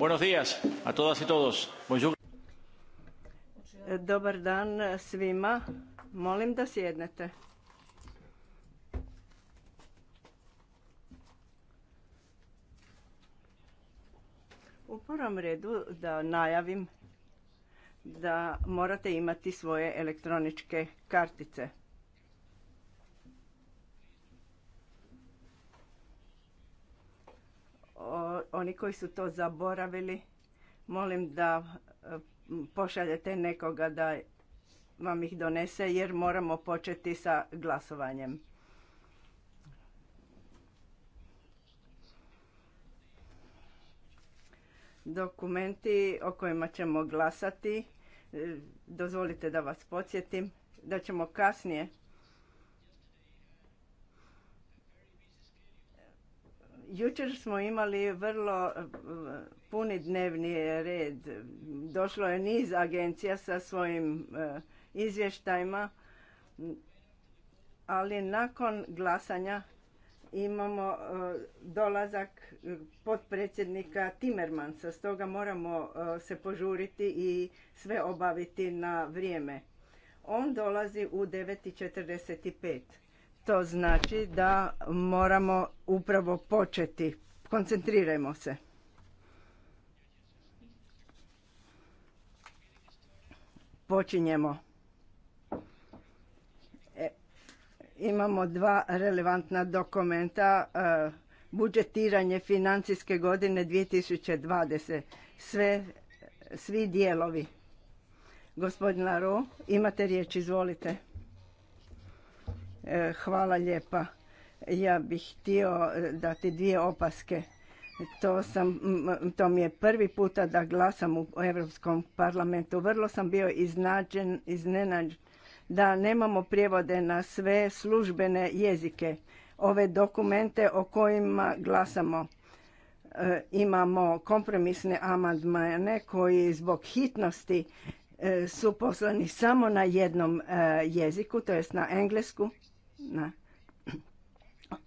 a Dobar dan svima. Molim da sjednete. U prvom redu da najavim da morate imati svoje elektroničke kartice. Oni koji su to zaboravili, molim da e, pošaljete nekoga da vam ih donese jer moramo početi sa glasovanjem. Dokumenti o kojima ćemo glasati, e, dozvolite da vas podsjetim da ćemo kasnije Jučer smo imali vrlo eh, puni dnevni red. Došlo je niz agencija sa svojim eh, izvještajima, ali nakon glasanja imamo eh, dolazak potpredsjednika Timmermansa, stoga moramo se požuriti i sve obaviti na vrijeme. On dolazi u 9.45 to znači da moramo upravo početi. Koncentrirajmo se. Počinjemo. E, imamo dva relevantna dokumenta. E, budžetiranje financijske godine 2020. Sve, svi dijelovi. Gospodin Laro, imate riječ, izvolite. E, hvala lijepa. Ja bih htio e, dati dvije opaske. To, sam, to mi je prvi puta da glasam u Europskom parlamentu. Vrlo sam bio iznađen, iznenađen da nemamo prijevode na sve službene jezike. Ove dokumente o kojima glasamo e, imamo kompromisne amandmane koji zbog hitnosti su poslani samo na jednom jeziku, to jest na englesku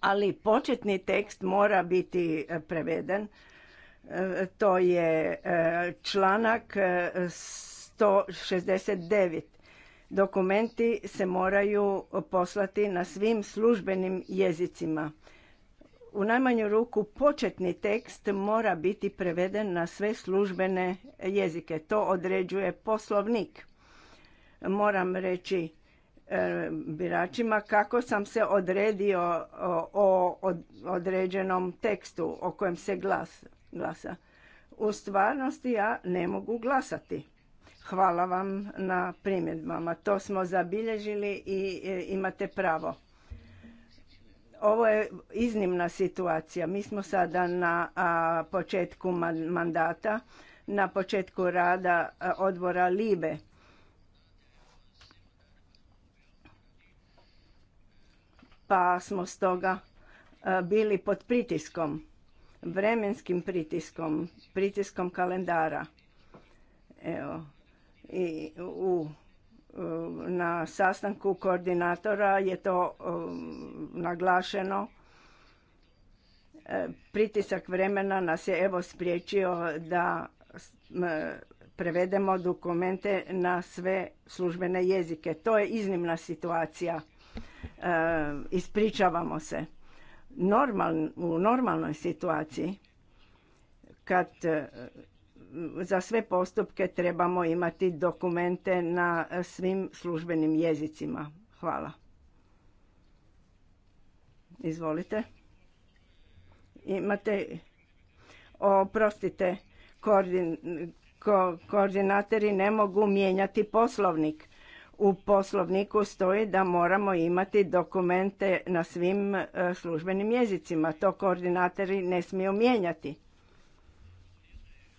ali početni tekst mora biti e, preveden. E, to je e, članak 169. Dokumenti se moraju poslati na svim službenim jezicima. U najmanju ruku početni tekst mora biti preveden na sve službene jezike. To određuje poslovnik. Moram reći E, biračima kako sam se odredio o određenom tekstu o kojem se glasa. U stvarnosti ja ne mogu glasati. Hvala vam na primjedbama. To smo zabilježili i e, imate pravo. Ovo je iznimna situacija. Mi smo sada na početku mandata, na početku rada e, odbora LIBE pa smo stoga e, bili pod pritiskom, vremenskim pritiskom, pritiskom kalendara. Evo, i u, na sastanku koordinatora je to e, naglašeno. E, pritisak vremena nas je evo spriječio da prevedemo dokumente na sve službene jezike. To je iznimna situacija Eh, ispričavamo se. Normal, u normalnoj situaciji kad eh, za sve postupke trebamo imati dokumente na eh, svim službenim jezicima. Hvala. Izvolite. Imate, oprostite, koordin, ko, koordinatori ne mogu mijenjati poslovnik. U poslovniku stoji da moramo imati dokumente na svim e, službenim jezicima. To koordinatori ne smiju mijenjati.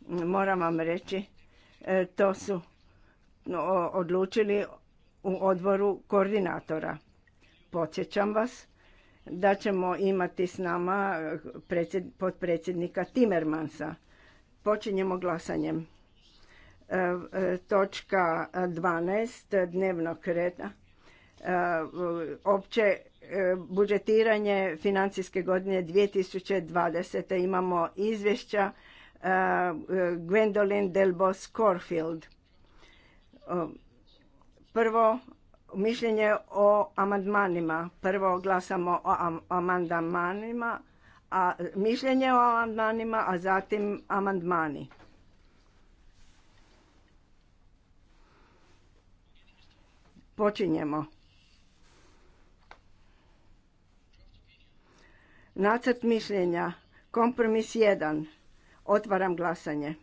Moram vam reći, e, to su odlučili u odboru koordinatora. Podsjećam vas da ćemo imati s nama e, potpredsjednika Timermansa. Počinjemo glasanjem točka 12 dnevnog reda e, opće e, budžetiranje financijske godine 2020. imamo izvješća e, Gwendolyn Delbos Corfield. Prvo mišljenje o amandmanima. Prvo glasamo o amandmanima, a mišljenje o amandmanima, a zatim amandmani. Počinjemo. Nacrt mišljenja. Kompromis 1. Otvaram glasanje.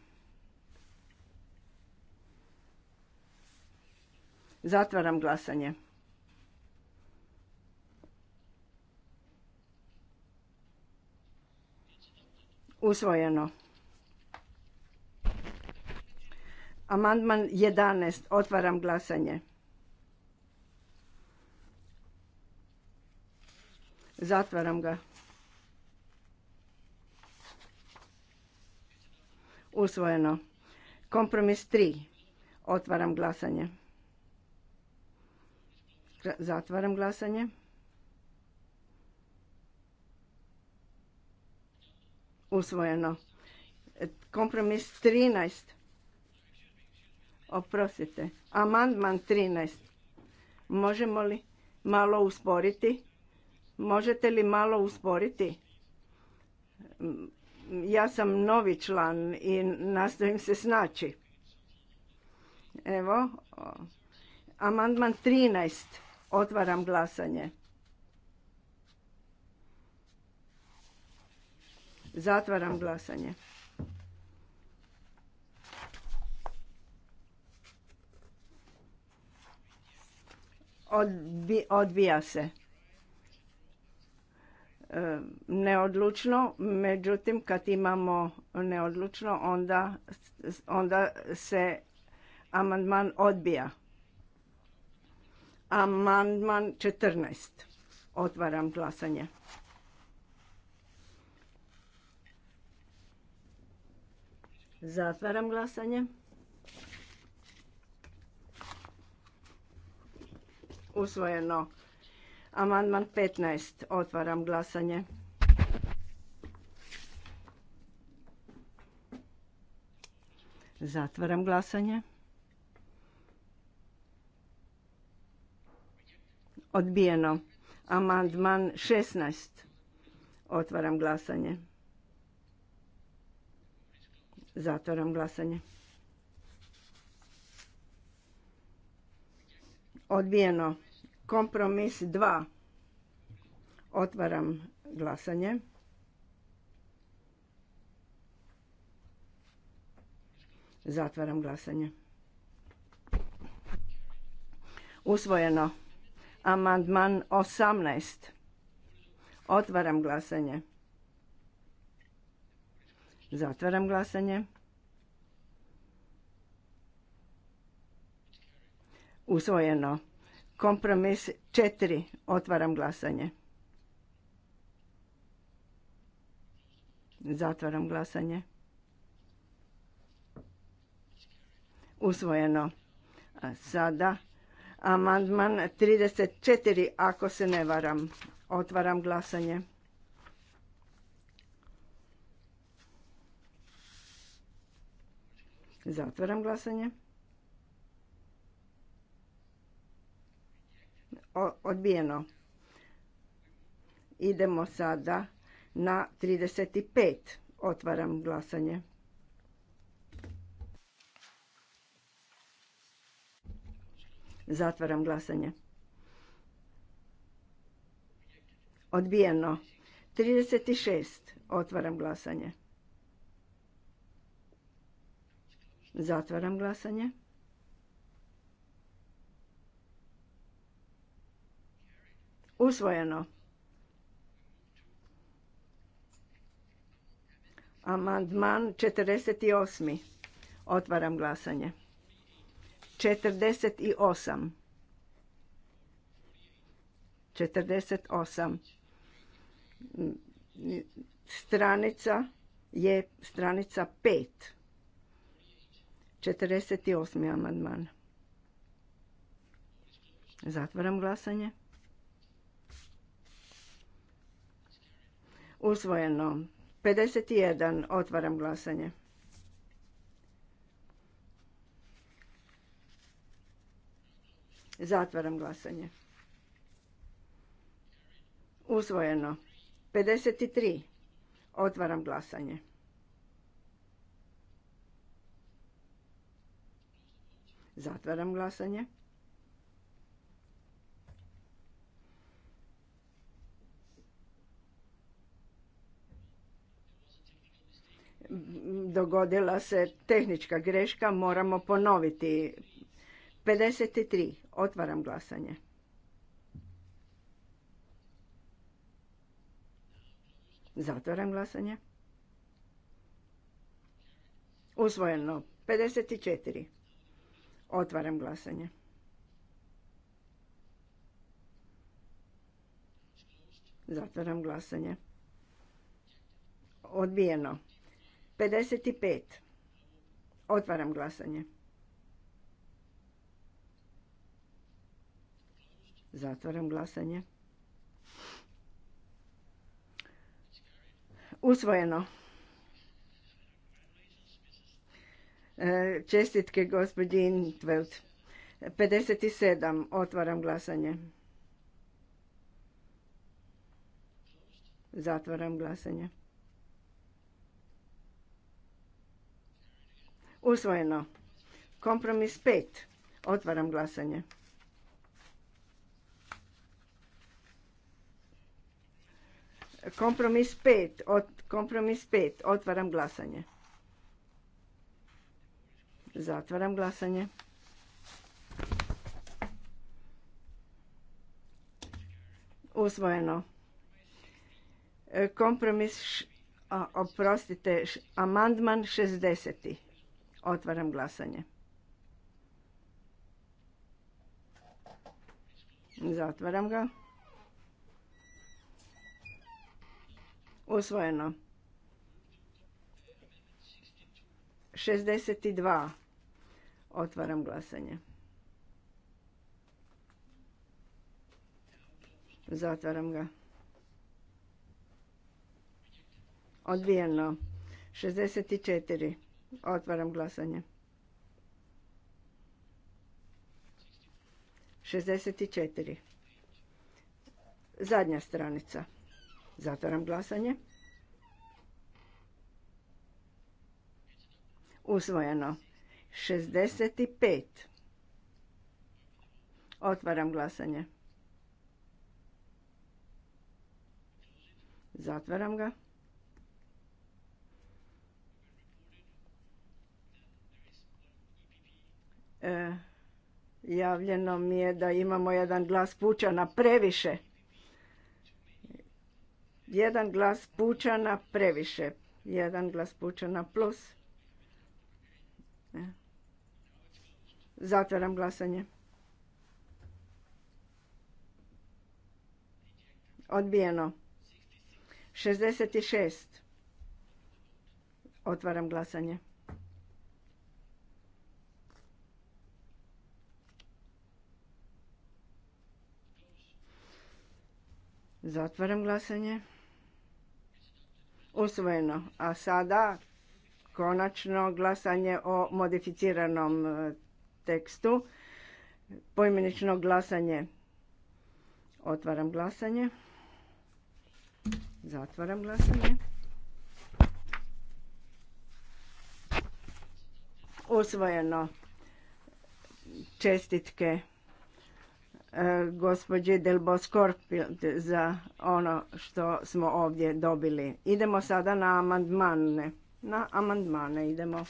Zatvaram glasanje. Usvojeno. Amandman 11. Otvaram glasanje. Zatvaram ga. Usvojeno. Kompromis 3. Otvaram glasanje. Zatvaram glasanje. Usvojeno. Kompromis 13. Oprostite. Amandman 13. Možemo li malo usporiti? Možete li malo usporiti? Ja sam novi član i nastojim se snaći. Evo, amandman 13. Otvaram glasanje. Zatvaram glasanje. odbija se neodlučno, međutim kad imamo neodlučno onda, onda se amandman odbija. Amandman 14. Otvaram glasanje. Zatvaram glasanje. Usvojeno Amandman 15. Otvaram glasanje. Zatvaram glasanje. Odbijeno. Amandman 16. Otvaram glasanje. Zatvaram glasanje. Odbijeno. Kompromis 2. Otvaram glasanje. Zatvaram glasanje. Usvojeno. Amandman 18. Otvaram glasanje. Zatvaram glasanje. Usvojeno. Kompromis četiri. Otvaram glasanje. Zatvaram glasanje. Usvojeno. A sada amandman 34 ako se ne varam. Otvaram glasanje. Zatvaram glasanje. odbijeno. Idemo sada na 35. Otvaram glasanje. Zatvaram glasanje. Odbijeno. 36. Otvaram glasanje. Zatvaram glasanje. Usvojeno. Amandman 48. Otvaram glasanje. 48. 48. Stranica je stranica 5. 48. amandman. Zatvaram glasanje. Usvojeno. 51. Otvaram glasanje. Zatvaram glasanje. Usvojeno. 53. Otvaram glasanje. Zatvaram glasanje. dogodila se tehnička greška, moramo ponoviti. 53. Otvaram glasanje. Zatvaram glasanje. Usvojeno. 54. Otvaram glasanje. Zatvaram glasanje. Odbijeno. 55. Otvaram glasanje. Zatvaram glasanje. Usvojeno. E, čestitke gospodin Intveld. 57. Otvaram glasanje. Zatvaram glasanje. Usvojeno. Kompromis 5. Otvaram glasanje. Kompromis 5. kompromis 5. Otvaram glasanje. Zatvaram glasanje. Usvojeno. Kompromis, oprostite, amandman 60. Otvaram glasanje. Zatvaram ga. Usvojeno. 62. Otvaram glasanje. Zatvaram ga. Odbijeno. 64. Otvaram glasanje. 64. Zadnja stranica. Zatvaram glasanje. Usvojeno. 65. Otvaram glasanje. Zatvaram ga. E, javljeno mi je da imamo jedan glas pučana previše. Jedan glas pučana previše. Jedan glas pučana plus. E. Zatvaram glasanje. Odbijeno. 66. Otvaram glasanje. Zatvaram glasanje. Usvojeno. A sada konačno glasanje o modificiranom e, tekstu. Poimenično glasanje. Otvaram glasanje. Zatvaram glasanje. Usvojeno. Čestitke. E, gospođe Del Boscorpil za ono što smo ovdje dobili. Idemo sada na amandmane. Na amandmane idemo.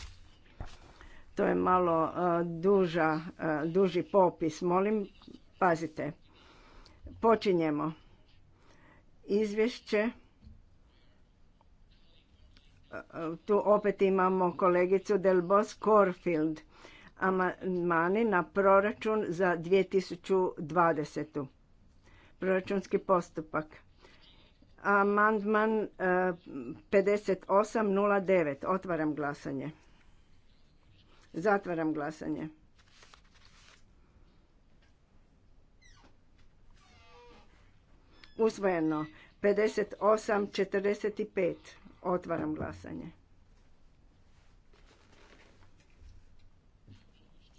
To je malo e, duža, e, duži popis. Molim, pazite. Počinjemo. Izvješće. Tu opet imamo kolegicu Delbos Korfield amandmani na proračun za 2020. Proračunski postupak. Amandman 5809. E, Otvaram glasanje. Zatvaram glasanje. Usvojeno. 58.45. Otvaram glasanje.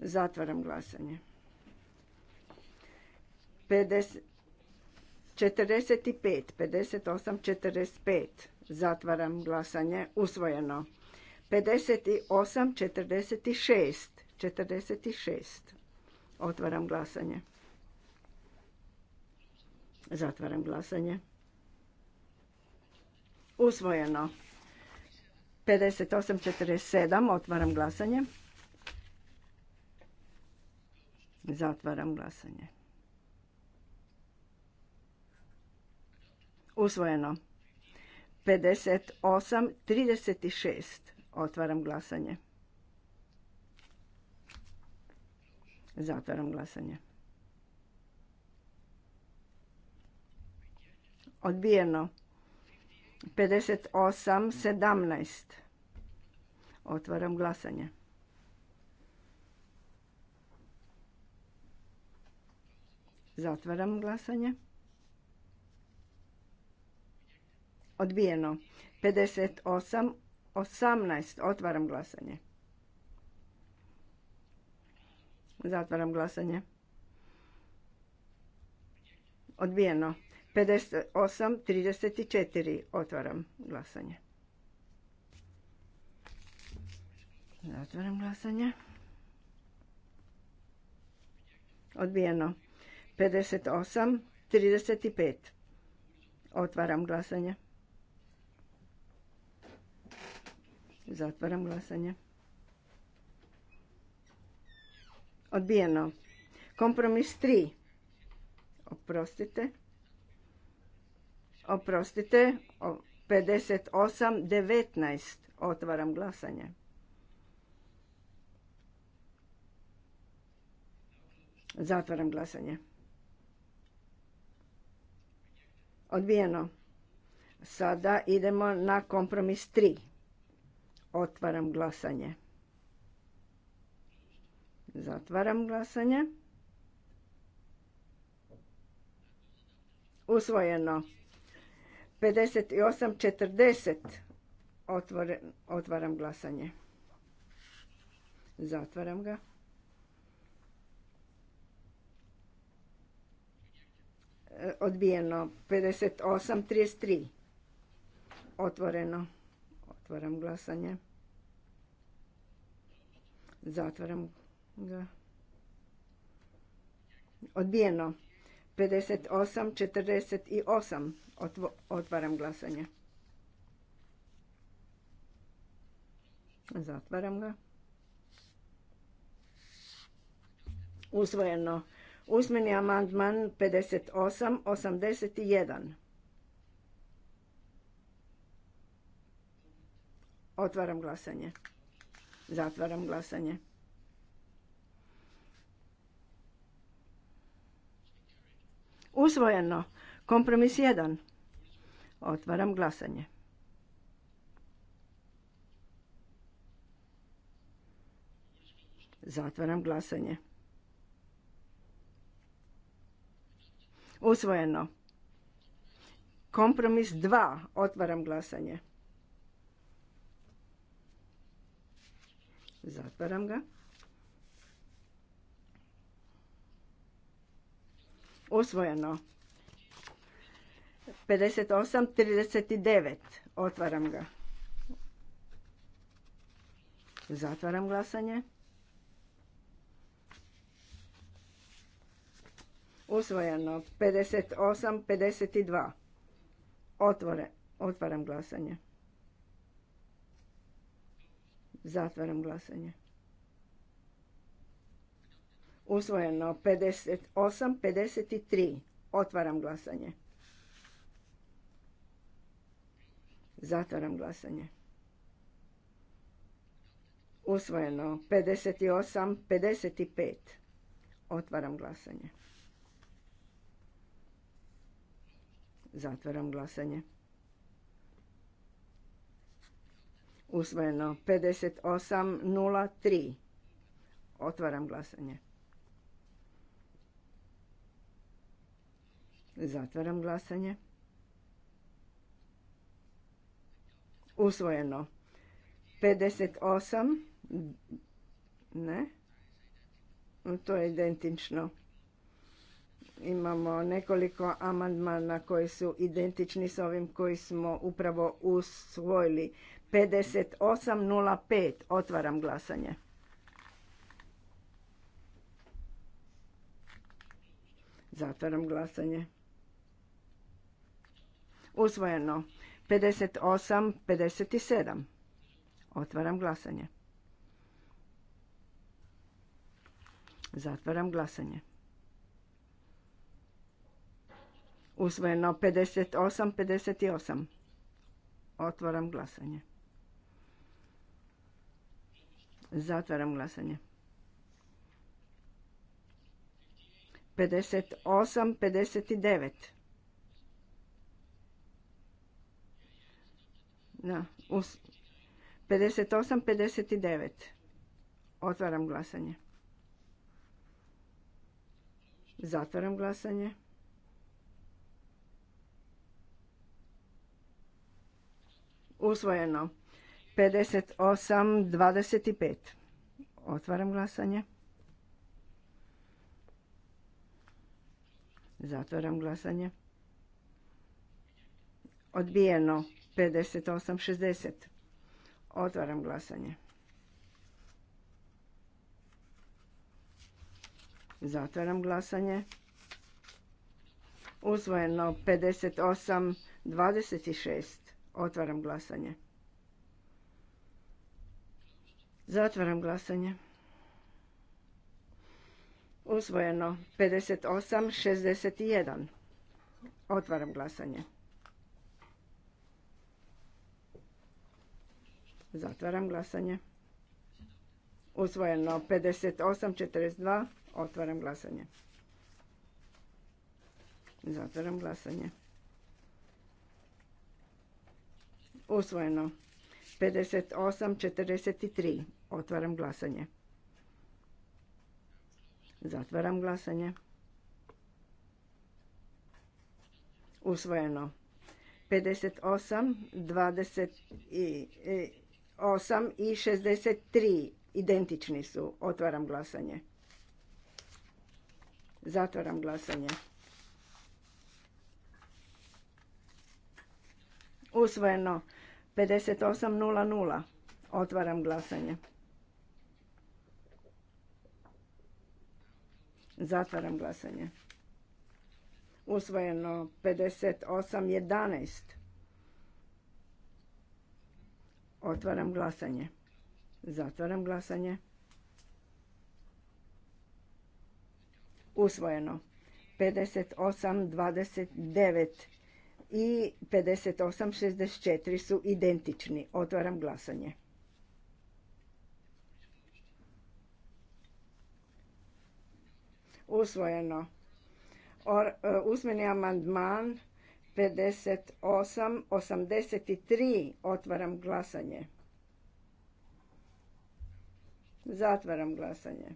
Zatvaram glasanje. 45, 58, 45. Zatvaram glasanje. Usvojeno. 58, 46. 46. Otvaram glasanje. Zatvaram glasanje. Usvojeno. 58, 47. Otvaram glasanje. Zatvaram glasanje. Usvojeno. 58.36. Otvaram glasanje. Zatvaram glasanje. Odbijeno. 58, 17. Otvaram glasanje. Zatvaram glasanje. Odbijeno. 58, 18. Otvaram glasanje. Zatvaram glasanje. Odbijeno. 58, 34. Otvaram glasanje. Zatvaram glasanje. Odbijeno. 58, 35. Otvaram glasanje. Zatvaram glasanje. Odbijeno. Kompromis 3. Oprostite. Oprostite. 58, 19. Otvaram glasanje. Zatvaram glasanje. Odbijeno. Sada idemo na kompromis 3. Otvaram glasanje. Zatvaram glasanje. Usvojeno. 58.40. Otvaram glasanje. Zatvaram ga. odbijeno 58.33. otvoreno otvaram glasanje zatvaram ga odbijeno 58.48. 48 otvaram glasanje zatvaram ga usvojeno Uzmeni amandman 58.81. Otvaram glasanje. Zatvaram glasanje. Usvojeno. Kompromis 1. Otvaram glasanje. Zatvaram glasanje. Usvojeno. Kompromis 2. Otvaram glasanje. Zatvaram ga. Usvojeno. 58.39. Otvaram ga. Zatvaram glasanje. Usvojeno. 58, 52. Otvore. Otvaram glasanje. Zatvaram glasanje. Usvojeno. 58, 53. Otvaram glasanje. Zatvaram glasanje. Usvojeno. 58, 55. Otvaram glasanje. Zatvaram glasanje. Usvojeno 58.03. Otvaram glasanje. Zatvaram glasanje. Usvojeno 58. Ne. To je identično. Imamo nekoliko amandmana koji su identični s ovim koji smo upravo usvojili. 58.05. Otvaram glasanje. Zatvaram glasanje. Usvojeno. 58.57. Otvaram glasanje. Zatvaram glasanje. Usvojeno 58, 58. Otvaram glasanje. Zatvaram glasanje. 58, 59. Da, us... 58, 59. Otvaram glasanje. Zatvaram glasanje. 59-59. Usvojeno. 58, Otvaram glasanje. Zatvaram glasanje. Odbijeno. 58, Otvaram glasanje. Zatvaram glasanje. Usvojeno 58, 26. Otvaram glasanje. Zatvaram glasanje. Usvojeno 58, 61. Otvaram glasanje. Zatvaram glasanje. Usvojeno 58, 42. Otvaram glasanje. Zatvaram glasanje. usvojeno. 58.43. Otvaram glasanje. Zatvaram glasanje. Usvojeno. 58, 28 i 63 identični su. Otvaram glasanje. Zatvaram glasanje. Usvojeno 58.00. Otvaram glasanje. Zatvaram glasanje. Usvojeno 58.11. Otvaram glasanje. Zatvaram glasanje. Usvojeno 58.29 i 58.64 su identični. Otvaram glasanje. Usvojeno. Or, e, amandman 58.83 Otvaram glasanje. Zatvaram glasanje.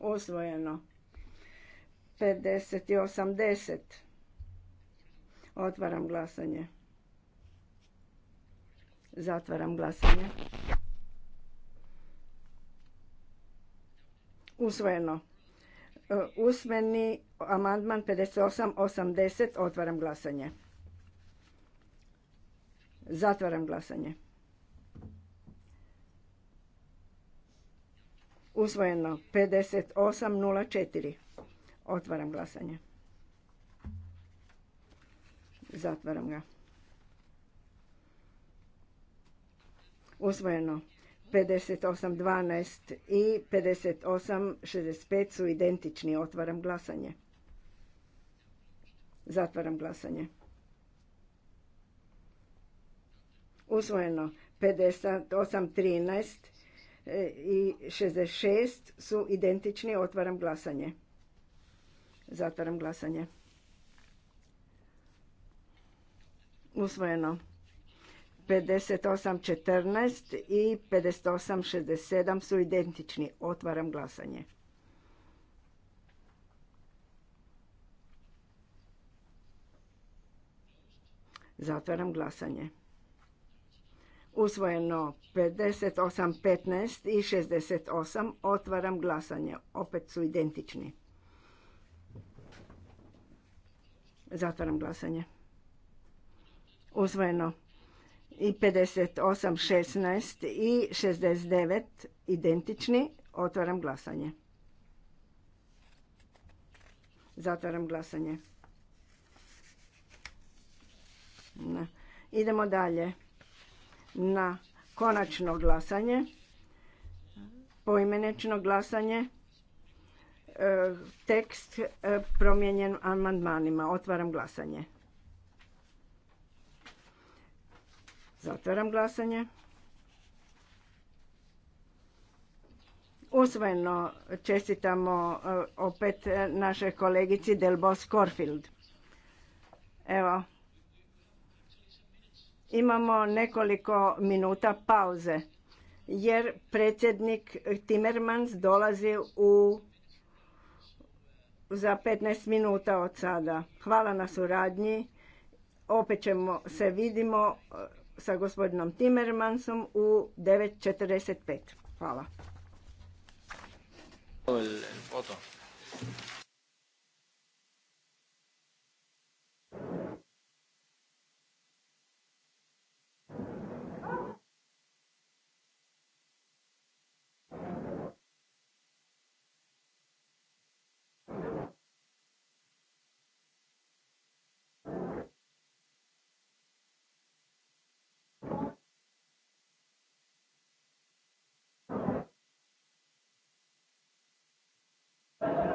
Usvojeno. 50 i 80. Otvaram glasanje. Zatvaram glasanje. Usvojeno. Usmeni amandman 58.80. Otvaram glasanje. Zatvaram glasanje. Usvojeno 58.04. Otvaram glasanje. Zatvaram ga. Usvojeno. 58.12 i 58.65 su identični. Otvaram glasanje. Zatvaram glasanje. Usvojeno. 58.13 i 66 su identični. Otvaram glasanje. Zatvaram glasanje. Usvojeno. 58.14 i 58.67 su identični. Otvaram glasanje. Zatvaram glasanje. Usvojeno 58.15 i 68. Otvaram glasanje. Opet su identični. Zatvaram glasanje. Usvojeno i 58, 16 i 69 identični. Otvaram glasanje. Zatvaram glasanje. Na. Idemo dalje na konačno glasanje, poimenečno glasanje tekst e, promijenjen amandmanima. Otvaram glasanje. Zatvaram glasanje. Usvojeno čestitamo e, opet našoj kolegici Delbos Korfield. Evo, imamo nekoliko minuta pauze jer predsjednik Timmermans dolazi u za 15 minuta od sada. Hvala na suradnji. Opet ćemo se vidimo e, sa gospodinom Timmermansom u 9.45. Hvala. i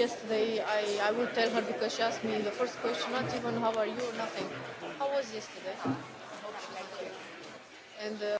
yesterday I, I will tell her because she asked me the first question, not even how are you, nothing. How was yesterday? And uh,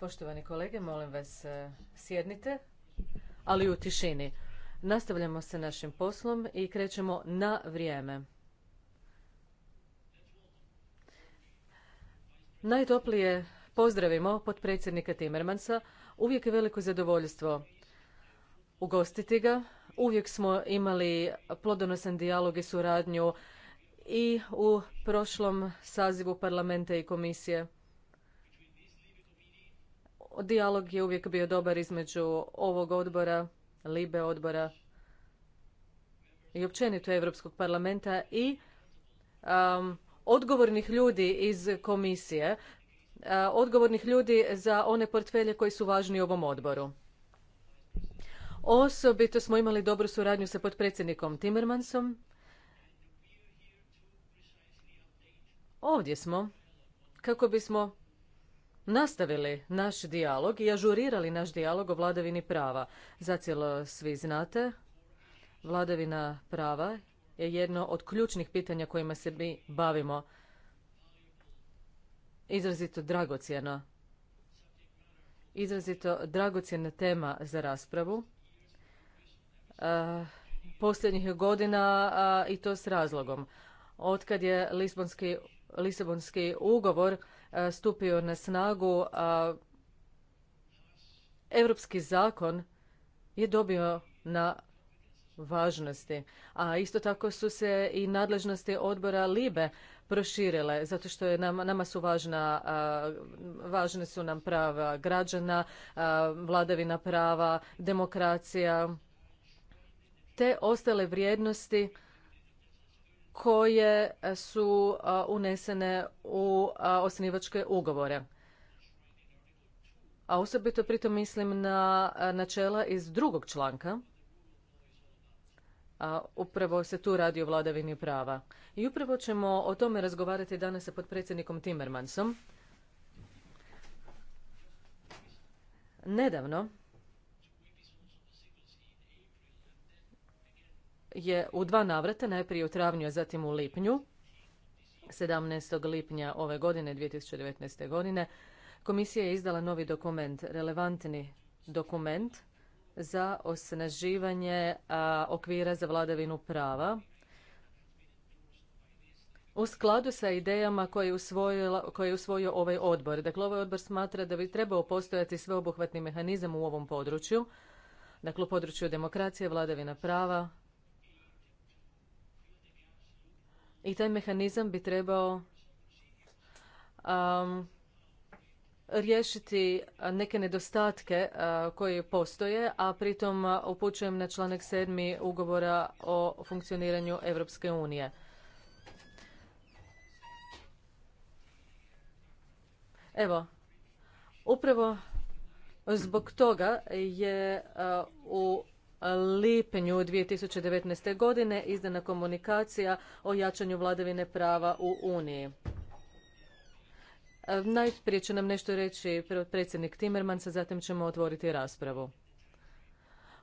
Poštovani kolege, molim vas e, sjednite, ali u tišini. Nastavljamo se našim poslom i krećemo na vrijeme. Najtoplije pozdravimo potpredsjednika Timmermansa. Uvijek je veliko zadovoljstvo ugostiti ga. Uvijek smo imali plodonosan dijalog i suradnju i u prošlom sazivu parlamenta i komisije. Dijalog je uvijek bio dobar između ovog odbora, Libe odbora i općenito Europskog parlamenta i um, odgovornih ljudi iz komisije, uh, odgovornih ljudi za one portfelje koji su važni ovom odboru. Osobito smo imali dobru suradnju sa potpredsjednikom Timmermansom Ovdje smo kako bismo nastavili naš dijalog i ažurirali naš dijalog o vladavini prava. Zacijelo svi znate, vladavina prava je jedno od ključnih pitanja kojima se mi bavimo. Izrazito dragocjeno. Izrazito dragocjena tema za raspravu. posljednjih godina i to s razlogom. Otkad je Lisbonski Lisabonski ugovor e, stupio na snagu, europski zakon je dobio na važnosti. A isto tako su se i nadležnosti odbora Libe proširile, zato što je nama, su važna, važne su nam prava građana, vladavina prava, demokracija, te ostale vrijednosti koje e, su e, unesene u e, osnivačke ugovore. A osobito pritom mislim na načela iz drugog članka. A upravo se tu radi o vladavini prava. I upravo ćemo o tome razgovarati danas sa potpredsjednikom Timmermansom. Nedavno je u dva navrata, najprije u travnju, a zatim u lipnju, 17. lipnja ove godine, 2019. godine, komisija je izdala novi dokument, relevantni dokument za osnaživanje okvira za vladavinu prava u skladu sa idejama koje usvojila, koje je usvojio ovaj odbor. Dakle, ovaj odbor smatra da bi trebao postojati sveobuhvatni mehanizam u ovom području, dakle u području demokracije, vladavina prava, i taj mehanizam bi trebao um, riješiti neke nedostatke koji postoje, a pritom upućujem na članak 7. ugovora o funkcioniranju Europske unije. Evo, upravo zbog toga je u lipnju 2019. godine izdana komunikacija o jačanju vladavine prava u Uniji. Najprije će nam nešto reći predsjednik Timmermans, a zatim ćemo otvoriti raspravu.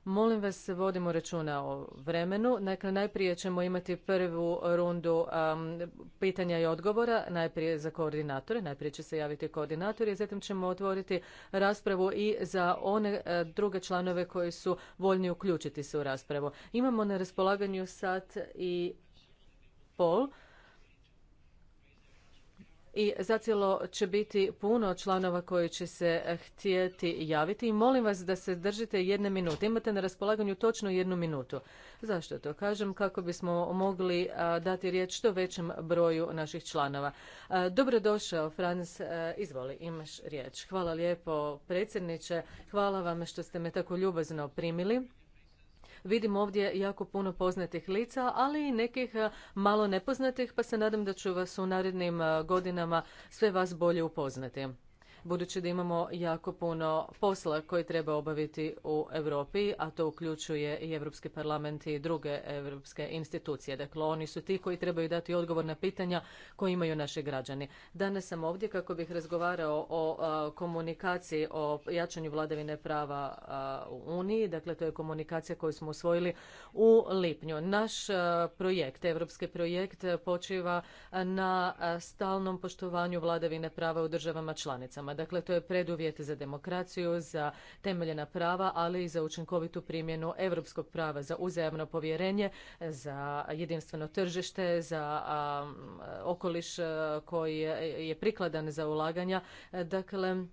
Molim vas, vodimo računa o vremenu. Dakle, najprije ćemo imati prvu rundu um, pitanja i odgovora, najprije za koordinatore, najprije će se javiti koordinatori, zatim ćemo otvoriti raspravu i za one e, druge članove koji su voljni uključiti se u raspravu. Imamo na raspolaganju sat i pol i zacijelo će biti puno članova koji će se eh, htjeti javiti i molim vas da se držite jedne minute. Imate na raspolaganju točno jednu minutu. Zašto to kažem? Kako bismo mogli eh, dati riječ što većem broju naših članova. Eh, dobrodošao, Franz. Izvoli, imaš riječ. Hvala lijepo, predsjedniče. Hvala vam što ste me tako ljubazno primili. Vidim ovdje jako puno poznatih lica, ali i nekih e, malo nepoznatih, pa se nadam da ću vas u narednim e, godinama sve vas bolje upoznati budući da imamo jako puno posla koje treba obaviti u Europi, a to uključuje i Europski parlament i druge europske institucije. Dakle, oni su ti koji trebaju dati odgovor na pitanja koje imaju naši građani. Danas sam ovdje kako bih razgovarao o komunikaciji o jačanju vladavine prava u Uniji. Dakle, to je komunikacija koju smo usvojili u lipnju. Naš projekt, europski projekt, počiva na stalnom poštovanju vladavine prava u državama članicama. Dakle, to je preduvjet za demokraciju, za temeljena prava, ali i za učinkovitu primjenu europskog prava, za uzajamno povjerenje, za jedinstveno tržište, za okoliš koji je, prikladan za ulaganja. Dakle,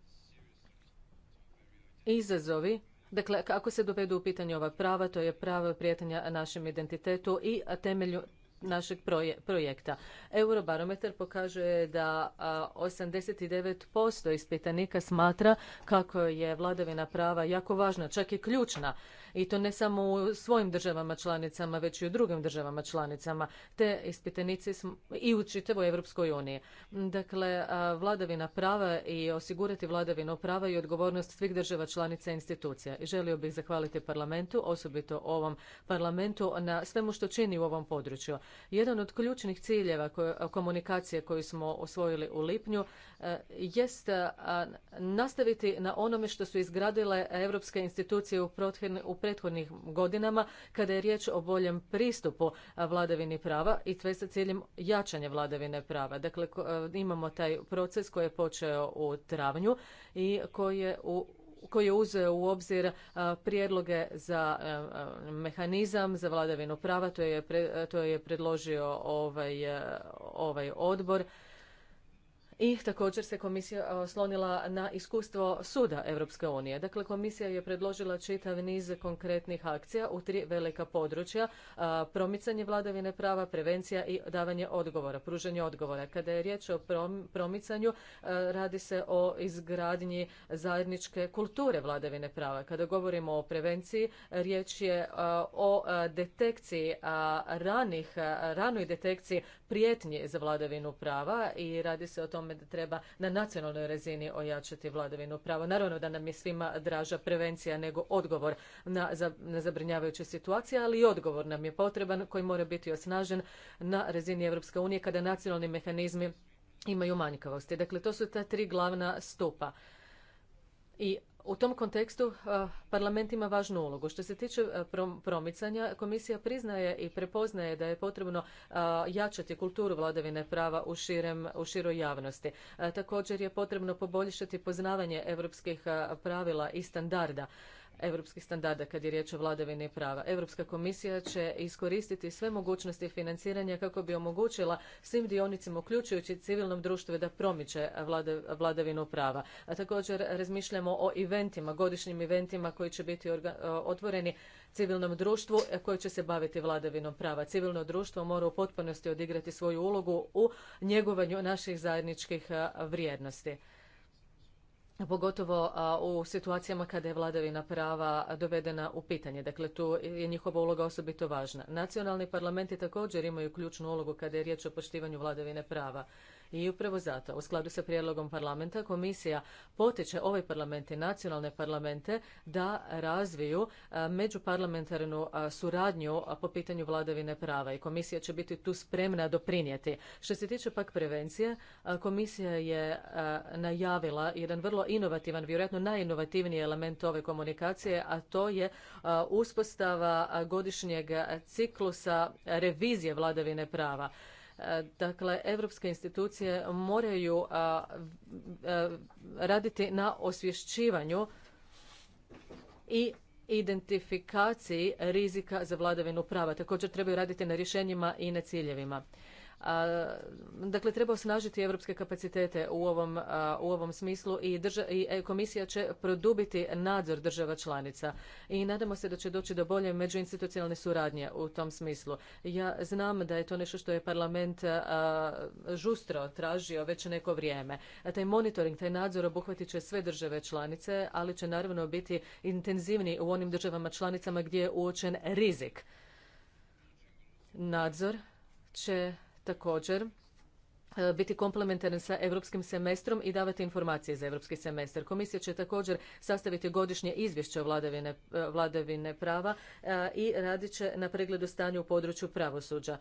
izazovi Dakle, ako se dovedu u pitanje ova prava, to je pravo prijetanja našem identitetu i temelju našeg projekta. Eurobarometar pokazuje da 89% ispitanika smatra kako je vladavina prava jako važna, čak i ključna i to ne samo u svojim državama članicama, već i u drugim državama članicama, te ispitenici i u čitavoj Europskoj uniji. Dakle, vladavina prava i osigurati vladavinu prava i odgovornost svih država članica i institucija. I želio bih zahvaliti parlamentu, osobito ovom parlamentu, na svemu što čini u ovom području. Jedan od ključnih ciljeva komunikacije koju smo osvojili u lipnju jest nastaviti na onome što su izgradile europske institucije u prethodnih prethodnih godinama kada je riječ o boljem pristupu vladavini prava i sve sa ciljem jačanja vladavine prava. Dakle, imamo taj proces koji je počeo u travnju i koji je u koji uzeo u obzir prijedloge za mehanizam za vladavinu prava, to je, je predložio ovaj, ovaj odbor i također se komisija e, oslonila na iskustvo suda Europske unije. Dakle, komisija je predložila čitav niz konkretnih akcija u tri velika područja, e, promicanje vladavine prava, prevencija i davanje odgovora, pružanje odgovora. Kada je riječ o promicanju, e, radi se o izgradnji zajedničke kulture vladavine prava. Kada govorimo o prevenciji, riječ je o detekciji ranih, ranoj detekciji prijetnji za vladavinu prava i radi se o tom tome da treba na nacionalnoj razini ojačati vladavinu prava. Naravno da nam je svima draža prevencija nego odgovor na, na zabrinjavajuće situacije, ali i odgovor nam je potreban koji mora biti osnažen na razini Europske unije kada nacionalni mehanizmi imaju manjkavosti. Dakle, to su ta tri glavna stupa. I u tom kontekstu eh, parlament ima važnu ulogu. Što se tiče eh, promicanja, komisija priznaje i prepoznaje da je potrebno eh, jačati kulturu vladavine prava u, širem, u široj javnosti. Također je potrebno poboljšati poznavanje europskih pravila i standarda europskih standarda kad je riječ o vladavini prava. Europska komisija će iskoristiti sve mogućnosti financiranja kako bi omogućila svim dionicima, uključujući civilnom društvu, da promiče vladavinu prava. A također razmišljamo o eventima, godišnjim eventima koji će biti otvoreni civilnom društvu koji će se baviti vladavinom prava. Civilno društvo mora u potpunosti odigrati svoju ulogu u njegovanju naših zajedničkih vrijednosti pogotovo u situacijama kada je vladavina prava dovedena u pitanje. Dakle, tu je njihova uloga osobito važna. Nacionalni parlamenti također imaju ključnu ulogu kada je riječ o poštivanju vladavine prava. I upravo zato, u skladu sa prijedlogom parlamenta, komisija potiče ovaj parlament i nacionalne parlamente da razviju e, međuparlamentarnu e, suradnju po pitanju vladavine prava i komisija će biti tu spremna doprinijeti. Što se tiče pak prevencije, e, komisija je najavila jedan vrlo inovativan, vjerojatno najinovativniji element ove komunikacije, a to je uspostava godišnjeg ciklusa revizije vladavine prava. Dakle, evropske institucije moraju raditi na osvješćivanju i identifikaciji rizika za vladavinu prava. Također trebaju raditi na rješenjima i na ciljevima. Dakle, treba osnažiti europske kapacitete u ovom, u ovom smislu i, i e, komisija će produbiti nadzor država članica. I nadamo se da će doći do bolje međuinstitucionalne suradnje u tom smislu. Ja znam da je to nešto što je parlament žustro tražio već neko vrijeme. taj monitoring, taj nadzor obuhvatit će sve države članice, ali će naravno biti intenzivni u onim državama članicama gdje je uočen rizik. Nadzor će također e, biti komplementaran sa europskim semestrom i davati informacije za europski semestar. Komisija će također sastaviti godišnje izvješće o vladavine, e, vladavine prava e, i radit će na pregledu stanja u području pravosuđa.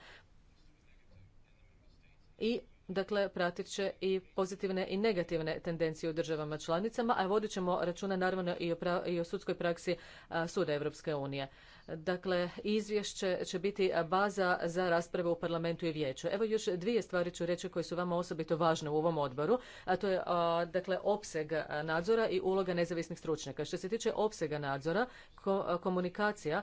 I Dakle, pratit će i pozitivne i negativne tendencije u državama članicama, a vodit ćemo računa naravno i o, i o sudskoj praksi Suda Europske unije. Dakle, izvješće će biti baza za rasprave u parlamentu i vijeću. Evo još dvije stvari ću reći koje su vama osobito važne u ovom odboru, a to je dakle opseg nadzora i uloga nezavisnih stručnjaka. Što se tiče opsega nadzora, komunikacija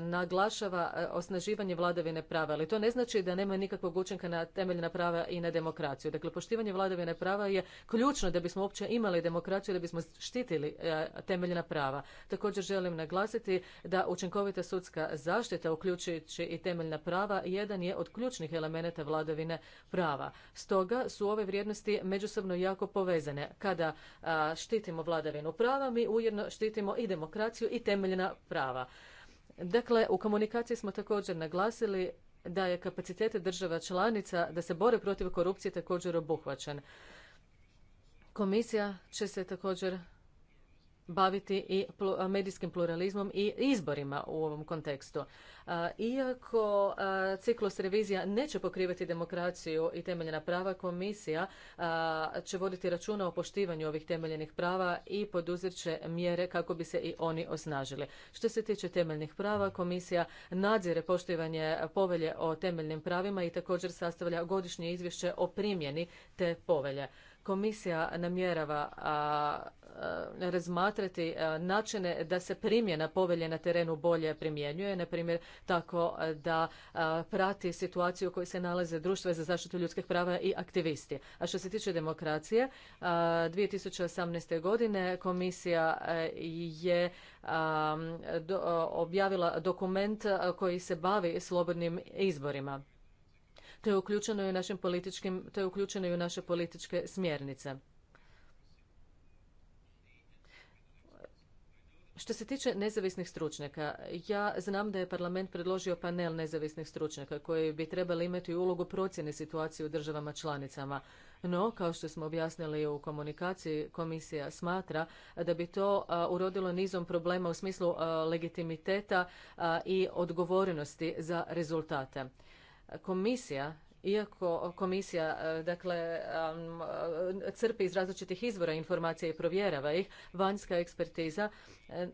naglašava osnaživanje vladavine prava, ali to ne znači da nema nikakvog učinka na temeljna prava i na demokraciju. Dakle, poštivanje vladavine prava je ključno da bismo uopće imali demokraciju, da bismo štitili temeljna prava. Također želim naglasiti da učinkovita sudska zaštita, uključujući i temeljna prava, jedan je od ključnih elemenata vladavine prava. Stoga su ove vrijednosti međusobno jako povezane. Kada štitimo vladavinu prava, mi ujedno štitimo i demokraciju i temeljna prava. Dakle, u komunikaciji smo također naglasili da je kapacitet država članica da se bore protiv korupcije također obuhvaćen. Komisija će se također baviti i medijskim pluralizmom i izborima u ovom kontekstu. Iako ciklus revizija neće pokrivati demokraciju i temeljena prava, komisija će voditi računa o poštivanju ovih temeljenih prava i poduzet će mjere kako bi se i oni osnažili. Što se tiče temeljnih prava, komisija nadzire poštivanje povelje o temeljnim pravima i također sastavlja godišnje izvješće o primjeni te povelje komisija namjerava razmatrati načine da se primjena povelje na terenu bolje primjenjuje, na primjer tako da prati situaciju u kojoj se nalaze društva za zaštitu ljudskih prava i aktivisti. A što se tiče demokracije, 2018. godine komisija je objavila dokument koji se bavi slobodnim izborima. To je uključeno i u našim političkim, to uključeno i u naše političke smjernice. Što se tiče nezavisnih stručnjaka, ja znam da je parlament predložio panel nezavisnih stručnjaka koji bi trebali imati ulogu procjene situacije u državama članicama. No, kao što smo objasnili u komunikaciji, komisija smatra da bi to urodilo nizom problema u smislu legitimiteta i odgovornosti za rezultate komisija iako komisija e, dakle e, crpi iz različitih izvora informacije i provjerava ih, vanjska ekspertiza e,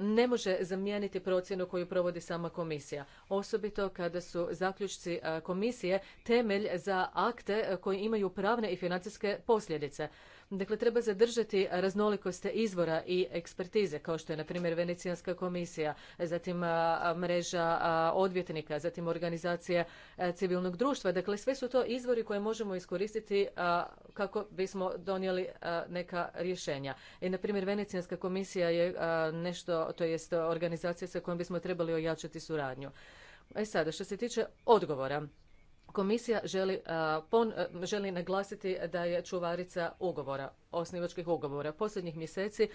ne može zamijeniti procjenu koju provodi sama komisija. Osobito kada su zaključci komisije temelj za akte koji imaju pravne i financijske posljedice. Dakle, treba zadržati raznolikost izvora i ekspertize, kao što je, na primjer, Venecijanska komisija, zatim mreža odvjetnika, zatim organizacija civilnog društva. Dakle, sve su to izvori koje možemo iskoristiti kako bismo donijeli neka rješenja. I, na primjer, Venecijanska komisija je nešto, to jest organizacija sa kojom bismo trebali ojačati suradnju. E sada, što se tiče odgovora, Komisija želi, želi naglasiti da je čuvarica ugovora, osnivačkih ugovora. Posljednjih mjeseci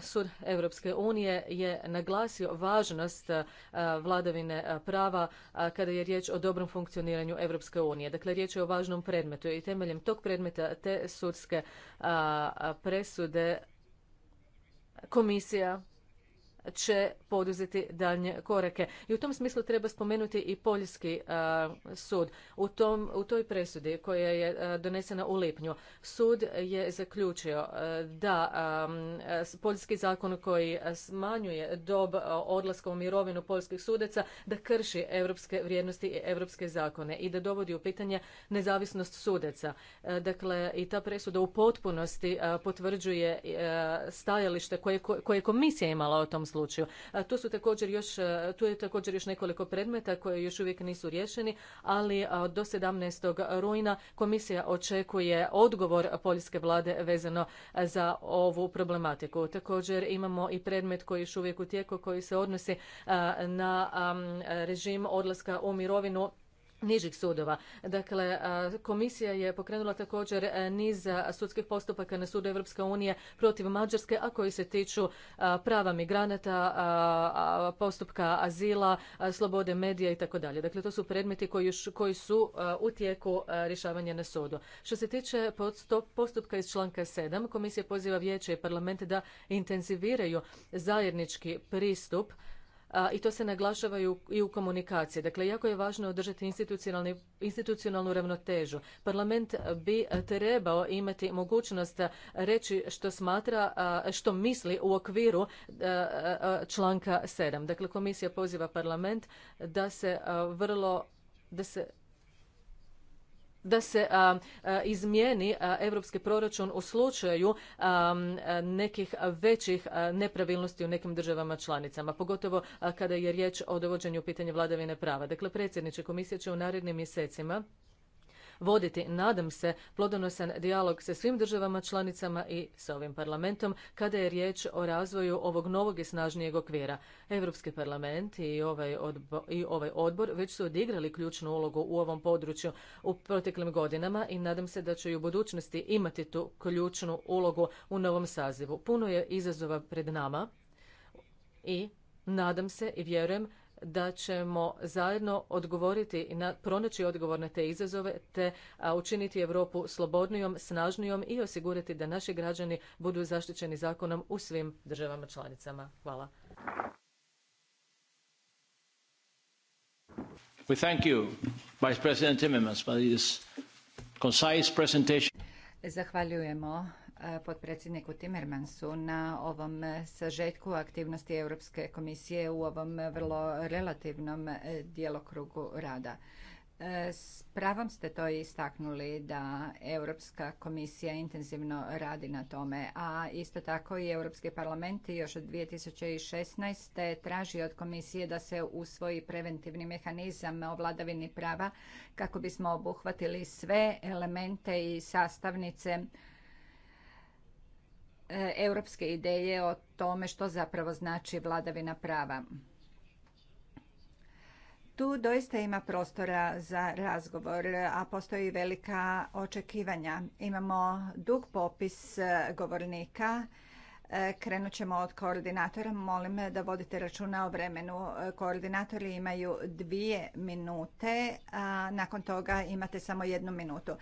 Sud Europske unije je naglasio važnost vladavine prava kada je riječ o dobrom funkcioniranju Europske unije. Dakle, riječ je o važnom predmetu i temeljem tog predmeta te sudske presude komisija će poduzeti daljnje korake. I u tom smislu treba spomenuti i Poljski e, sud. U, tom, u toj presudi koja je e, donesena u lipnju, sud je zaključio e, da poljski zakon koji smanjuje dob odlaska u mirovinu poljskih sudaca da krši europske vrijednosti i europske zakone i da dovodi u pitanje nezavisnost sudaca. Dakle, i ta presuda u potpunosti potvrđuje stajalište koje, koje komisija imala o tom slučaju slučaju. Tu su također još, e, tu je također još nekoliko predmeta koji još uvijek nisu riješeni, ali do 17. rujna komisija očekuje odgovor poljske vlade vezano za ovu problematiku. Također imamo i predmet koji još uvijek u tijeku koji se odnosi na režim odlaska u mirovinu nižih sudova. Dakle, komisija je pokrenula također e, niz sudskih postupaka na sudu Europske unije protiv Mađarske, a koji se tiču prava migranata, postupka azila, slobode medija i tako dalje. Dakle, to su predmeti koji, koji su u tijeku rješavanja na sudu. Što se tiče postupka iz članka 7, komisija poziva vijeće i parlamente da intenziviraju zajednički pristup i to se naglašava i u, komunikaciji. Dakle, jako je važno održati institucionalnu ravnotežu. Parlament bi trebao imati mogućnost reći što smatra, što misli u okviru članka 7. Dakle, komisija poziva parlament da se vrlo da se da se izmijeni europski proračun u slučaju nekih većih nepravilnosti u nekim državama članicama, pogotovo kada je riječ o dovođenju pitanja vladavine prava. Dakle, predsjedniče komisije će u narednim mjesecima voditi, nadam se, plodonosan dijalog sa svim državama članicama i sa ovim parlamentom kada je riječ o razvoju ovog novog i snažnijeg okvira. Europski parlament i ovaj, i ovaj odbor već su odigrali ključnu ulogu u ovom području u proteklim godinama i nadam se da će i u budućnosti imati tu ključnu ulogu u novom sazivu. Puno je izazova pred nama i nadam se i vjerujem da ćemo zajedno odgovoriti i pronaći odgovor na te izazove te učiniti Europu slobodnijom, snažnijom i osigurati da naši građani budu zaštićeni zakonom u svim državama članicama. Hvala. We thank you, Vice President Timmermans, for concise presentation. Zahvaljujemo potpredsjedniku Timmermansu na ovom sažetku aktivnosti Europske komisije u ovom vrlo relativnom e, djelokrugu rada. E, s pravom ste to istaknuli da Europska komisija intenzivno radi na tome, a isto tako i Europski parlament još od 2016. traži od komisije da se usvoji preventivni mehanizam o vladavini prava kako bismo obuhvatili sve elemente i sastavnice E, europske ideje o tome što zapravo znači vladavina prava. Tu doista ima prostora za razgovor, a postoji velika očekivanja. Imamo dug popis e, govornika E, krenut ćemo od koordinatora. Molim da vodite računa o vremenu. E, koordinatori imaju dvije minute, a nakon toga imate samo jednu minutu.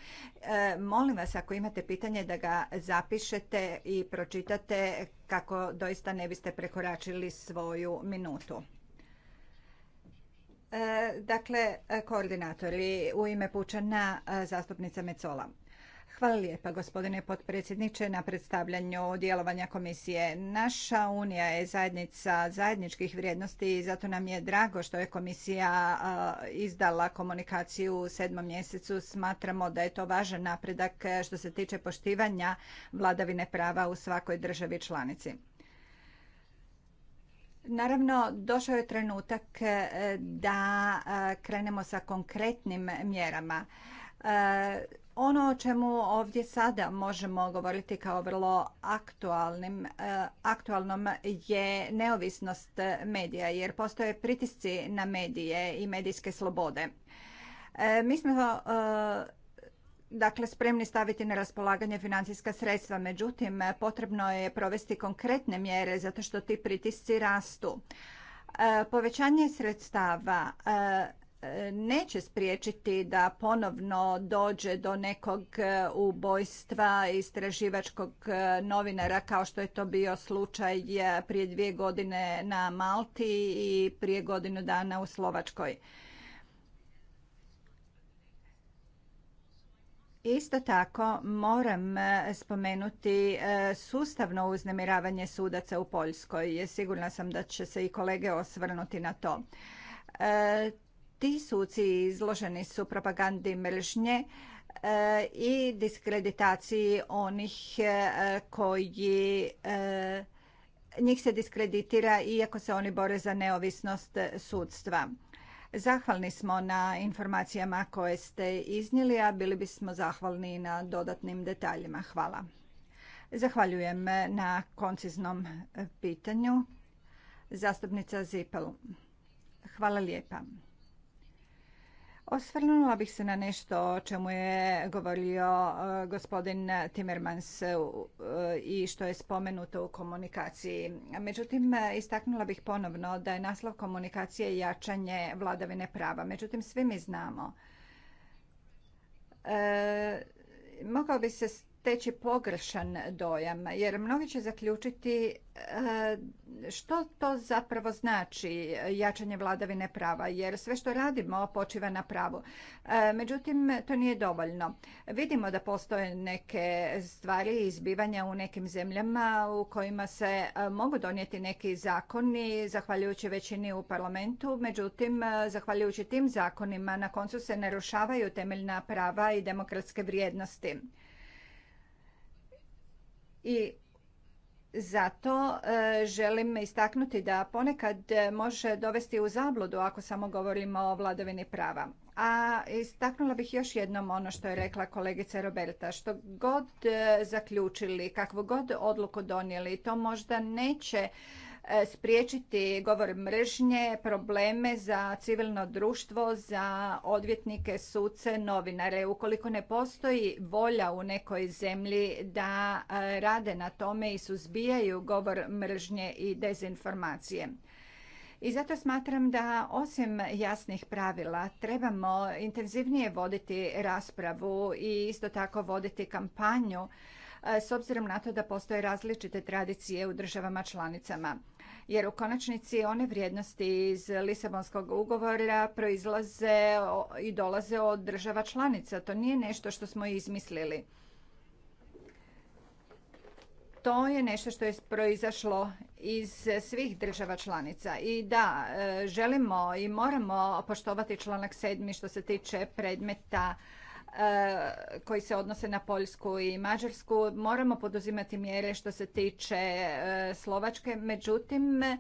E, molim vas ako imate pitanje da ga zapišete i pročitate kako doista ne biste prekoračili svoju minutu. Dakle, koordinatori, u ime Pučana zastupnica Mecola. Hvala lijepa gospodine potpredsjedniče na predstavljanju djelovanja komisije. Naša unija je zajednica zajedničkih vrijednosti i zato nam je drago što je komisija izdala komunikaciju u sedmom mjesecu. Smatramo da je to važan napredak što se tiče poštivanja vladavine prava u svakoj državi članici. Naravno, došao je trenutak e, da e, krenemo sa konkretnim mjerama e, ono o čemu ovdje sada možemo govoriti kao vrlo aktualnim, e, aktualnom je neovisnost medija jer postoje pritisci na medije i medijske slobode. E, mi smo e, dakle spremni staviti na raspolaganje financijska sredstva, međutim potrebno je provesti konkretne mjere zato što ti pritisci rastu. Povećanje sredstava E, neće spriječiti da ponovno dođe do nekog e, ubojstva istraživačkog e, novinara kao što je to bio slučaj prije dvije godine na Malti i prije godinu dana u Slovačkoj. Isto tako moram spomenuti sustavno uznemiravanje sudaca u Poljskoj. Sigurna sam da će se i kolege osvrnuti na to. Ti suci izloženi su propagandi mržnje e, i diskreditaciji onih e, koji e, njih se diskreditira iako se oni bore za neovisnost sudstva. Zahvalni smo na informacijama koje ste iznijeli, a bili bismo zahvalni na dodatnim detaljima. Hvala. Zahvaljujem na konciznom pitanju. Zastupnica Zipel. Hvala lijepa. Osvrnula bih se na nešto o čemu je govorio e, gospodin Timmermans e, e, i što je spomenuto u komunikaciji. Međutim, istaknula bih ponovno da je naslov komunikacije jačanje vladavine prava. Međutim, svi mi znamo. mogao bi se steći pogrešan dojam, jer mnogi će zaključiti e, što to zapravo znači jačanje vladavine prava, jer sve što radimo počiva na pravu. E, međutim, to nije dovoljno. Vidimo da postoje neke stvari i izbivanja u nekim zemljama u kojima se e, mogu donijeti neki zakoni, zahvaljujući većini u parlamentu, međutim, zahvaljujući tim zakonima na koncu se narušavaju temeljna prava i demokratske vrijednosti. I zato e, želim istaknuti da ponekad može dovesti u zabludu ako samo govorimo o vladavini prava. A istaknula bih još jednom ono što je rekla kolegica Roberta. Što god e, zaključili, kakvu god odluku donijeli, to možda neće E, spriječiti govor mržnje, probleme za civilno društvo, za odvjetnike, suce, novinare. Ukoliko ne postoji volja u nekoj zemlji da e, rade na tome i suzbijaju govor mržnje i dezinformacije. I zato smatram da osim jasnih pravila trebamo intenzivnije voditi raspravu i isto tako voditi kampanju e, s obzirom na to da postoje različite tradicije u državama članicama jer u konačnici one vrijednosti iz Lisabonskog ugovora proizlaze i dolaze od država članica. To nije nešto što smo izmislili. To je nešto što je proizašlo iz svih država članica. I da, e, želimo i moramo poštovati članak 7. što se tiče predmeta E, koji se odnose na Poljsku i Mađarsku. Moramo poduzimati mjere što se tiče e, Slovačke. Međutim, e,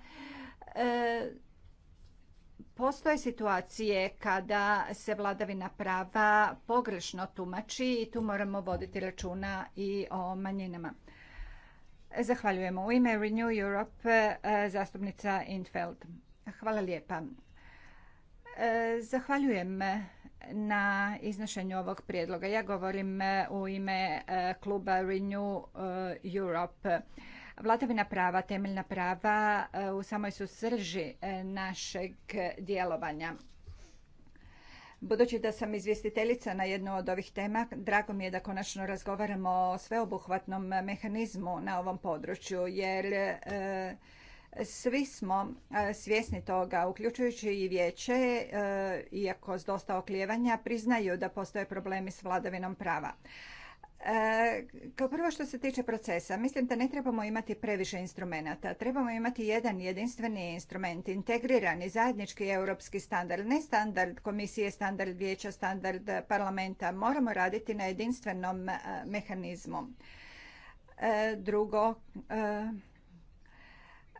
postoje situacije kada se vladavina prava pogrešno tumači i tu moramo voditi računa i o manjinama. Zahvaljujemo. U ime Renew Europe zastupnica Infeld. Hvala lijepa. Zahvaljujem na iznošenju ovog prijedloga. Ja govorim e, u ime e, kluba Renew e, Europe. Vladavina prava, temeljna prava u samoj su srži našeg djelovanja. Budući da sam izvjestiteljica na jednu od ovih tema, drago mi je da konačno razgovaramo o sveobuhvatnom mehanizmu na ovom području, jer svi smo e, svjesni toga, uključujući i vijeće, e, iako s dosta oklijevanja, priznaju da postoje problemi s vladavinom prava. E, kao prvo što se tiče procesa, mislim da ne trebamo imati previše instrumenata. Trebamo imati jedan jedinstveni instrument, integrirani zajednički europski standard, ne standard komisije, standard vijeća, standard parlamenta. Moramo raditi na jedinstvenom mehanizmu. Drugo,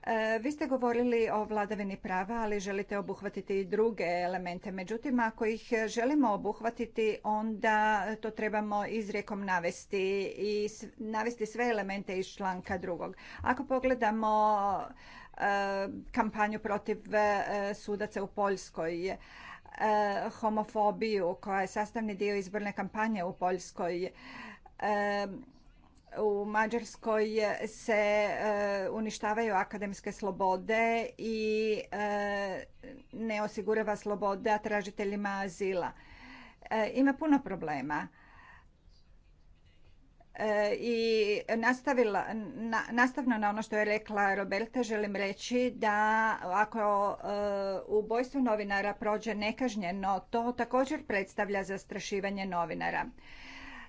E, vi ste govorili o vladavini prava, ali želite obuhvatiti i druge elemente. Međutim, ako ih želimo obuhvatiti, onda to trebamo izrijekom navesti i navesti sve elemente iz članka drugog. Ako pogledamo e, kampanju protiv e, sudaca u Poljskoj, homofobiju koja je sastavni dio izborne kampanje u Poljskoj, u Mađarskoj se e, uništavaju akademske slobode i e, ne osigurava sloboda tražiteljima azila. E, ima puno problema. I nastavno na ono što je rekla Roberta, želim reći da ako ubojstvo novinara prođe nekažnjeno, to također predstavlja zastrašivanje novinara.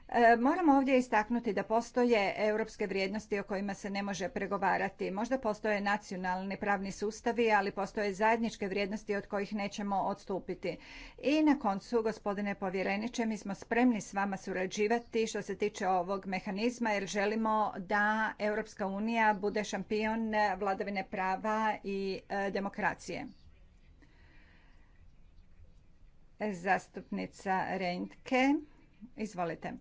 E, moramo ovdje istaknuti da postoje europske vrijednosti o kojima se ne može pregovarati. Možda postoje nacionalni pravni sustavi, ali postoje zajedničke vrijednosti od kojih nećemo odstupiti. I na koncu, gospodine povjereniče, mi smo spremni s vama surađivati što se tiče ovog mehanizma, jer želimo da Europska unija bude šampion vladavine prava i e, demokracije. Zastupnica Reintke. Izvolite.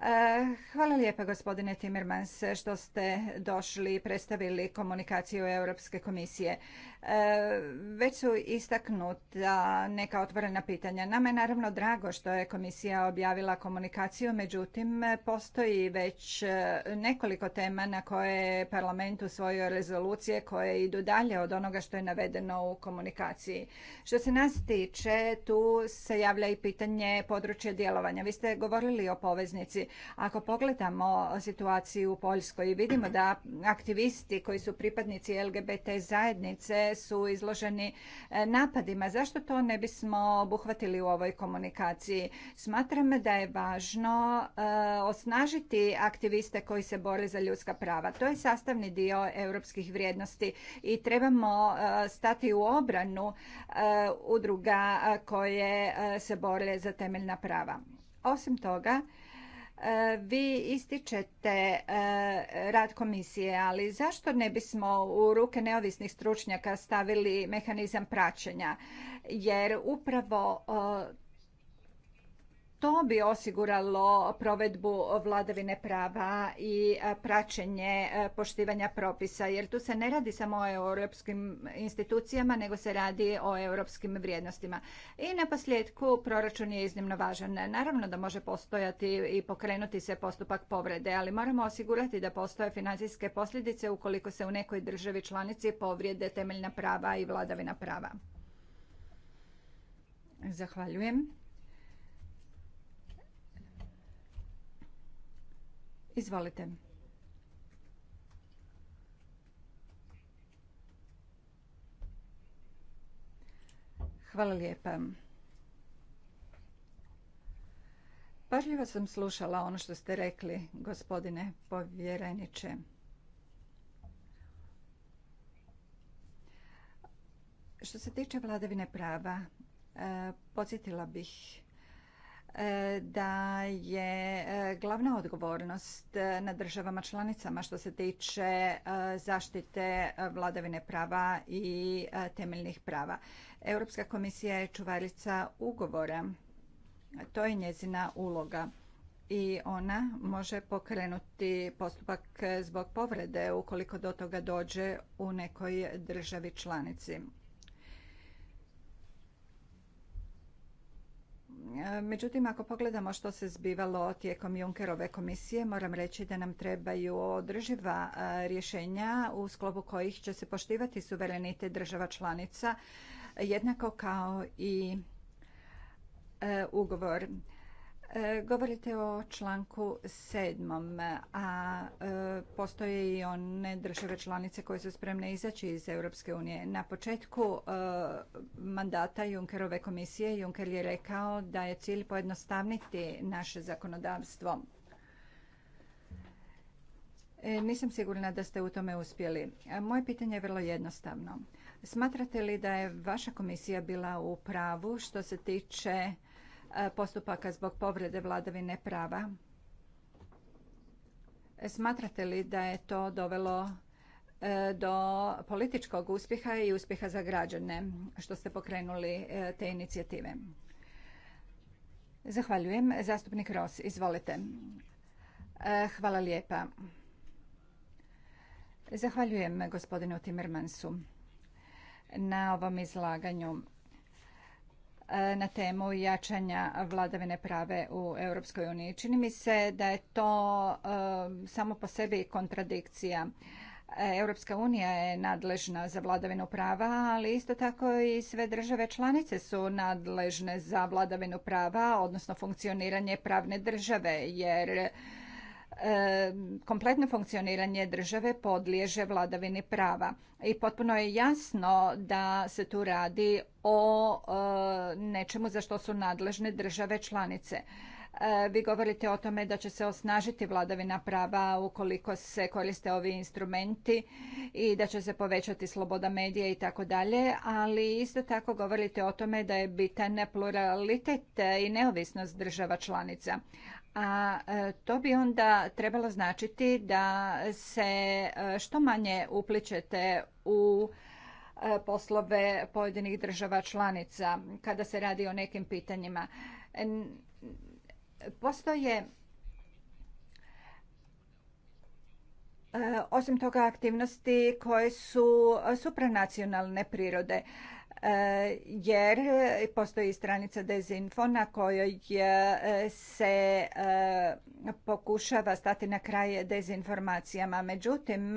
E, hvala lijepa gospodine Timmermans što ste došli i predstavili komunikaciju Europske komisije. E, već su istaknuta neka otvorena pitanja. Nama je naravno drago što je komisija objavila komunikaciju, međutim postoji već e, nekoliko tema na koje je parlament usvojio rezolucije koje idu dalje od onoga što je navedeno u komunikaciji. Što se nas tiče, tu se javlja i pitanje područja djelovanja. Vi ste govorili o poveznici. Ako pogledamo situaciju u Poljskoj i vidimo da aktivisti koji su pripadnici LGBT zajednice su izloženi e, napadima. Zašto to ne bismo obuhvatili u ovoj komunikaciji? Smatram da je važno e, osnažiti aktiviste koji se bore za ljudska prava. To je sastavni dio europskih vrijednosti i trebamo e, stati u obranu udruga koje se bore za temeljna prava. Osim toga, vi ističete e, rad komisije, ali zašto ne bismo u ruke neovisnih stručnjaka stavili mehanizam praćenja? Jer upravo to bi osiguralo provedbu vladavine prava i e, praćenje e, poštivanja propisa, jer tu se ne radi samo o europskim institucijama, nego se radi o europskim vrijednostima. I na posljedku, proračun je iznimno važan. Naravno da može postojati i pokrenuti se postupak povrede, ali moramo osigurati da postoje financijske posljedice ukoliko se u nekoj državi članici povrijede temeljna prava i vladavina prava. Zahvaljujem. Izvolite. Hvala lijepa. Pažljivo sam slušala ono što ste rekli, gospodine povjereniče. Što se tiče vladavine prava, e, podsjetila bih da je e, glavna odgovornost e, na državama članicama što se tiče e, zaštite vladavine prava i temeljnih prava. Europska komisija je čuvarica ugovora. To je njezina uloga i ona može pokrenuti postupak zbog povrede ukoliko do toga dođe u nekoj državi članici. Međutim, ako pogledamo što se zbivalo tijekom Junckerove komisije, moram reći da nam trebaju održiva rješenja u sklopu kojih će se poštivati suverenitet država članica, jednako kao i e, ugovor E, govorite o članku sedmom, a e, postoje i one države članice koje su spremne izaći iz Europske unije. Na početku e, mandata Junckerove komisije Juncker je rekao da je cilj pojednostavniti naše zakonodavstvo. Nisam sigurna da ste u tome uspjeli. Moje pitanje je vrlo jednostavno. Smatrate li da je vaša komisija bila u pravu što se tiče postupaka zbog povrede vladavine prava. Smatrate li da je to dovelo e, do političkog uspjeha i uspjeha za građane što ste pokrenuli e, te inicijative? Zahvaljujem. Zastupnik Ros, izvolite. E, hvala lijepa. Zahvaljujem gospodinu Timmermansu na ovom izlaganju. E, na temu jačanja vladavine prave u Europskoj uniji. Čini mi se da je to e, samo po sebi kontradikcija. E, Europska unija je nadležna za vladavinu prava, ali isto tako i sve države članice su nadležne za vladavinu prava, odnosno funkcioniranje pravne države, jer kompletno funkcioniranje države podliježe vladavini prava. I potpuno je jasno da se tu radi o e, nečemu za što su nadležne države članice. E, vi govorite o tome da će se osnažiti vladavina prava ukoliko se koriste ovi instrumenti i da će se povećati sloboda medija i tako dalje, ali isto tako govorite o tome da je bitan pluralitet i neovisnost država članica a e, to bi onda trebalo značiti da se e, što manje uplićete u e, poslove pojedinih država članica kada se radi o nekim pitanjima. Postoje osim toga aktivnosti koje su supranacionalne prirode. Eh, jer postoji stranica Dezinfo na kojoj eh, se eh, pokušava stati na kraj dezinformacijama. Međutim,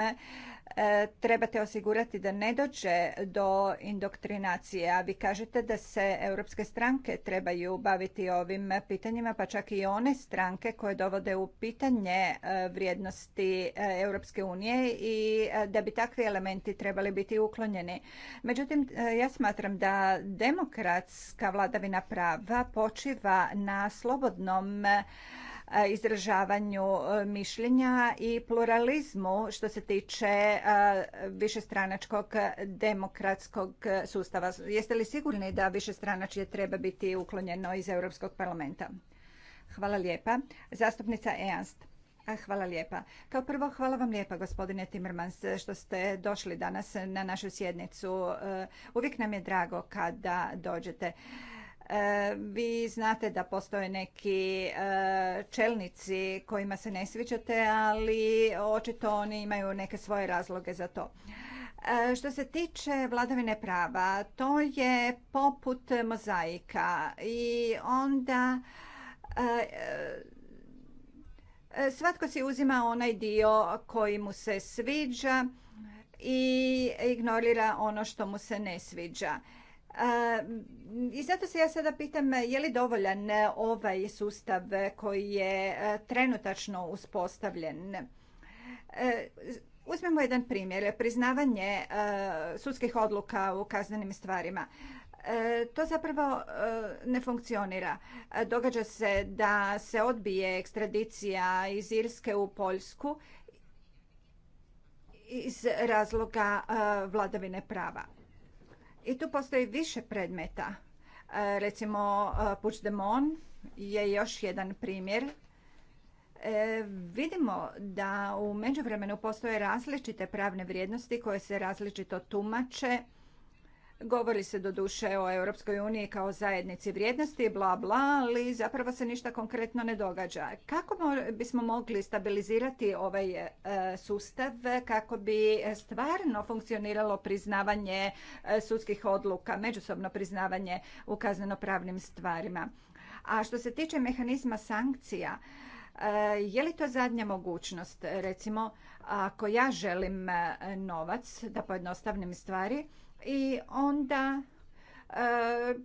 E, trebate osigurati da ne dođe do indoktrinacije, a vi kažete da se europske stranke trebaju baviti ovim pitanjima, pa čak i one stranke koje dovode u pitanje e, vrijednosti e, Europske unije i da bi takvi elementi trebali biti uklonjeni. Međutim, ja smatram da demokratska vladavina prava počiva na slobodnom E, izražavanju e, mišljenja i pluralizmu što se tiče e, višestranačkog demokratskog sustava. Jeste li sigurni da višestranačje treba biti uklonjeno iz Europskog parlamenta? Hvala lijepa. Zastupnica Ernst. Hvala lijepa. Kao prvo, hvala vam lijepa gospodine Timmermans što ste došli danas na našu sjednicu. Uvijek nam je drago kada dođete. E, vi znate da postoje neki e, čelnici kojima se ne sviđate, ali očito oni imaju neke svoje razloge za to. E, što se tiče vladavine prava, to je poput mozaika i onda svatko si uzima onaj dio koji mu se sviđa i ignorira ono što mu se ne sviđa. I zato se ja sada pitam je li dovoljan e, ovaj sustav koji je e, trenutačno uspostavljen. E, uzmemo jedan primjer, priznavanje sudskih odluka u kaznenim stvarima. To zapravo ne funkcionira. Događa se da se odbije ekstradicija iz Irske u Poljsku iz razloga vladavine prava. I tu postoji više predmeta. E, recimo e, Mon je još jedan primjer. E, vidimo da u međuvremenu postoje različite pravne vrijednosti koje se različito tumače Govori se doduše o Europskoj uniji kao zajednici vrijednosti, bla bla, ali zapravo se ništa konkretno ne događa. Kako bismo mogli stabilizirati ovaj e, sustav kako bi stvarno funkcioniralo priznavanje e, sudskih odluka, međusobno priznavanje u pravnim stvarima? A što se tiče mehanizma sankcija, e, je li to zadnja mogućnost? Recimo, ako ja želim novac, da pojednostavnim stvari, i onda e,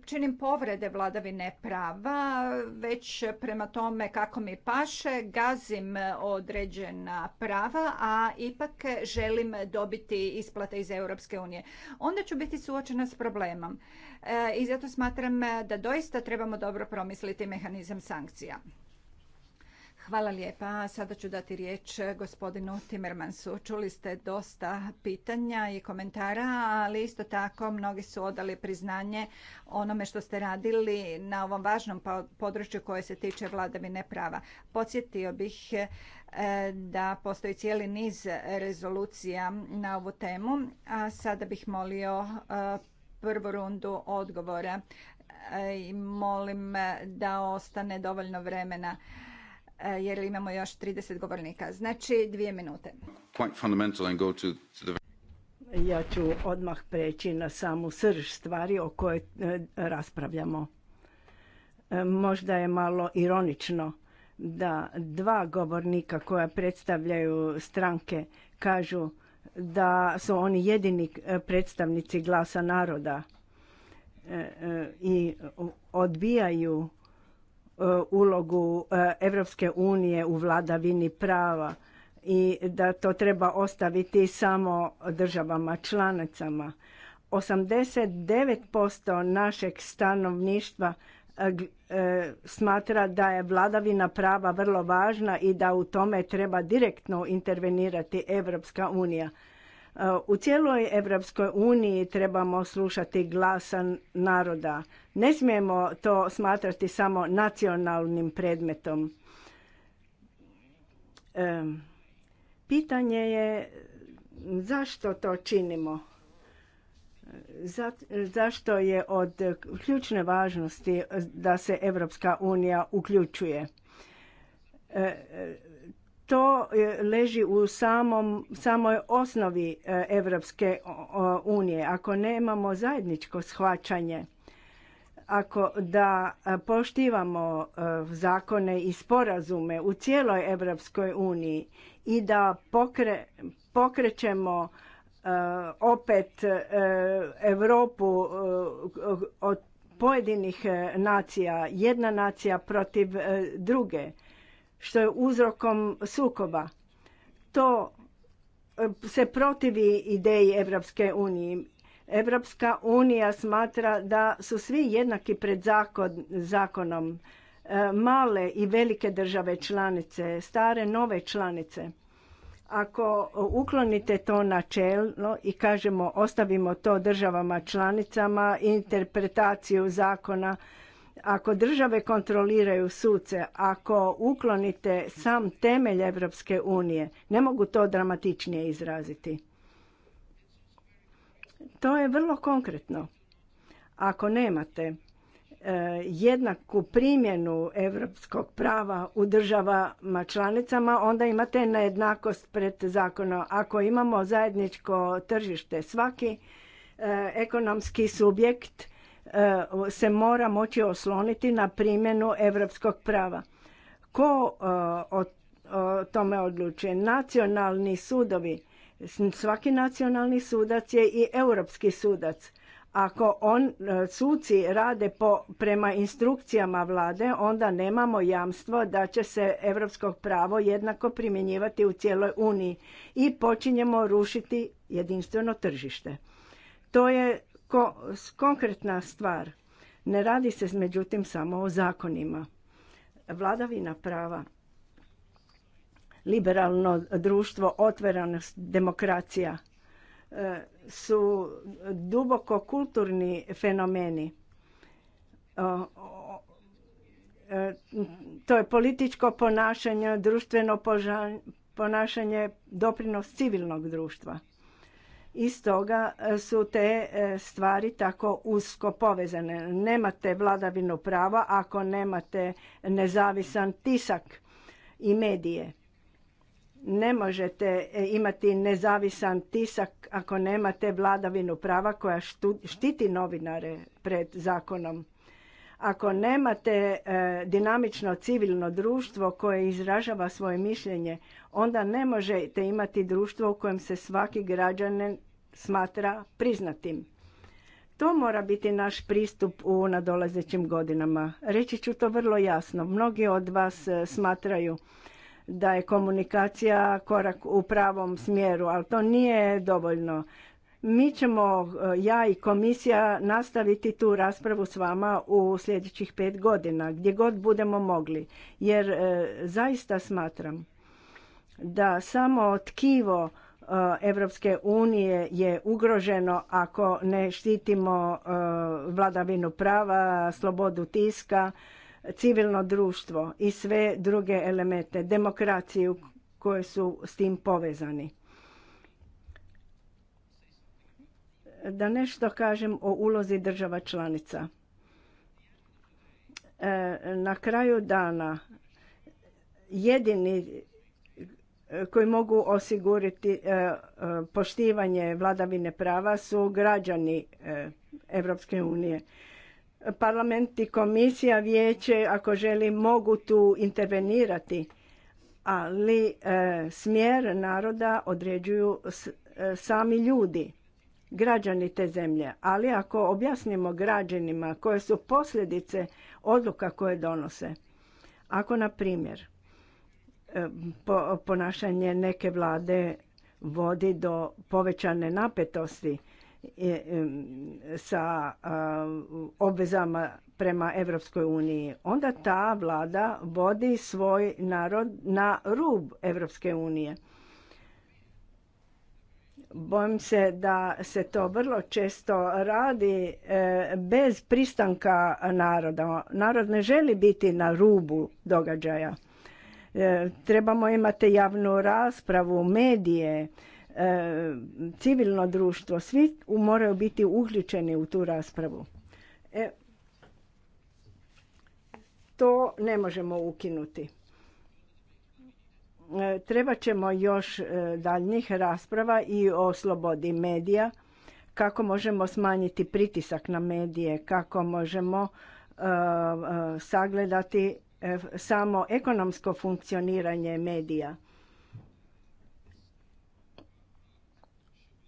činim povrede vladavine prava, već prema tome kako mi paše, gazim određena prava, a ipak želim dobiti isplate iz Europske unije. Onda ću biti suočena s problemom. E, I zato smatram da doista trebamo dobro promisliti mehanizam sankcija. Hvala lijepa. Sada ću dati riječ eh, gospodinu Timmermansu. Čuli ste dosta pitanja i komentara, ali isto tako mnogi su odali priznanje onome što ste radili na ovom važnom području koje se tiče vladavine prava. Podsjetio bih eh, da postoji cijeli niz rezolucija na ovu temu, a sada bih molio eh, prvu rundu odgovora i molim da ostane dovoljno vremena. E, jer imamo još 30 govornika. Znači, dvije minute. Ja ću odmah preći na samu srž stvari o kojoj e, raspravljamo. E, možda je malo ironično da dva govornika koja predstavljaju stranke kažu da su oni jedini predstavnici glasa naroda i odbijaju E, ulogu Europske unije u vladavini prava i da to treba ostaviti samo državama članicama. 89% našeg stanovništva e, e, smatra da je vladavina prava vrlo važna i da u tome treba direktno intervenirati Europska unija. U cijeloj Evropskoj uniji trebamo slušati glasan naroda. Ne smijemo to smatrati samo nacionalnim predmetom. Pitanje je zašto to činimo? Zašto je od ključne važnosti da se Evropska unija uključuje? E, to e, leži u samom, samoj osnovi e, Evropske unije. Ako nemamo zajedničko shvaćanje, ako da e, poštivamo zakone i sporazume u cijeloj Evropskoj uniji i da pokrećemo opet Europu od pojedinih nacija, jedna nacija protiv druge, što je uzrokom sukoba. To e, se protivi ideji Evropske unije. Evropska unija smatra da su svi jednaki pred zakonom. E, male i velike države članice, stare nove članice. Ako uklonite to načelno i kažemo ostavimo to državama članicama, interpretaciju zakona, ako države kontroliraju suce, ako uklonite sam temelj Evropske unije, ne mogu to dramatičnije izraziti. To je vrlo konkretno. Ako nemate e, jednaku primjenu europskog prava u državama članicama, onda imate nejednakost pred zakonom. Ako imamo zajedničko tržište, svaki e, ekonomski subjekt E, se mora moći osloniti na primjenu europskog prava. Ko e, o tome odlučuje? Nacionalni sudovi. Svaki nacionalni sudac je i europski sudac. Ako on, e, suci rade po, prema instrukcijama vlade, onda nemamo jamstvo da će se europsko pravo jednako primjenjivati u cijeloj Uniji i počinjemo rušiti jedinstveno tržište. To je ko, konkretna stvar. Ne radi se međutim samo o zakonima. Vladavina prava, liberalno društvo, otvorenost, demokracija e, su duboko kulturni fenomeni. E, to je političko ponašanje, društveno ponašanje, doprinos civilnog društva i stoga e, su te e, stvari tako usko povezane. Nemate vladavinu prava ako nemate nezavisan tisak i medije. Ne možete e, imati nezavisan tisak ako nemate vladavinu prava koja štiti novinare pred zakonom. Ako nemate e, dinamično civilno društvo koje izražava svoje mišljenje, onda ne možete imati društvo u kojem se svaki građanin smatra priznatim. To mora biti naš pristup u nadolazećim godinama. Reći ću to vrlo jasno. Mnogi od vas e, smatraju da je komunikacija korak u pravom smjeru, ali to nije dovoljno. Mi ćemo, eh, ja i komisija, nastaviti tu raspravu s vama u sljedećih pet godina, gdje god budemo mogli. Jer eh, zaista smatram da samo tkivo eh, Evropske unije je ugroženo ako ne štitimo vladavinu prava, slobodu tiska, civilno društvo i sve druge elemente, demokraciju koje su s tim povezani. da nešto kažem o ulozi država članica. E, na kraju dana jedini e, koji mogu osigurati e, poštivanje vladavine prava su građani Europske unije. Parlament i komisija, vijeće, ako želi, mogu tu intervenirati, ali smjer naroda određuju sami ljudi građani te zemlje. Ali ako objasnimo građanima koje su posljedice odluka koje donose, ako na primjer e, ponašanje neke vlade vodi do povećane napetosti e, e, sa obvezama prema Europskoj uniji, onda ta vlada vodi svoj narod na rub Europske unije Bojim se da se to vrlo često radi e, bez pristanka naroda. Narod ne želi biti na rubu događaja. E, trebamo imati javnu raspravu, medije, e, civilno društvo. Svi moraju biti uključeni u tu raspravu. To ne možemo ukinuti. E, treba ćemo još e, daljnjih rasprava i o slobodi medija, kako možemo smanjiti pritisak na medije, kako možemo e, sagledati samo ekonomsko funkcioniranje medija.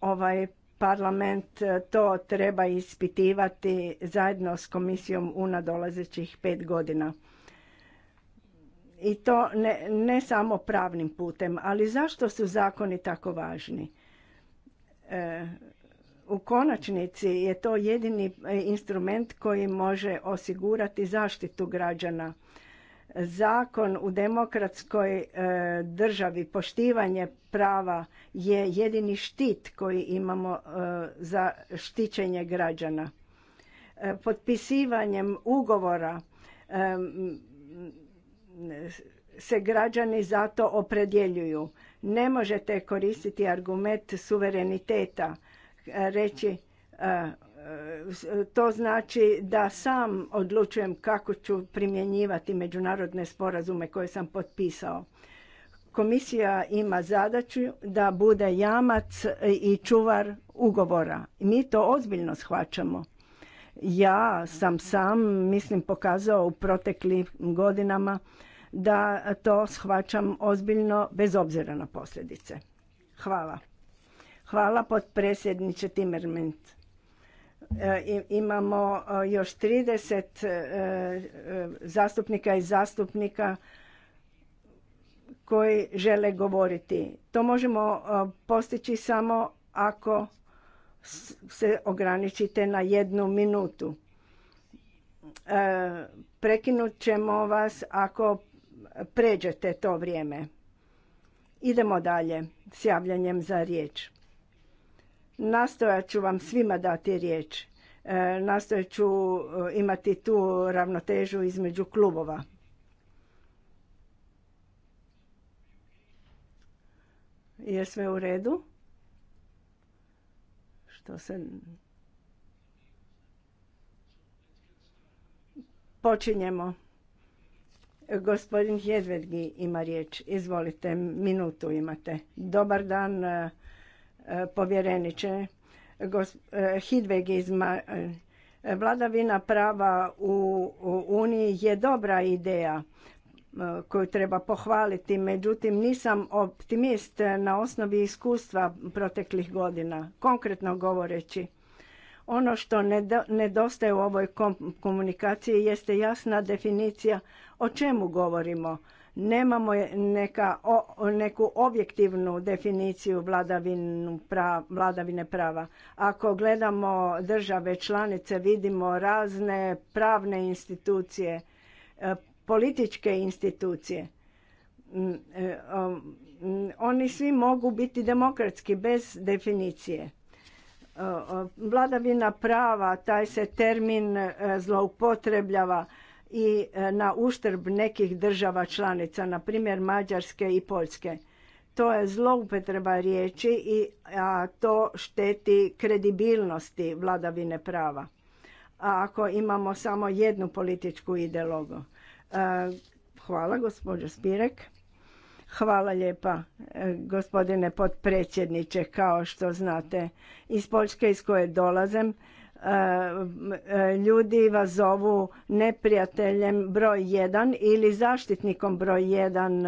Ovaj parlament to treba ispitivati zajedno s komisijom u nadolazećih pet godina i to ne, samo pravnim putem ali zašto su zakoni tako važni e, u konačnici je to jedini e, instrument koji može osigurati zaštitu građana zakon u demokratskoj e, državi poštivanje prava je jedini štit koji imamo za štićenje građana potpisivanjem ugovora se građani za to opredjeljuju. Ne možete koristiti argument suvereniteta, reći e, e, to znači da sam odlučujem kako ću primjenjivati međunarodne sporazume koje sam potpisao. Komisija ima zadaću da bude jamac i čuvar ugovora. Mi to ozbiljno shvaćamo. Ja sam sam, mislim, pokazao u proteklim godinama da to shvaćam ozbiljno bez obzira na posljedice. Hvala. Hvala potpredsjedniče Timmerment. imamo e, još 30 e, e, zastupnika i zastupnika koji žele govoriti. To možemo postići samo ako se ograničite na jednu minutu. E, prekinut ćemo vas ako pređete to vrijeme. Idemo dalje s javljanjem za riječ. Nastojat ću vam svima dati riječ. E, nastojat ću e, imati tu ravnotežu između klubova. Jesme u redu? što se počinjemo gospodin Hjedvedgi ima riječ izvolite minutu imate dobar dan eh, povjereniče Hidveg eh, eh, vladavina prava u Uniji je dobra ideja koju treba pohvaliti, međutim nisam optimist na osnovi iskustva proteklih godina, konkretno govoreći. Ono što nedostaje u ovoj komunikaciji jeste jasna definicija o čemu govorimo. Nemamo neka, neku objektivnu definiciju vladavine prava. Ako gledamo države članice vidimo razne pravne institucije, političke institucije. Mm, e, um, mm, oni svi mogu biti demokratski bez definicije. E, vladavina prava, taj se termin e, zloupotrebljava i na uštrb nekih država članica, na primjer Mađarske i Poljske. To je zloupotreba riječi i a to šteti kredibilnosti vladavine prava. A ako imamo samo jednu političku ideologu. E, hvala, gospođo Spirek. Hvala lijepa, e, gospodine potpredsjedniče. Kao što znate, iz Poljske iz koje dolazem, e, ljudi vas zovu neprijateljem broj jedan ili zaštitnikom broj jedan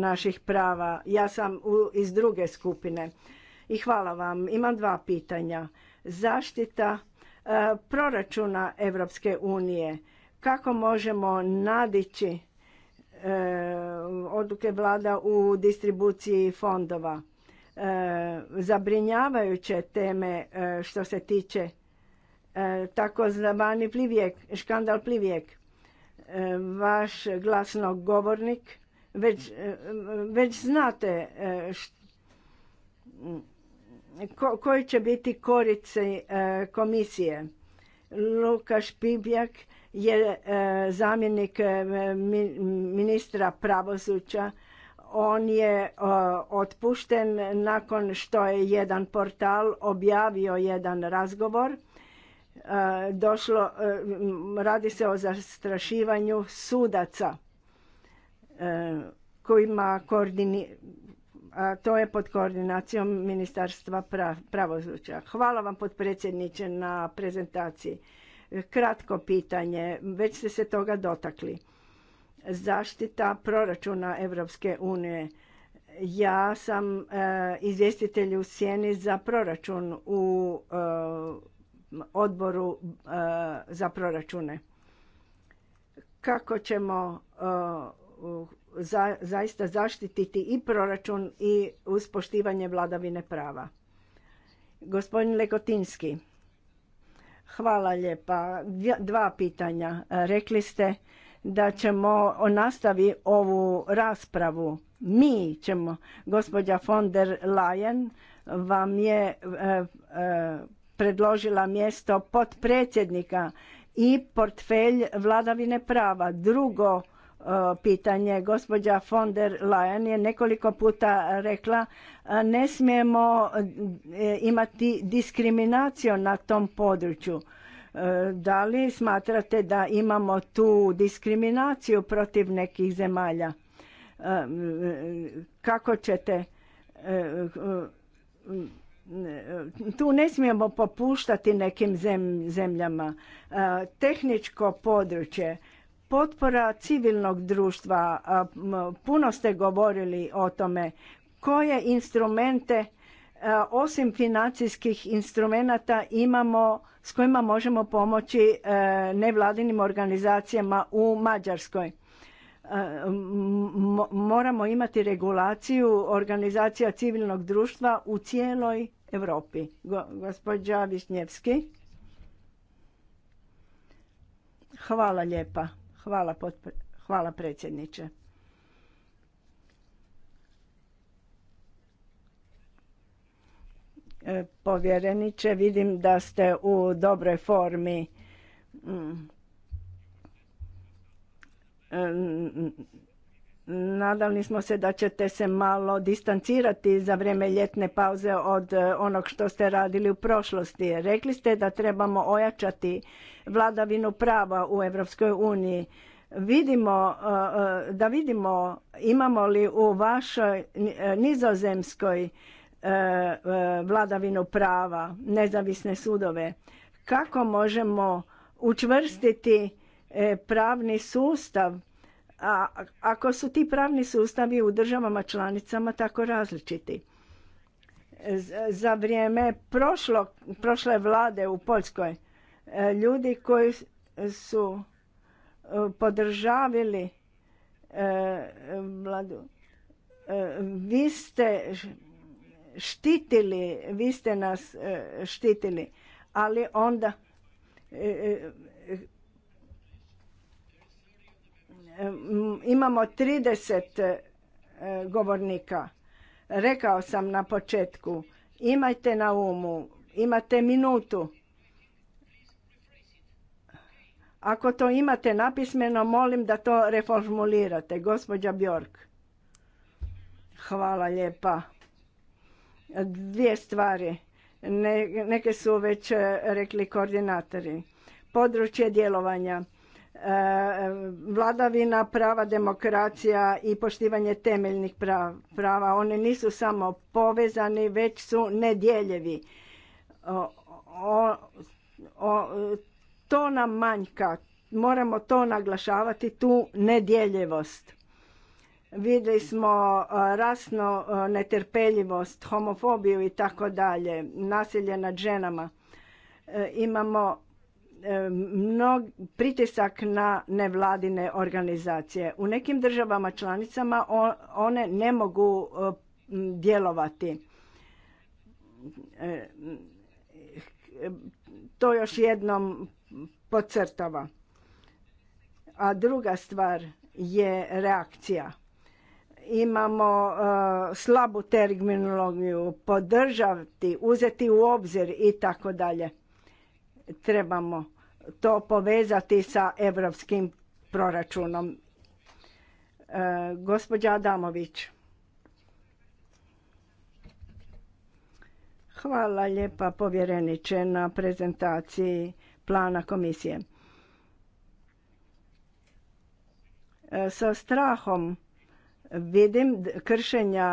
naših prava. Ja sam iz druge skupine. I hvala vam. Imam dva pitanja. Zaštita proračuna Europske unije kako možemo nadići e, odluke vlada u distribuciji fondova? E, zabrinjavajuće teme e, što se tiče e, takozvani plivijek, škandal plivijek. Vaš glasnog govornik već, već znate koji će biti korice komisije. Lukaš Pibjak je e, zamjenik e, ministra pravosuđa on je e, otpušten nakon što je jedan portal objavio jedan razgovor došlo radi se o zastrašivanju sudaca kojima koordini, a to je pod koordinacijom Ministarstva pravosuđa. Hvala vam potpredsjedniče na prezentaciji. Kratko pitanje, već ste se toga dotakli. Zaštita proračuna Europske unije. Ja sam e, izvjestitelj u sjeni za proračun u e, odboru e, za proračune. Kako ćemo zaista zaštititi i proračun i uspoštivanje vladavine prava? Gospodin Lekotinski. Hvala lijepa. Dva pitanja. E, rekli ste da ćemo nastavi ovu raspravu. Mi ćemo, gospođa von der Leyen vam je e, e, predložila mjesto potpredsjednika i portfelj vladavine prava. Drugo, E, pitanje. Gospođa von der Leyen je nekoliko puta rekla e, ne smijemo e, imati diskriminaciju na tom području. Da li smatrate da imamo tu diskriminaciju protiv nekih zemalja? Kako ćete tu ne smijemo popuštati nekim zemljama. Tehničko područje potpora civilnog društva, puno ste govorili o tome, koje instrumente osim financijskih instrumenata imamo s kojima možemo pomoći e, nevladinim organizacijama u Mađarskoj. E, moramo imati regulaciju organizacija civilnog društva u cijeloj Europi. Gospođa Višnjevski. Hvala lijepa. Hvala, predsjedniče. E, povjereniče, vidim da ste u dobroj formi. Mm. E, Nadali smo se da ćete se malo distancirati za vrijeme ljetne pauze od e, onog što ste radili u prošlosti. Rekli ste da trebamo ojačati vladavinu prava u Europskoj uniji. Vidimo, e, e, da vidimo imamo li u vašoj nizozemskoj vladavinu prava, nezavisne sudove. Kako možemo učvrstiti pravni sustav a ako su ti pravni sustavi u državama članicama tako različiti. Za vrijeme prošlo, prošle vlade u Poljskoj e, ljudi koji su e, podržavili e, vladu vi ste štitili, vi ste nas štitili, ali onda Imamo 30 e, govornika. Rekao sam na početku, imajte na umu, imate minutu. Ako to imate napismeno, molim da to reformulirate. Gospođa Bjork. Hvala lijepa. Dvije stvari. Neke su već e, rekli koordinatori. Područje djelovanja vladavina prava, demokracija i poštivanje temeljnih prava. Oni nisu samo povezani, već su nedjeljevi. O, to nam manjka. Moramo to naglašavati, tu nedjeljevost. Vidjeli smo e, rasno e, netrpeljivost, homofobiju i tako dalje, nasilje nad ženama. E, imamo mnog pritisak na nevladine organizacije. U nekim državama članicama one ne mogu djelovati. To još jednom podcrtava. A druga stvar je reakcija. Imamo e, slabu terminologiju, podržati, uzeti u obzir i tako dalje trebamo to povezati sa europskim proračunom. E, gospođa Adamović. Hvala lijepa povjereniče na prezentaciji plana komisije. E, sa strahom vidim kršenja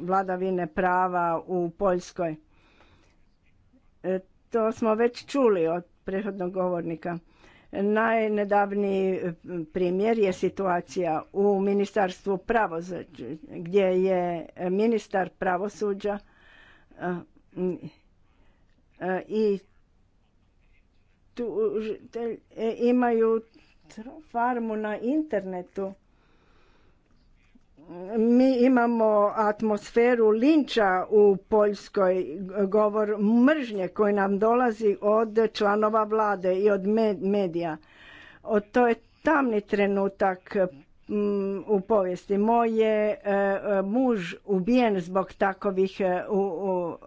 vladavine prava u Poljskoj. E, to smo već čuli od prethodnog govornika. Najnedavniji eh, primjer je situacija u Ministarstvu pravosuđa gdje je ministar pravosuđa eh, mm, eh, i imaju farmu na internetu mi imamo atmosferu linča u Poljskoj, govor mržnje koji nam dolazi od članova vlade i od medija. To je tamni trenutak mm, u povijesti. Moj je e, muž ubijen zbog takovih e,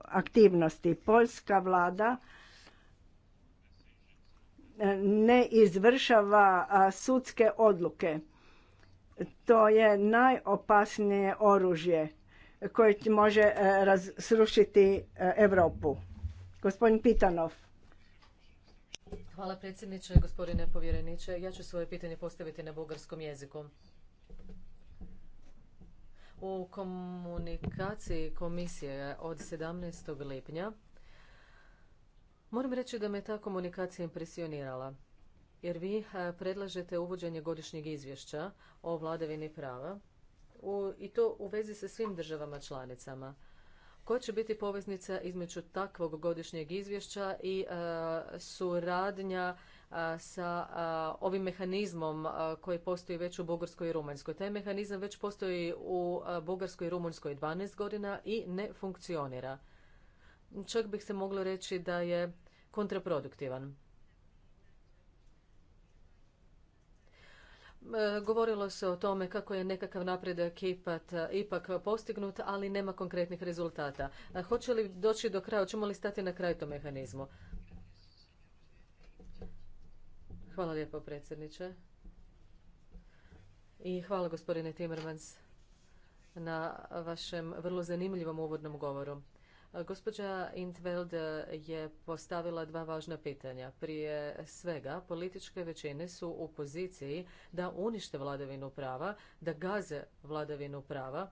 aktivnosti. Poljska vlada e, ne izvršava sudske odluke to je najopasnije oružje koje može srušiti e, Europu. Gospodin Pitanov. Hvala predsjedniče, gospodine povjereniče. Ja ću svoje pitanje postaviti na bugarskom jeziku. U komunikaciji komisije od 17. lipnja moram reći da me ta komunikacija impresionirala jer vi eh, predlažete uvođenje godišnjeg izvješća o vladavini prava i to u vezi sa svim državama članicama. Koja će biti poveznica između takvog godišnjeg izvješća i eh, suradnja eh, sa ovim mehanizmom koji postoji već u Bugarskoj i Rumunjskoj? Taj mehanizam već postoji u Bugarskoj i Rumunjskoj 12 godina i ne funkcionira. Čak bih se moglo reći da je kontraproduktivan. E, govorilo se o tome kako je nekakav napredak ipak postignut, ali nema konkretnih rezultata. E, hoće li doći do kraja, hoćemo li stati na kraj tom mehanizmu? Hvala lijepo, predsjedniče. I hvala, gospodine Timmermans, na vašem vrlo zanimljivom uvodnom govoru. E, gospođa Intveld je postavila dva važna pitanja. Prije svega, političke većine su u poziciji da unište vladavinu prava, da gaze vladavinu prava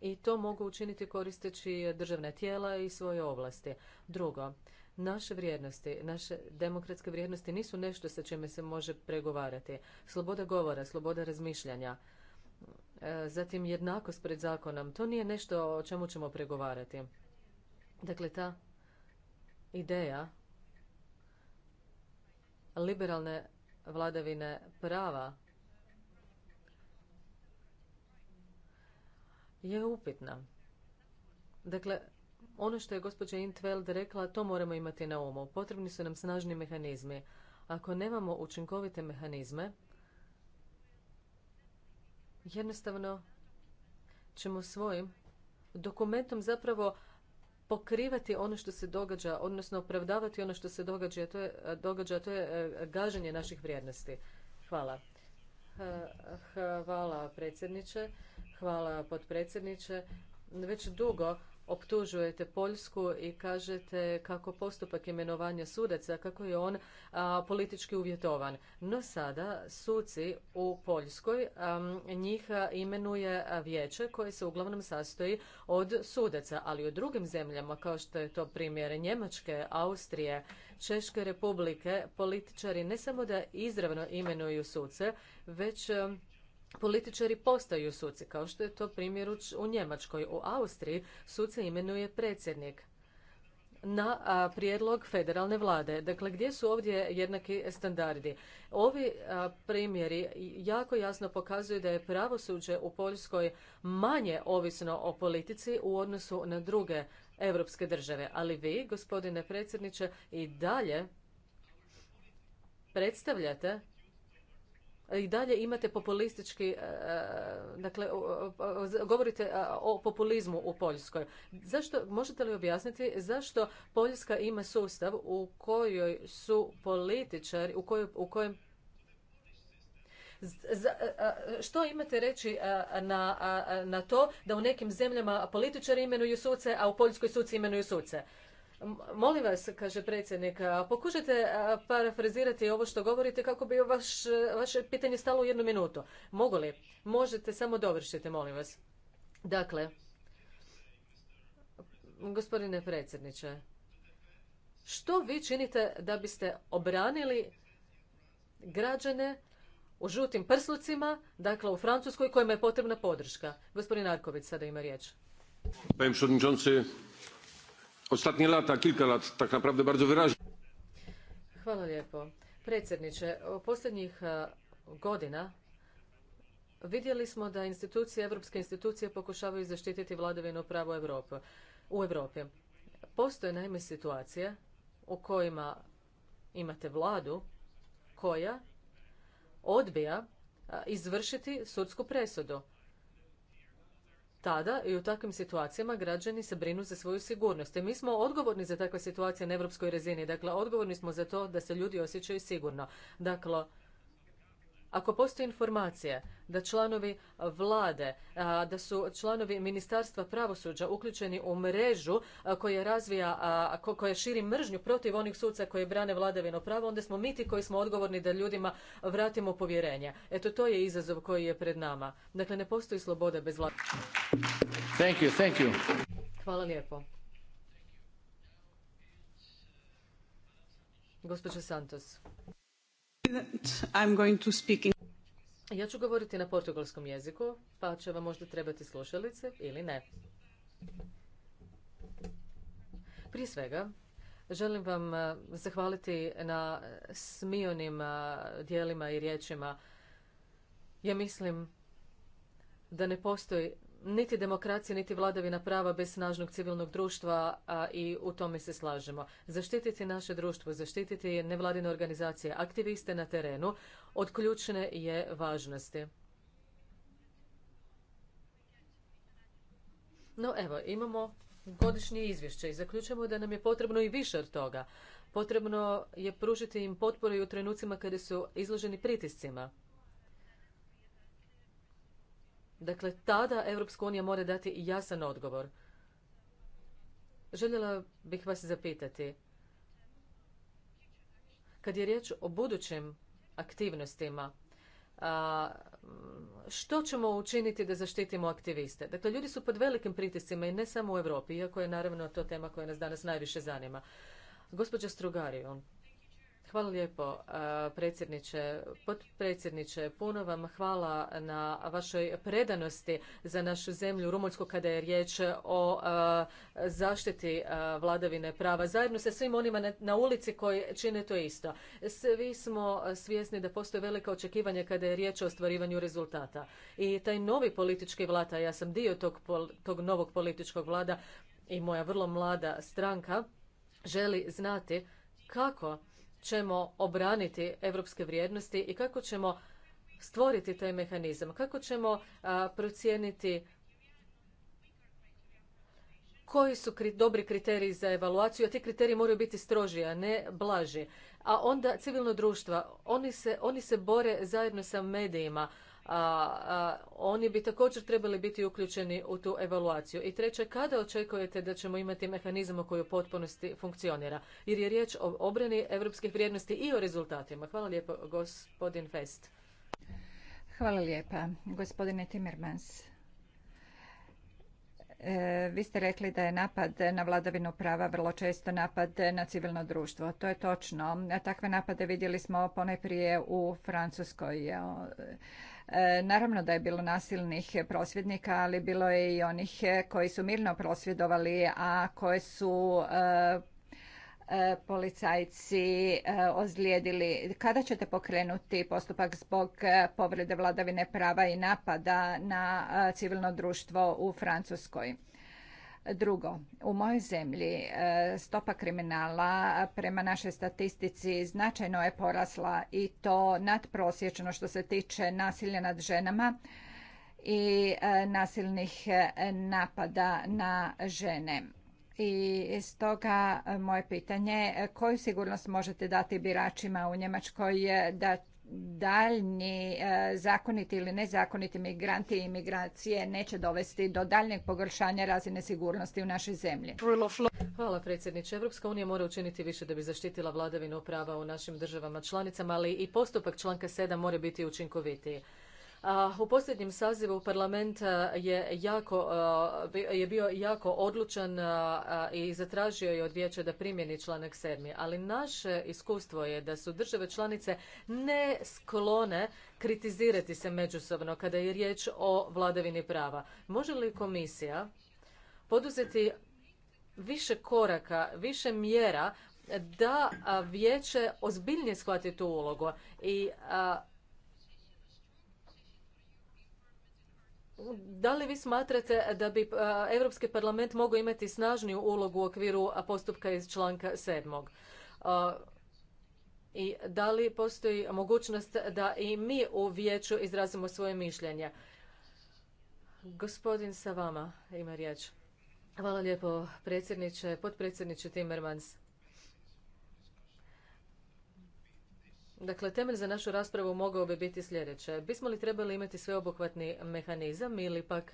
i to mogu učiniti koristeći državna tijela i svoje ovlasti. Drugo, naše vrijednosti, naše demokratske vrijednosti nisu nešto sa čime se može pregovarati. Sloboda govora, sloboda razmišljanja, e, zatim jednakost pred zakonom, to nije nešto o čemu ćemo pregovarati. Dakle, ta ideja liberalne vladavine prava je upitna. Dakle, ono što je gospođa Intveld rekla, to moramo imati na umu. Potrebni su nam snažni mehanizmi. Ako nemamo učinkovite mehanizme, jednostavno ćemo svojim dokumentom zapravo pokrivati ono što se događa, odnosno opravdavati ono što se događa, a to je, događa, to je e, gaženje naših vrijednosti. Hvala. Hvala predsjedniče, hvala potpredsjedniče. Već dugo optužujete Poljsku i kažete kako postupak imenovanja sudaca, kako je on politički uvjetovan. No sada suci u Poljskoj njih imenuje vijeće koje se uglavnom sastoji od sudaca, ali u drugim zemljama kao što je to primjer Njemačke, Austrije, Češke republike, političari ne samo da izravno imenuju suce, već političari postaju suci, kao što je to primjer u Njemačkoj. U Austriji suce imenuje predsjednik na prijedlog federalne vlade. Dakle, gdje su ovdje jednaki standardi? Ovi primjeri jako jasno pokazuju da je pravosuđe u Poljskoj manje ovisno o politici u odnosu na druge europske države. Ali vi, gospodine predsjedniče, i dalje predstavljate i dalje imate populistički, e, e, dakle, govorite e, o populizmu u Poljskoj. Zašto, možete li objasniti zašto Poljska ima sustav u kojoj su političari, u, kojoj, u kojem što imate reći na, na to da u nekim zemljama političari imenuju suce, a u Poljskoj suci imenuju suce? Molim vas, kaže predsjednik, pokušajte parafrazirati ovo što govorite kako bi vaše pitanje stalo u jednu minutu. Mogu li? Možete samo dovršite, molim vas. Dakle, gospodine predsjedniče, što vi činite da biste obranili građane u žutim prslucima, dakle u Francuskoj kojima je potrebna podrška? Gospodin Arković sada ima riječ ostatnie lata, kilka lat tak naprawdę bardzo wyraźnie. Hvala lijepo. Predsjedniče, u posljednjih e, godina vidjeli smo da institucije, evropske institucije pokušavaju zaštititi vladavinu pravo Evrope, u Europi. Postoje naime situacije u kojima imate vladu koja odbija e, izvršiti sudsku presudu tada i u takvim situacijama građani se brinu za svoju sigurnost. I mi smo odgovorni za takve situacije na europskoj razini. Dakle, odgovorni smo za to da se ljudi osjećaju sigurno. Dakle, ako postoje informacije da članovi vlade, da su članovi ministarstva pravosuđa uključeni u mrežu koja razvija, koja širi mržnju protiv onih suca koji brane vladavino pravo, onda smo mi ti koji smo odgovorni da ljudima vratimo povjerenje. Eto, to je izazov koji je pred nama. Dakle, ne postoji sloboda bez vlade. Thank you, thank you. Hvala lijepo. Gospodin Santos. Ja ću govoriti na portugalskom jeziku, pa će vam možda trebati slušalice ili ne. Prije svega, želim vam eh, zahvaliti na smijonim eh, dijelima i riječima. Ja mislim da ne postoji niti demokracija, niti vladavina prava bez snažnog civilnog društva a i u tome se slažemo. Zaštititi naše društvo, zaštititi nevladine organizacije, aktiviste na terenu od ključne je važnosti. No evo, imamo godišnje izvješće i zaključujemo da nam je potrebno i više od toga. Potrebno je pružiti im potporu i u trenucima kada su izloženi pritiscima. Dakle, tada Europska unija mora dati jasan odgovor. Željela bih vas zapitati, kad je riječ o budućim aktivnostima, što ćemo učiniti da zaštitimo aktiviste? Dakle, ljudi su pod velikim pritiscima i ne samo u Europi, iako je naravno to tema koja nas danas najviše zanima. Gospođa Strugariju, Hvala lijepo, e, predsjedniče, potpredsjedniče. Puno vam hvala na vašoj predanosti za našu zemlju Rumunjsku kada je riječ o e, zaštiti e, vladavine prava. Zajedno sa svim onima na ulici koji čine to isto. Svi smo svjesni da postoje velika očekivanja kada je riječ o ostvarivanju rezultata. I taj novi politički vlada, a ja sam dio tog, tog novog političkog vlada i moja vrlo mlada stranka, želi znati kako ćemo obraniti europske vrijednosti i kako ćemo stvoriti taj mehanizam, kako ćemo procijeniti koji su dobri kriteriji za evaluaciju, a ti kriteriji moraju biti stroži, a ne blaži. A onda civilno društva, oni se, oni se bore zajedno sa medijima, a, oni bi također trebali biti uključeni u tu evaluaciju. I treće, kada očekujete da ćemo imati mehanizam koji u potpunosti funkcionira? Jer je riječ o obrani europskih vrijednosti i o rezultatima. Hvala lijepo, gospodin Fest. Hvala lijepa, gospodine Timmermans. E, vi ste rekli da je napad na vladavinu prava vrlo često napad na civilno društvo. To je točno. Takve napade vidjeli smo ponajprije u Francuskoj E, naravno da je bilo nasilnih prosvjednika, ali bilo je i onih e, koji su mirno prosvjedovali, a koje su e, policajci ozlijedili. Kada ćete pokrenuti postupak zbog povrede vladavine prava i napada na civilno društvo u Francuskoj? Drugo, u mojoj zemlji e, stopa kriminala prema našoj statistici značajno je porasla i to nadprosječno što se tiče nasilja nad ženama i e, nasilnih e, napada na žene. I stoga moje pitanje, koju sigurnost možete dati biračima u Njemačkoj da daljni e, zakoniti ili nezakoniti migranti i imigracije neće dovesti do daljnjeg pogoršanja razine sigurnosti u našoj zemlji. Hvala predsjedniče. Evropska unija mora učiniti više da bi zaštitila vladavinu prava u našim državama članicama, ali i postupak članka 7 mora biti učinkovitiji. U posljednjem sazivu parlamenta je, jako, je bio jako odlučan i zatražio je od vijeća da primjeni članak 7. Ali naše iskustvo je da su države članice ne sklone kritizirati se međusobno kada je riječ o vladavini prava. Može li komisija poduzeti više koraka, više mjera da vijeće ozbiljnije shvati tu ulogu i da li vi smatrate da bi e, Europski parlament mogao imati snažniju ulogu u okviru postupka iz članka sedmog? E, I da li postoji mogućnost da i mi u vijeću izrazimo svoje mišljenje? Gospodin sa vama ima riječ. Hvala lijepo predsjedniče, potpredsjedniče Timmermans. Dakle, temelj za našu raspravu mogao bi biti sljedeće. Bismo li trebali imati sveobuhvatni mehanizam ili pak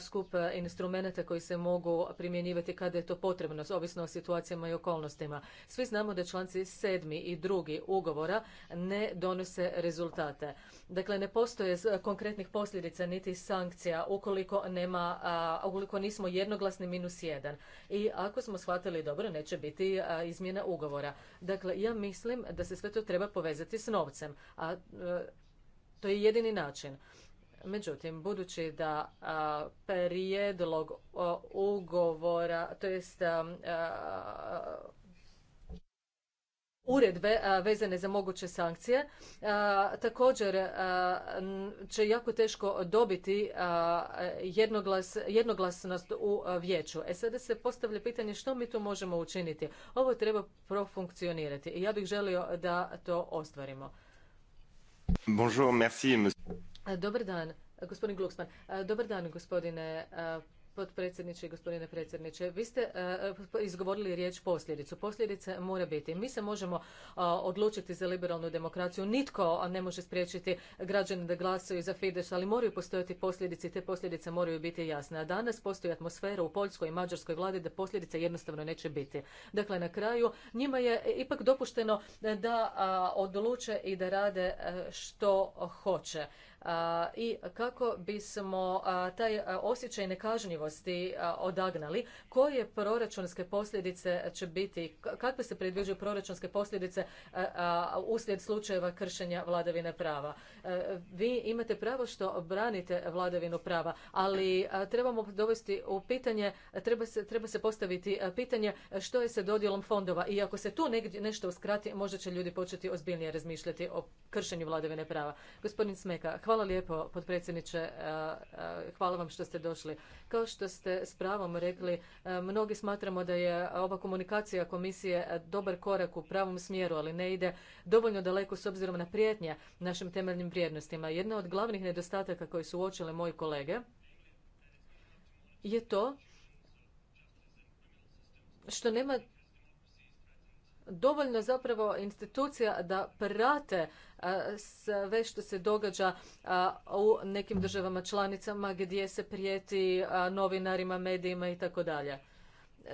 skup instrumenata koji se mogu primjenjivati kada je to potrebno, ovisno o situacijama i okolnostima? Svi znamo da članci sedmi i drugi ugovora ne donose rezultate. Dakle, ne postoje konkretnih posljedica niti sankcija ukoliko, nema, ukoliko nismo jednoglasni minus jedan. I ako smo shvatili dobro, neće biti izmjena ugovora. Dakle, ja mislim da se sve to treba povezati ti s novcem, a e, to je jedini način. Međutim, budući da prijedlog ugovora, to jest uredbe vezane za moguće sankcije. Također će jako teško dobiti jednoglasnost u vijeću. E sada se postavlja pitanje što mi tu možemo učiniti. Ovo treba profunkcionirati i ja bih želio da to ostvarimo. Dobar dan, gospodin Glucksmann. Dobar dan, gospodine potpredsjedniče i gospodine predsjedniče, vi ste e, e, izgovorili riječ posljedicu. Posljedice mora biti. Mi se možemo e, odlučiti za liberalnu demokraciju. Nitko ne može spriječiti građane da glasaju za Fidesz, ali moraju postojati posljedice i te posljedice moraju biti jasne. A danas postoji atmosfera u Poljskoj i Mađarskoj vladi da posljedice jednostavno neće biti. Dakle, na kraju njima je ipak dopušteno da odluče i da rade što hoće i kako bismo taj osjećaj nekažnjivosti odagnali, koje proračunske posljedice će biti, kakve se predviđaju proračunske posljedice uslijed slučajeva kršenja vladavine prava. Vi imate pravo što branite vladavinu prava, ali trebamo dovesti u pitanje, treba se, treba se postaviti pitanje što je sa dodjelom fondova i ako se tu negdje nešto uskrati, možda će ljudi početi ozbiljnije razmišljati o kršenju vladavine prava. Gospodin Smeka, Hvala lijepo, potpredsjedniče. E, e, hvala vam što ste došli. Kao što ste s pravom rekli, e, mnogi smatramo da je ova komunikacija komisije dobar korak u pravom smjeru, ali ne ide dovoljno daleko s obzirom na prijetnje našim temeljnim vrijednostima. Jedna od glavnih nedostataka koje su uočile moji kolege je to što nema dovoljno zapravo institucija da prate e, sve što se događa e, u nekim državama članicama gdje se prijeti e, novinarima, medijima i tako dalje.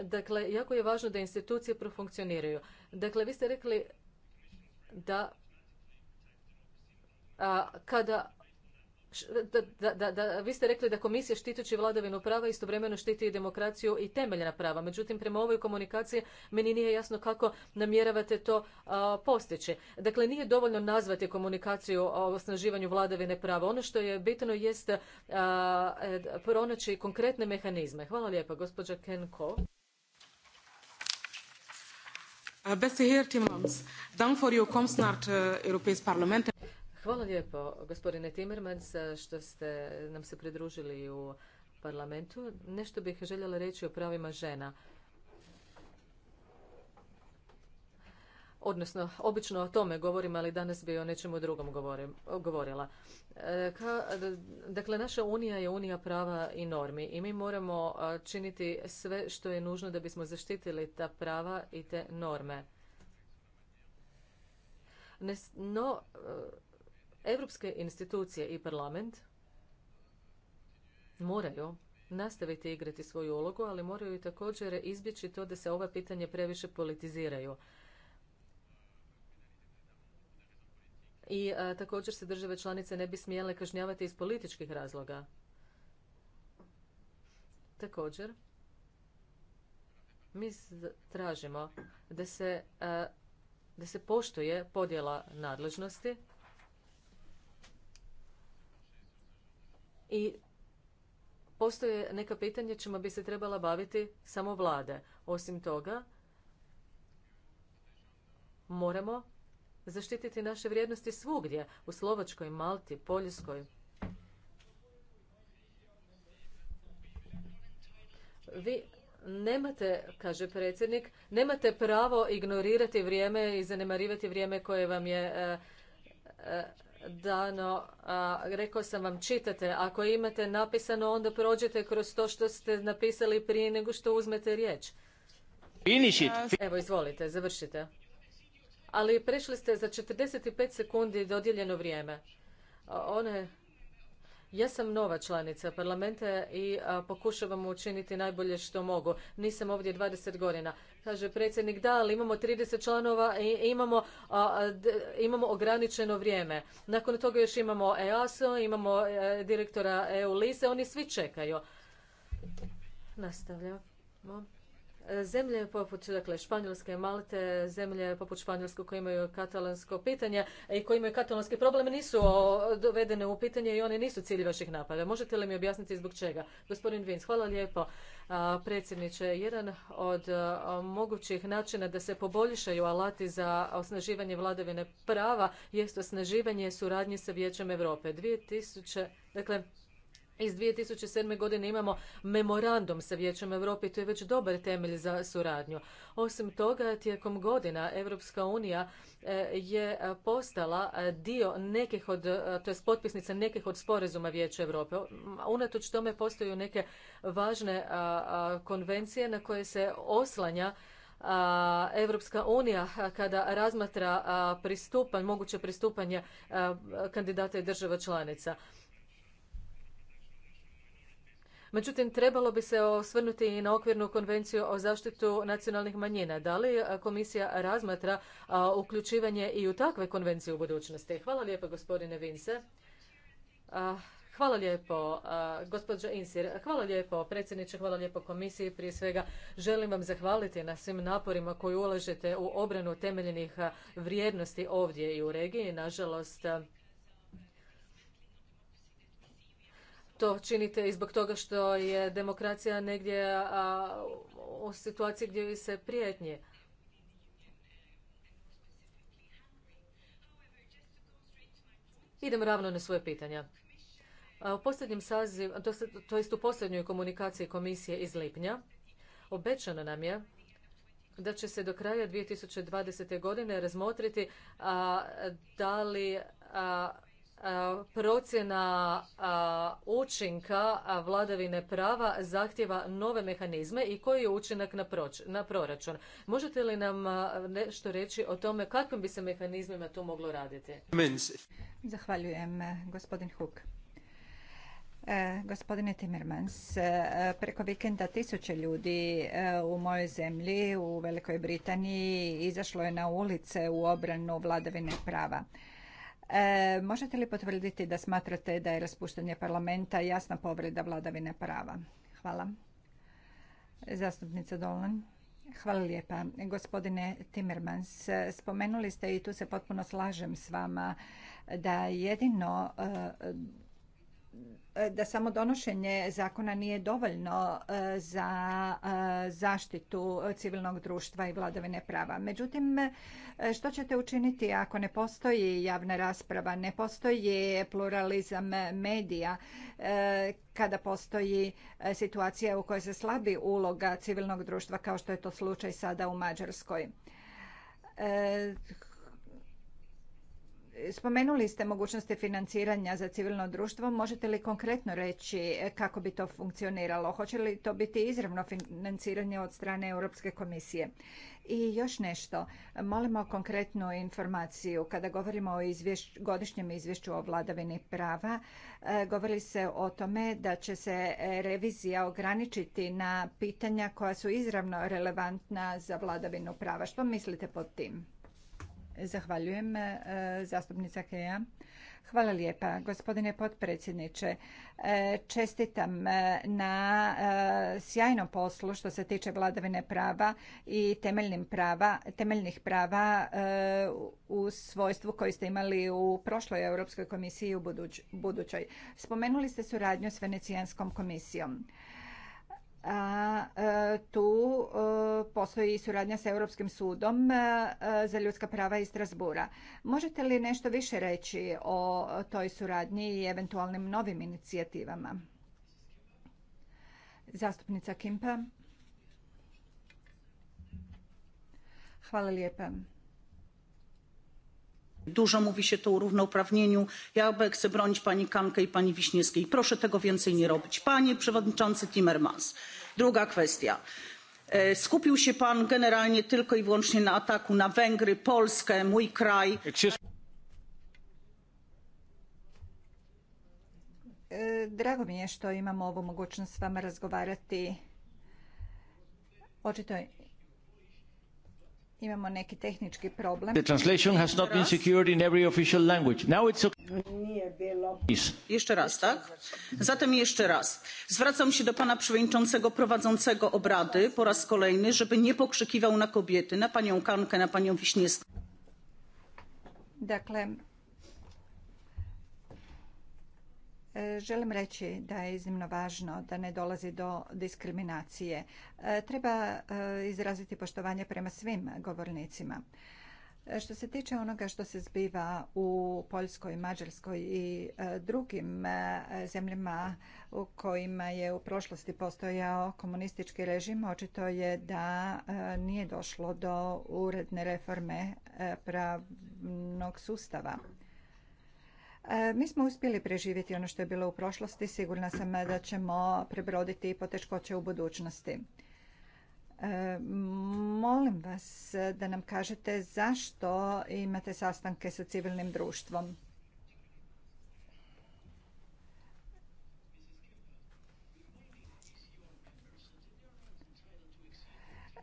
Dakle, jako je važno da institucije profunkcioniraju. Dakle, vi ste rekli da kada da, da, vi ste rekli da komisija štitući vladavinu prava istovremeno štiti i demokraciju i temeljna prava. Međutim, prema ovoj komunikaciji meni nije jasno kako namjeravate to postići. Dakle, nije dovoljno nazvati komunikaciju o osnaživanju vladavine prava. Ono što je bitno jest e, pronaći konkretne mehanizme. Hvala lijepa, gospođa Kenko. Beste dank Hvala lijepo, gospodine Timmermans, što ste nam se pridružili u parlamentu. Nešto bih željela reći o pravima žena. Odnosno, obično o tome govorim, ali danas bi o nečemu drugom govorim, govorila. E, ka, dakle, naša unija je unija prava i normi i mi moramo činiti sve što je nužno da bismo zaštitili ta prava i te norme. No, e, Europske institucije i parlament moraju nastaviti igrati svoju ulogu, ali moraju i također izbjeći to da se ova pitanja previše politiziraju. I također se države članice ne bi smjele kažnjavati iz političkih razloga. Također, mi tražimo da se, da se poštuje podjela nadležnosti i postoje neka pitanja čima bi se trebala baviti samo vlade. Osim toga, moramo zaštititi naše vrijednosti svugdje, u Slovačkoj, Malti, Poljskoj. Vi nemate, kaže predsjednik, nemate pravo ignorirati vrijeme i zanemarivati vrijeme koje vam je e, e, dano, a, rekao sam vam čitate, ako imate napisano onda prođete kroz to što ste napisali prije nego što uzmete riječ. Evo izvolite, završite. Ali prešli ste za 45 sekundi dodijeljeno vrijeme. One ja sam nova članica parlamenta i pokušavam učiniti najbolje što mogu. Nisam ovdje 20 godina. Kaže predsjednik, da, ali imamo 30 članova i imamo, imamo ograničeno vrijeme. Nakon toga još imamo EASO, imamo e, direktora EU-lise, oni svi čekaju. Nastavljamo zemlje poput dakle, Španjolske, Malte, zemlje poput Španjolske koje imaju katalansko pitanje i koje imaju katalanske probleme nisu dovedene u pitanje i one nisu cilj vaših napada. Možete li mi objasniti zbog čega? Gospodin Vins, hvala lijepo. predsjedniče, jedan od mogućih načina da se poboljšaju alati za osnaživanje vladavine prava jest osnaživanje suradnje sa Vijećem Europe. 2000, dakle, iz 2007. godine imamo memorandum sa Vijećem Europe i to je već dobar temelj za suradnju. Osim toga, tijekom godina Europska unija e, je postala e, dio nekih od, e, to je potpisnica nekih od sporazuma Vijeća Europe. Unatoč tome postoju neke važne konvencije na koje se oslanja Europska unija kada razmatra pristupanj, moguće pristupanje kandidata i država članica. Međutim, trebalo bi se osvrnuti i na okvirnu konvenciju o zaštitu nacionalnih manjina. Da li komisija razmatra uključivanje i u takve konvencije u budućnosti? Hvala lijepo, gospodine Vince. Hvala lijepo, gospođo Insir. Hvala lijepo, predsjedniče, hvala lijepo komisiji. Prije svega želim vam zahvaliti na svim naporima koji ulažete u obranu temeljenih vrijednosti ovdje i u regiji. Nažalost, to činite i zbog toga što je demokracija negdje a, u situaciji gdje vi se prijetnje. Idem ravno na svoje pitanja. U posljednjem sazivu, to, to jest u posljednjoj komunikaciji komisije iz lipnja, obećano nam je da će se do kraja 2020. godine razmotriti a, da li procjena učinka vladavine prava zahtjeva nove mehanizme i koji je učinak na, proč, na proračun. Možete li nam nešto reći o tome kakvim bi se mehanizmima to moglo raditi? Zahvaljujem, e, gospodin Huk. E, gospodine Timmermans, e, preko vikenda tisuće ljudi u mojoj zemlji, u Velikoj Britaniji, izašlo je na ulice u obranu vladavine prava. E, možete li potvrditi da smatrate da je raspuštanje parlamenta jasna povreda vladavine prava? Hvala. Zastupnica Dolan. Hvala lijepa. Gospodine Timmermans, spomenuli ste i tu se potpuno slažem s vama da jedino e, da samo donošenje zakona nije dovoljno e, za e, zaštitu civilnog društva i vladavine prava. Međutim, e, što ćete učiniti ako ne postoji javna rasprava, ne postoji pluralizam medija, kada postoji situacija u kojoj se slabi uloga civilnog društva kao što je to slučaj sada u Mađarskoj? Spomenuli ste mogućnosti financiranja za civilno društvo. Možete li konkretno reći kako bi to funkcioniralo? Hoće li to biti izravno financiranje od strane Europske komisije? I još nešto. Molimo konkretnu informaciju. Kada govorimo o godišnjem izvješću o vladavini prava, e, govori se o tome da će se revizija ograničiti na pitanja koja su izravno relevantna za vladavinu prava. Što mislite pod tim? Zahvaljujem, e, zastupnica Keja. Hvala lijepa, gospodine potpredsjedniče. E, čestitam e, na sjajnom poslu što se tiče vladavine prava i temeljnih prava u svojstvu koji ste imali u prošloj Europskoj komisiji i u budućoj. Spomenuli ste suradnju s Venecijanskom komisijom a e, tu e, postoji i suradnja s Europskim sudom e, za ljudska prava iz Strasbura. Možete li nešto više reći o toj suradnji i eventualnim novim inicijativama? Zastupnica Kimpa. Hvala lijepa. Dużo mówi się tu o równouprawnieniu. Ja chcę bronić pani Kamkę i pani Wiśniewskiej. Proszę tego więcej nie robić. Panie przewodniczący Timmermans. Druga kwestia. E, skupił się pan generalnie tylko i wyłącznie na ataku na Węgry, Polskę, mój kraj. E, drago mi je što imamo ovu mogućnost s vama Imamo neki tehnički problem. The translation has not been secured in every official language. Now it's okay. Jeszcze raz, tak? Zatem jeszcze raz. Zwracam się do pana przewodniczącego prowadzącego obrady po raz kolejny, żeby nie pokrzykiwał na kobiety, na panią Kankę, na panią Wiśniewską. Dakle, E, želim reći da je iznimno važno da ne dolazi do diskriminacije. E, treba e, izraziti poštovanje prema svim govornicima. Što se tiče onoga što se zbiva u Poljskoj, Mađarskoj i drugim zemljama u kojima je u prošlosti postojao komunistički režim, očito je da nije došlo do uredne reforme pravnog sustava. E, mi smo uspjeli preživjeti ono što je bilo u prošlosti. Sigurna sam da ćemo prebroditi i poteškoće u budućnosti. E, molim vas da nam kažete zašto imate sastanke sa civilnim društvom.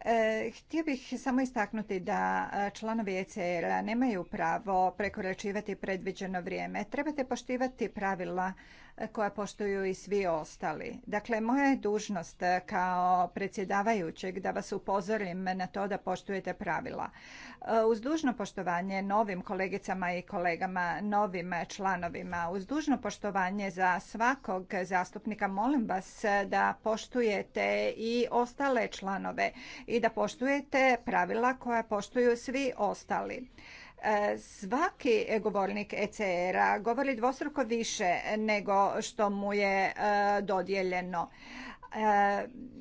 E, htio bih samo istaknuti da e, članovi ecr nemaju pravo prekoračivati predviđeno vrijeme. Trebate poštivati pravila koja poštuju i svi ostali. Dakle, moja je dužnost eh, kao predsjedavajućeg da vas upozorim na to da poštujete pravila. Eh, uz dužno poštovanje novim kolegicama i kolegama, novim članovima, uz dužno poštovanje za svakog zastupnika, molim vas eh, da poštujete i ostale članove i da poštujete pravila koja poštuju svi ostali. Svaki govornik ECR-a govori dvostruko više nego što mu je e, dodijeljeno. E,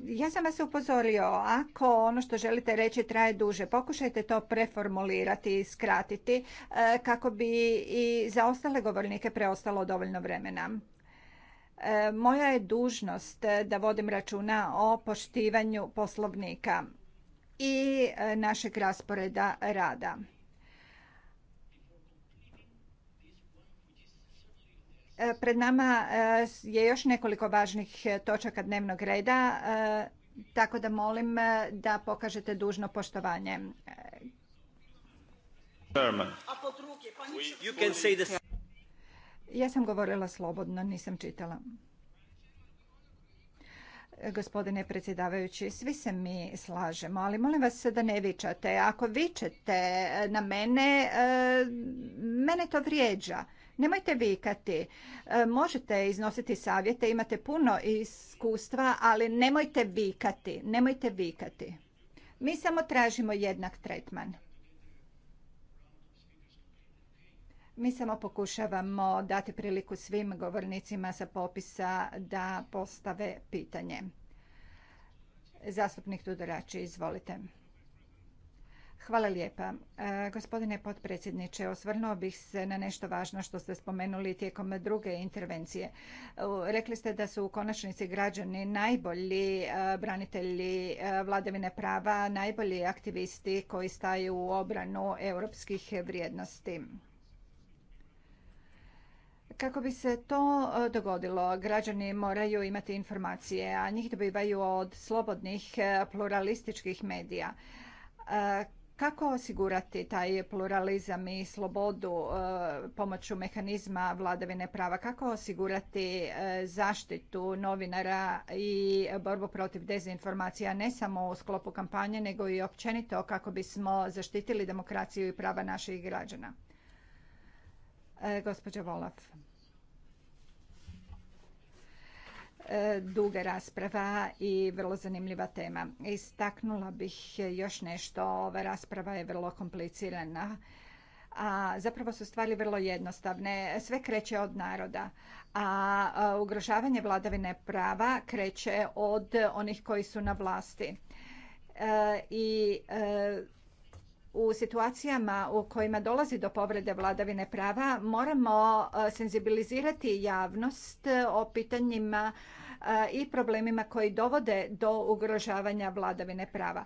ja sam vas upozorio, ako ono što želite reći traje duže, pokušajte to preformulirati i skratiti e, kako bi i za ostale govornike preostalo dovoljno vremena. Moja je dužnost da vodim računa o poštivanju poslovnika i našeg rasporeda rada. Pred nama e, je još nekoliko važnih e, točaka dnevnog reda, e, tako da molim da pokažete dužno poštovanje. Ja sam govorila slobodno, nisam čitala. Gospodine predsjedavajući, svi se mi slažemo, ali molim vas da ne vičate. Ako vičete na mene, mene to vrijeđa. Nemojte vikati. E, možete iznositi savjete, imate puno iskustva, ali nemojte vikati. Nemojte vikati. Mi samo tražimo jednak tretman. Mi samo pokušavamo dati priliku svim govornicima sa popisa da postave pitanje. Zastupnik Tudorači, izvolite. Hvala lijepa. E, gospodine potpredsjedniče, osvrnuo bih se na nešto važno što ste spomenuli tijekom druge intervencije. E, rekli ste da su u konačnici građani najbolji e, branitelji vladavine prava, najbolji aktivisti koji staju u obranu europskih vrijednosti. Kako bi se to dogodilo, građani moraju imati informacije, a njih dobivaju od slobodnih pluralističkih medija kako osigurati taj pluralizam i slobodu e, pomoću mehanizma vladavine prava? Kako osigurati e, zaštitu novinara i borbu protiv dezinformacija ne samo u sklopu kampanje nego i općenito kako bismo zaštitili demokraciju i prava naših građana? E, Gospođa Volaf. E, duga rasprava i vrlo zanimljiva tema. Istaknula bih još nešto, ova rasprava je vrlo komplicirana, a zapravo su stvari vrlo jednostavne. Sve kreće od naroda, a ugrožavanje vladavine prava kreće od onih koji su na vlasti. E, I e, u situacijama u kojima dolazi do povrede vladavine prava moramo senzibilizirati javnost o pitanjima i problemima koji dovode do ugrožavanja vladavine prava.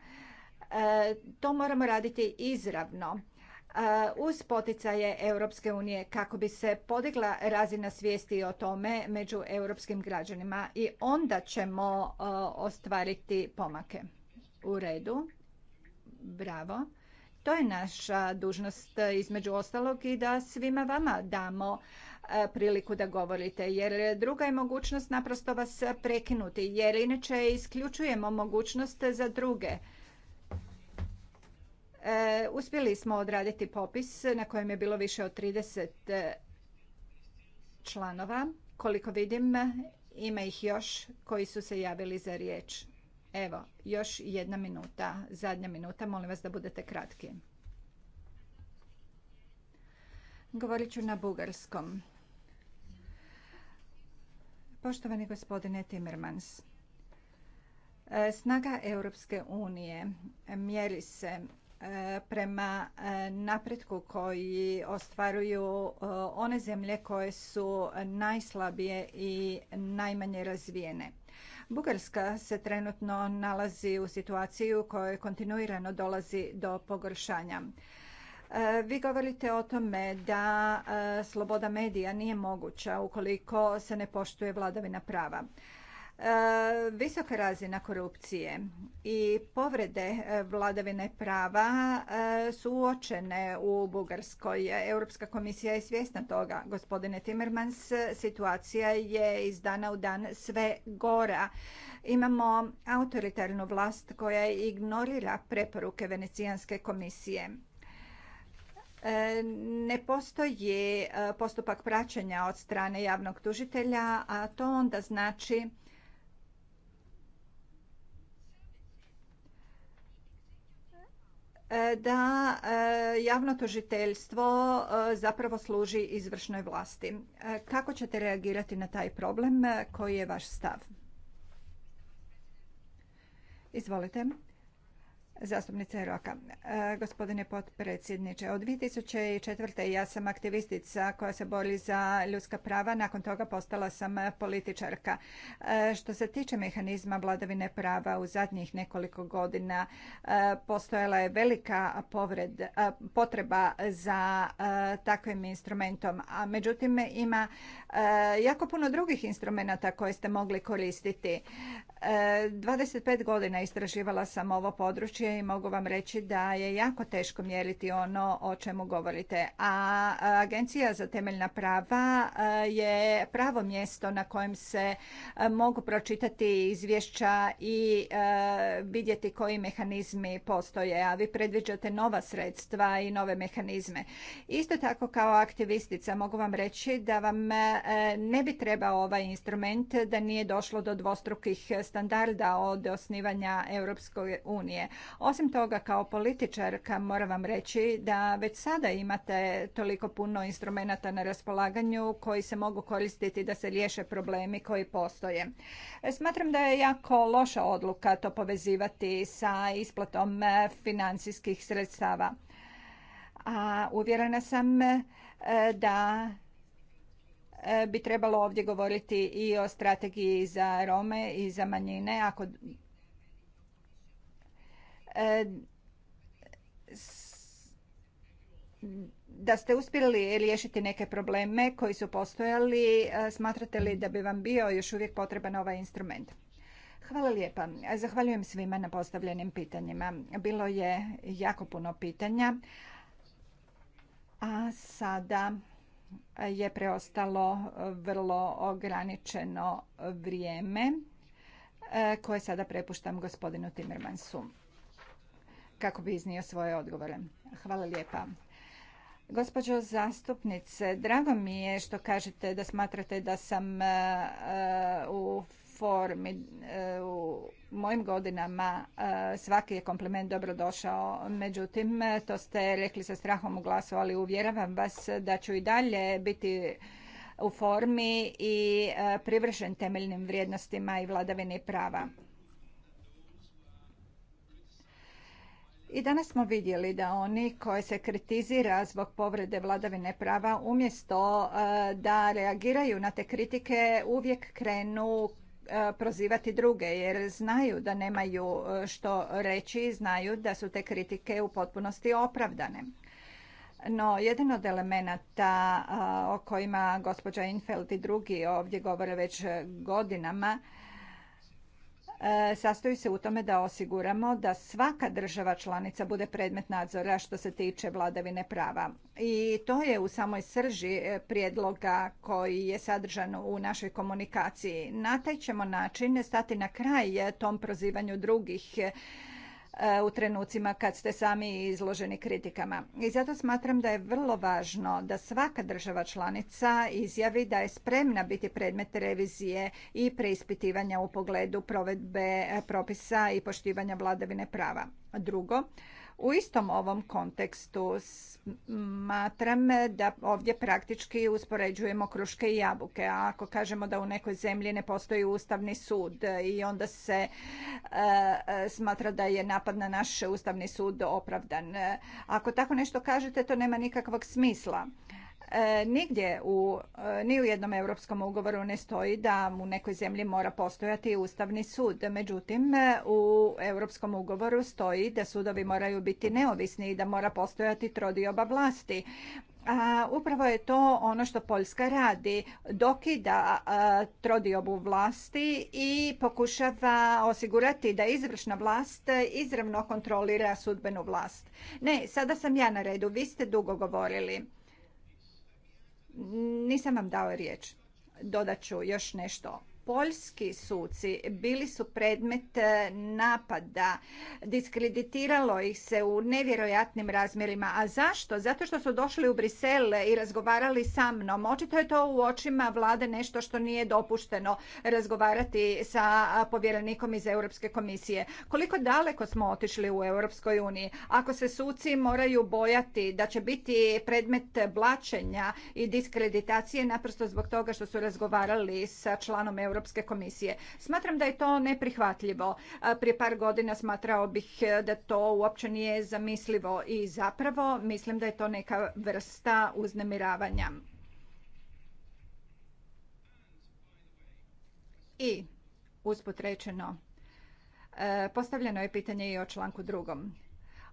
To moramo raditi izravno uz poticaje Europske unije kako bi se podigla razina svijesti o tome među europskim građanima i onda ćemo ostvariti pomake. U redu. Bravo. To je naša dužnost između ostalog i da svima vama damo E, priliku da govorite. Jer druga je mogućnost naprosto vas prekinuti. Jer inače isključujemo mogućnost za druge. E, uspjeli smo odraditi popis na kojem je bilo više od 30 e, članova. Koliko vidim, ima ih još koji su se javili za riječ. Evo, još jedna minuta, zadnja minuta. Molim vas da budete kratki. Govorit ću na bugarskom. Poštovani gospodine Timmermans, e, snaga Europske unije mjeri se e, prema e, napretku koji ostvaruju one zemlje koje su najslabije i najmanje razvijene. Bugarska se trenutno nalazi u situaciji u kojoj kontinuirano dolazi do pogoršanja. E, vi govorite o tome da e, sloboda medija nije moguća ukoliko se ne poštuje vladavina prava. E, visoka razina korupcije i povrede vladavine prava su uočene u Bugarskoj. Europska komisija je svjesna toga. Gospodine Timmermans, situacija je iz dana u dan sve gora. Imamo autoritarnu vlast koja ignorira preporuke Venecijanske komisije E, ne postoji e, postupak praćenja od strane javnog tužitelja, a to onda znači e, da javno tužiteljstvo zapravo služi izvršnoj vlasti. Kako ćete reagirati na taj problem? Koji je vaš stav? Izvolite. Zastupnice Roka, e, gospodine potpredsjedniče, od 2004. ja sam aktivistica koja se bori za ljudska prava, nakon toga postala sam političarka. E, što se tiče mehanizma vladavine prava u zadnjih nekoliko godina, e, postojala je velika potreba za takvim instrumentom, a međutim ima jako puno drugih instrumenta koje ste mogli koristiti. 25 godina istraživala sam ovo područje i mogu vam reći da je jako teško mjeriti ono o čemu govorite. A Agencija za temeljna prava je pravo mjesto na kojem se mogu pročitati izvješća i vidjeti koji mehanizmi postoje, a vi predviđate nova sredstva i nove mehanizme. Isto tako kao aktivistica mogu vam reći da vam ne bi trebao ovaj instrument da nije došlo do dvostrukih standarda od osnivanja Europske unije. Osim toga, kao političarka moram vam reći da već sada imate toliko puno instrumenata na raspolaganju koji se mogu koristiti da se riješe problemi koji postoje. Smatram da je jako loša odluka to povezivati sa isplatom financijskih sredstava. A uvjerena sam e, da e, bi trebalo ovdje govoriti i o strategiji za Rome i za manjine, ako da ste uspjeli riješiti neke probleme koji su postojali, e, smatrate li da bi vam bio još uvijek potreban ovaj instrument? Hvala lijepa. Zahvaljujem svima na postavljenim pitanjima. Bilo je jako puno pitanja. A sada je preostalo vrlo ograničeno vrijeme e, koje sada prepuštam gospodinu Timmermansu kako bi iznio svoje odgovore. Hvala lijepa. Gospođo zastupnice, drago mi je što kažete da smatrate da sam e, u formi e, u mojim godinama e, svaki je kompliment dobrodošao. Međutim, to ste rekli sa strahom u glasu, ali uvjeravam vas da ću i dalje biti u formi i privršen temeljnim vrijednostima i vladavini prava. I danas smo vidjeli da oni koje se kritizira zbog povrede vladavine prava umjesto e, da reagiraju na te kritike uvijek krenu e, prozivati druge jer znaju da nemaju e, što reći znaju da su te kritike u potpunosti opravdane. No, jedan od elemenata o kojima gospođa Infeld i drugi ovdje govore već godinama E, sastoji se u tome da osiguramo da svaka država članica bude predmet nadzora što se tiče vladavine prava. I to je u samoj srži e, prijedloga koji je sadržan u našoj komunikaciji. Na taj ćemo način stati na kraj e, tom prozivanju drugih E, u trenucima kad ste sami izloženi kritikama. I zato smatram da je vrlo važno da svaka država članica izjavi da je spremna biti predmet revizije i preispitivanja u pogledu provedbe propisa i poštivanja vladavine prava. Drugo, u istom ovom kontekstu smatram da ovdje praktički uspoređujemo kruške i jabuke. A ako kažemo da u nekoj zemlji ne postoji ustavni sud i onda se e, e, smatra da je napad na naš ustavni sud opravdan. Ako tako nešto kažete, to nema nikakvog smisla. E, nigdje u, e, ni u jednom europskom ugovoru ne stoji da u nekoj zemlji mora postojati ustavni sud. Međutim, e, u europskom ugovoru stoji da sudovi moraju biti neovisni i da mora postojati trodioba vlasti. A, upravo je to ono što Poljska radi. Dokida a, trodiobu vlasti i pokušava osigurati da izvršna vlast izravno kontrolira sudbenu vlast. Ne, sada sam ja na redu. Vi ste dugo govorili. Nisam vam dao riječ. Dodat ću još nešto poljski suci bili su predmet e, napada, diskreditiralo ih se u nevjerojatnim razmjerima. A zašto? Zato što su došli u Brisel i razgovarali sa mnom. Očito je to u očima vlade nešto što nije dopušteno razgovarati sa povjerenikom iz Europske komisije. Koliko daleko smo otišli u Europskoj uniji? Ako se suci moraju bojati da će biti predmet blačenja i diskreditacije naprosto zbog toga što su razgovarali sa članom Europske Europske komisije. Smatram da je to neprihvatljivo. Prije par godina smatrao bih e, da to uopće nije zamislivo i zapravo mislim da je to neka vrsta uznemiravanja. I usput e, postavljeno je pitanje i o članku drugom.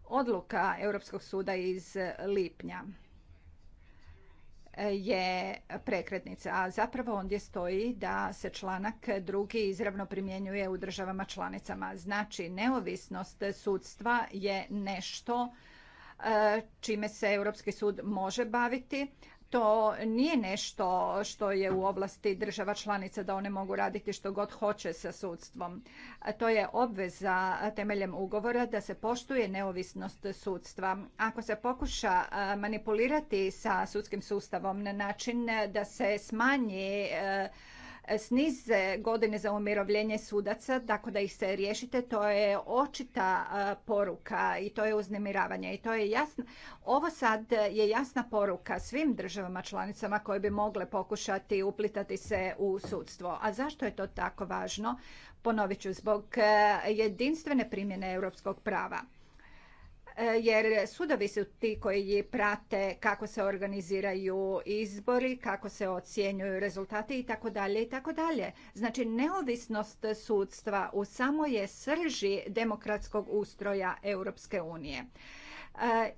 Odluka Europskog suda iz lipnja je prekretnica, a zapravo ondje stoji da se članak drugi izravno primjenjuje u državama članicama. Znači, neovisnost sudstva je nešto e, čime se Europski sud može baviti, to nije nešto što je u oblasti država članica da one mogu raditi što god hoće sa sudstvom. To je obveza temeljem ugovora da se poštuje neovisnost sudstva. Ako se pokuša manipulirati sa sudskim sustavom na način da se smanji snize godine za umirovljenje sudaca tako da ih se riješite, to je očita poruka i to je uznemiravanje i to je jasno. Ovo sad je jasna poruka svim državama članicama koje bi mogle pokušati uplitati se u sudstvo. A zašto je to tako važno? Ponovit ću, zbog jedinstvene primjene europskog prava. E, jer sudovi su ti koji prate kako se organiziraju izbori, kako se ocjenjuju rezultati i tako dalje i tako dalje. Znači neovisnost sudstva u samo je srži demokratskog ustroja Europske unije. E,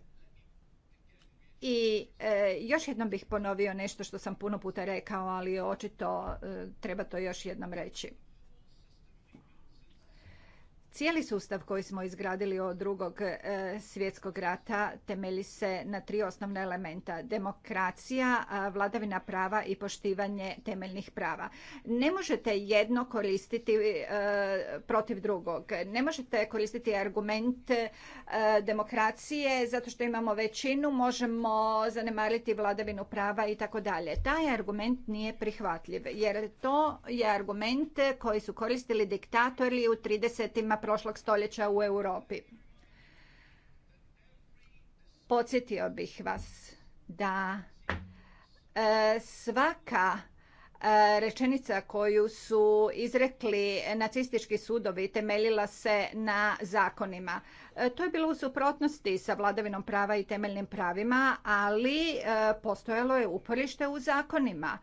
I e, još jednom bih ponovio nešto što sam puno puta rekao, ali očito treba to još jednom reći. Cijeli sustav koji smo izgradili od drugog e, svjetskog rata temelji se na tri osnovna elementa. Demokracija, vladavina prava i poštivanje temeljnih prava. Ne možete jedno koristiti e, protiv drugog. Ne možete koristiti argument e, demokracije zato što imamo većinu, možemo zanemariti vladavinu prava i tako dalje. Taj argument nije prihvatljiv jer to je argument koji su koristili diktatori u 30 prošlog stoljeća u Europi. Podsjetio bih vas da e, svaka e, rečenica koju su izrekli nacistički sudovi temeljila se na zakonima. E, to je bilo u suprotnosti sa vladavinom prava i temeljnim pravima, ali postojalo je uporište u zakonima.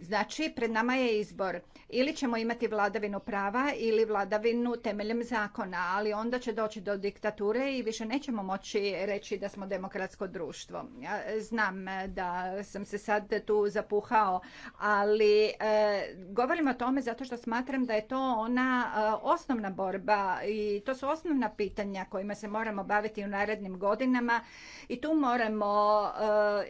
Znači, pred nama je izbor. Ili ćemo imati vladavinu prava ili vladavinu temeljem zakona, ali onda će doći do diktature i više nećemo moći reći da smo demokratsko društvo. Ja e, znam e, da sam se sad tu zapuhao, ali e, govorim o tome zato što smatram da je to ona osnovna borba i to su osnovna pitanja kojima se moramo baviti u narednim godinama i tu moramo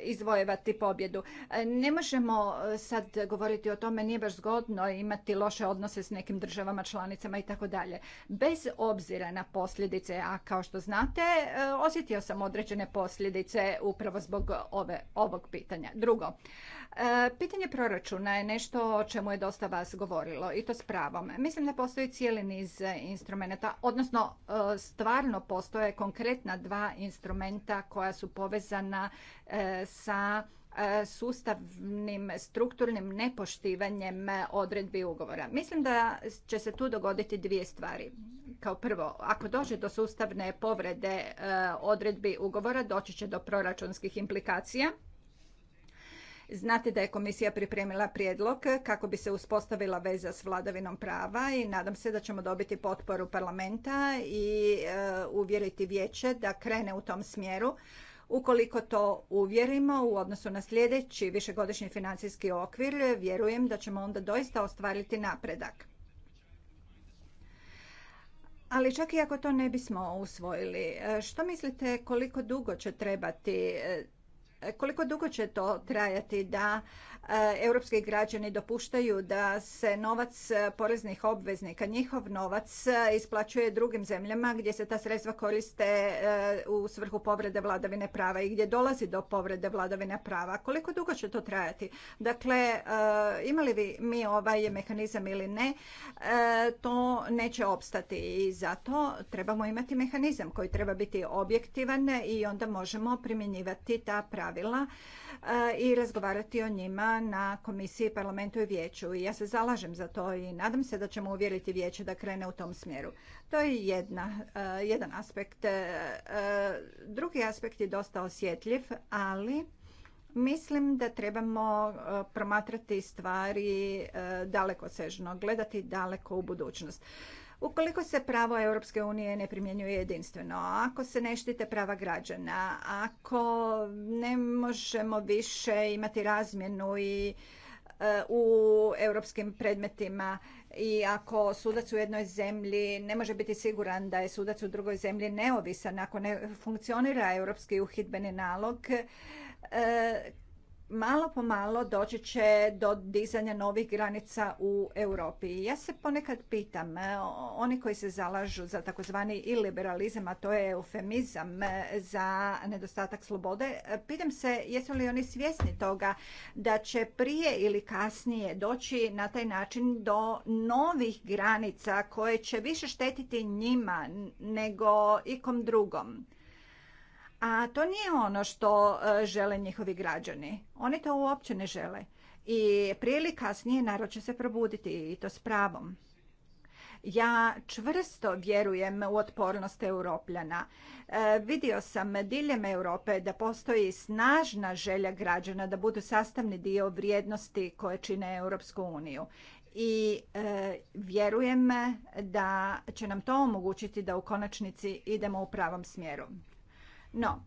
izvojevati pobjedu. Ne možemo sad govoriti o tome nije baš zgodno imati loše odnose s nekim državama, članicama i tako dalje. Bez obzira na posljedice, a kao što znate, e, osjetio sam određene posljedice upravo zbog ove, ovog pitanja. Drugo, e, pitanje proračuna je nešto o čemu je dosta vas govorilo i to s pravom. Mislim da postoji cijeli niz instrumenta, odnosno e, stvarno postoje konkretna dva instrumenta koja su povezana sa sustavnim strukturnim nepoštivanjem odredbi ugovora. Mislim da će se tu dogoditi dvije stvari. Kao prvo, ako dođe do sustavne povrede e, odredbi ugovora, doći će do proračunskih implikacija. Znate da je komisija pripremila prijedlog kako bi se uspostavila veza s vladavinom prava i nadam se da ćemo dobiti potporu parlamenta i e, uvjeriti vijeće da krene u tom smjeru Ukoliko to uvjerimo u odnosu na sljedeći višegodišnji financijski okvir, vjerujem da ćemo onda doista ostvariti napredak. Ali čak i ako to ne bismo usvojili, što mislite koliko dugo će trebati koliko dugo će to trajati da Eh, europski građani dopuštaju da se novac poreznih obveznika, njihov novac eh, isplaćuje drugim zemljama gdje se ta sredstva koriste eh, u svrhu povrede vladavine prava i gdje dolazi do povrede vladavine prava. Koliko dugo će to trajati? Dakle, imali li mi ovaj mehanizam ili ne, to neće opstati i zato trebamo imati mehanizam koji treba biti objektivan i onda možemo primjenjivati ta pravila i razgovarati o njima na komisiji, parlamentu i vijeću. I ja se zalažem za to i nadam se da ćemo uvjeriti vijeće da krene u tom smjeru. To je jedna, jedan aspekt. E, e, drugi aspekt je dosta osjetljiv, ali mislim da trebamo e, promatrati stvari daleko dalekosežno, gledati daleko u budućnost. Ukoliko se pravo Europske unije ne primjenjuje jedinstveno, ako se ne štite prava građana, ako ne možemo više imati razmjenu i e, u europskim predmetima i ako sudac u jednoj zemlji ne može biti siguran da je sudac u drugoj zemlji neovisan, ako ne funkcionira europski uhidbeni nalog, e, malo po malo doći će do dizanja novih granica u Europi. Ja se ponekad pitam, e, oni koji se zalažu za takozvani iliberalizam, a to je eufemizam e, za nedostatak slobode, e, pitam se jesu li oni svjesni toga da će prije ili kasnije doći na taj način do novih granica koje će više štetiti njima nego ikom drugom. A to nije ono što e, žele njihovi građani. Oni to uopće ne žele. I prije ili kasnije narod će se probuditi i to s pravom. Ja čvrsto vjerujem u otpornost europljana. E, vidio sam diljem Europe da postoji snažna želja građana da budu sastavni dio vrijednosti koje čine Europsku uniju. I e, vjerujem da će nam to omogućiti da u konačnici idemo u pravom smjeru. No,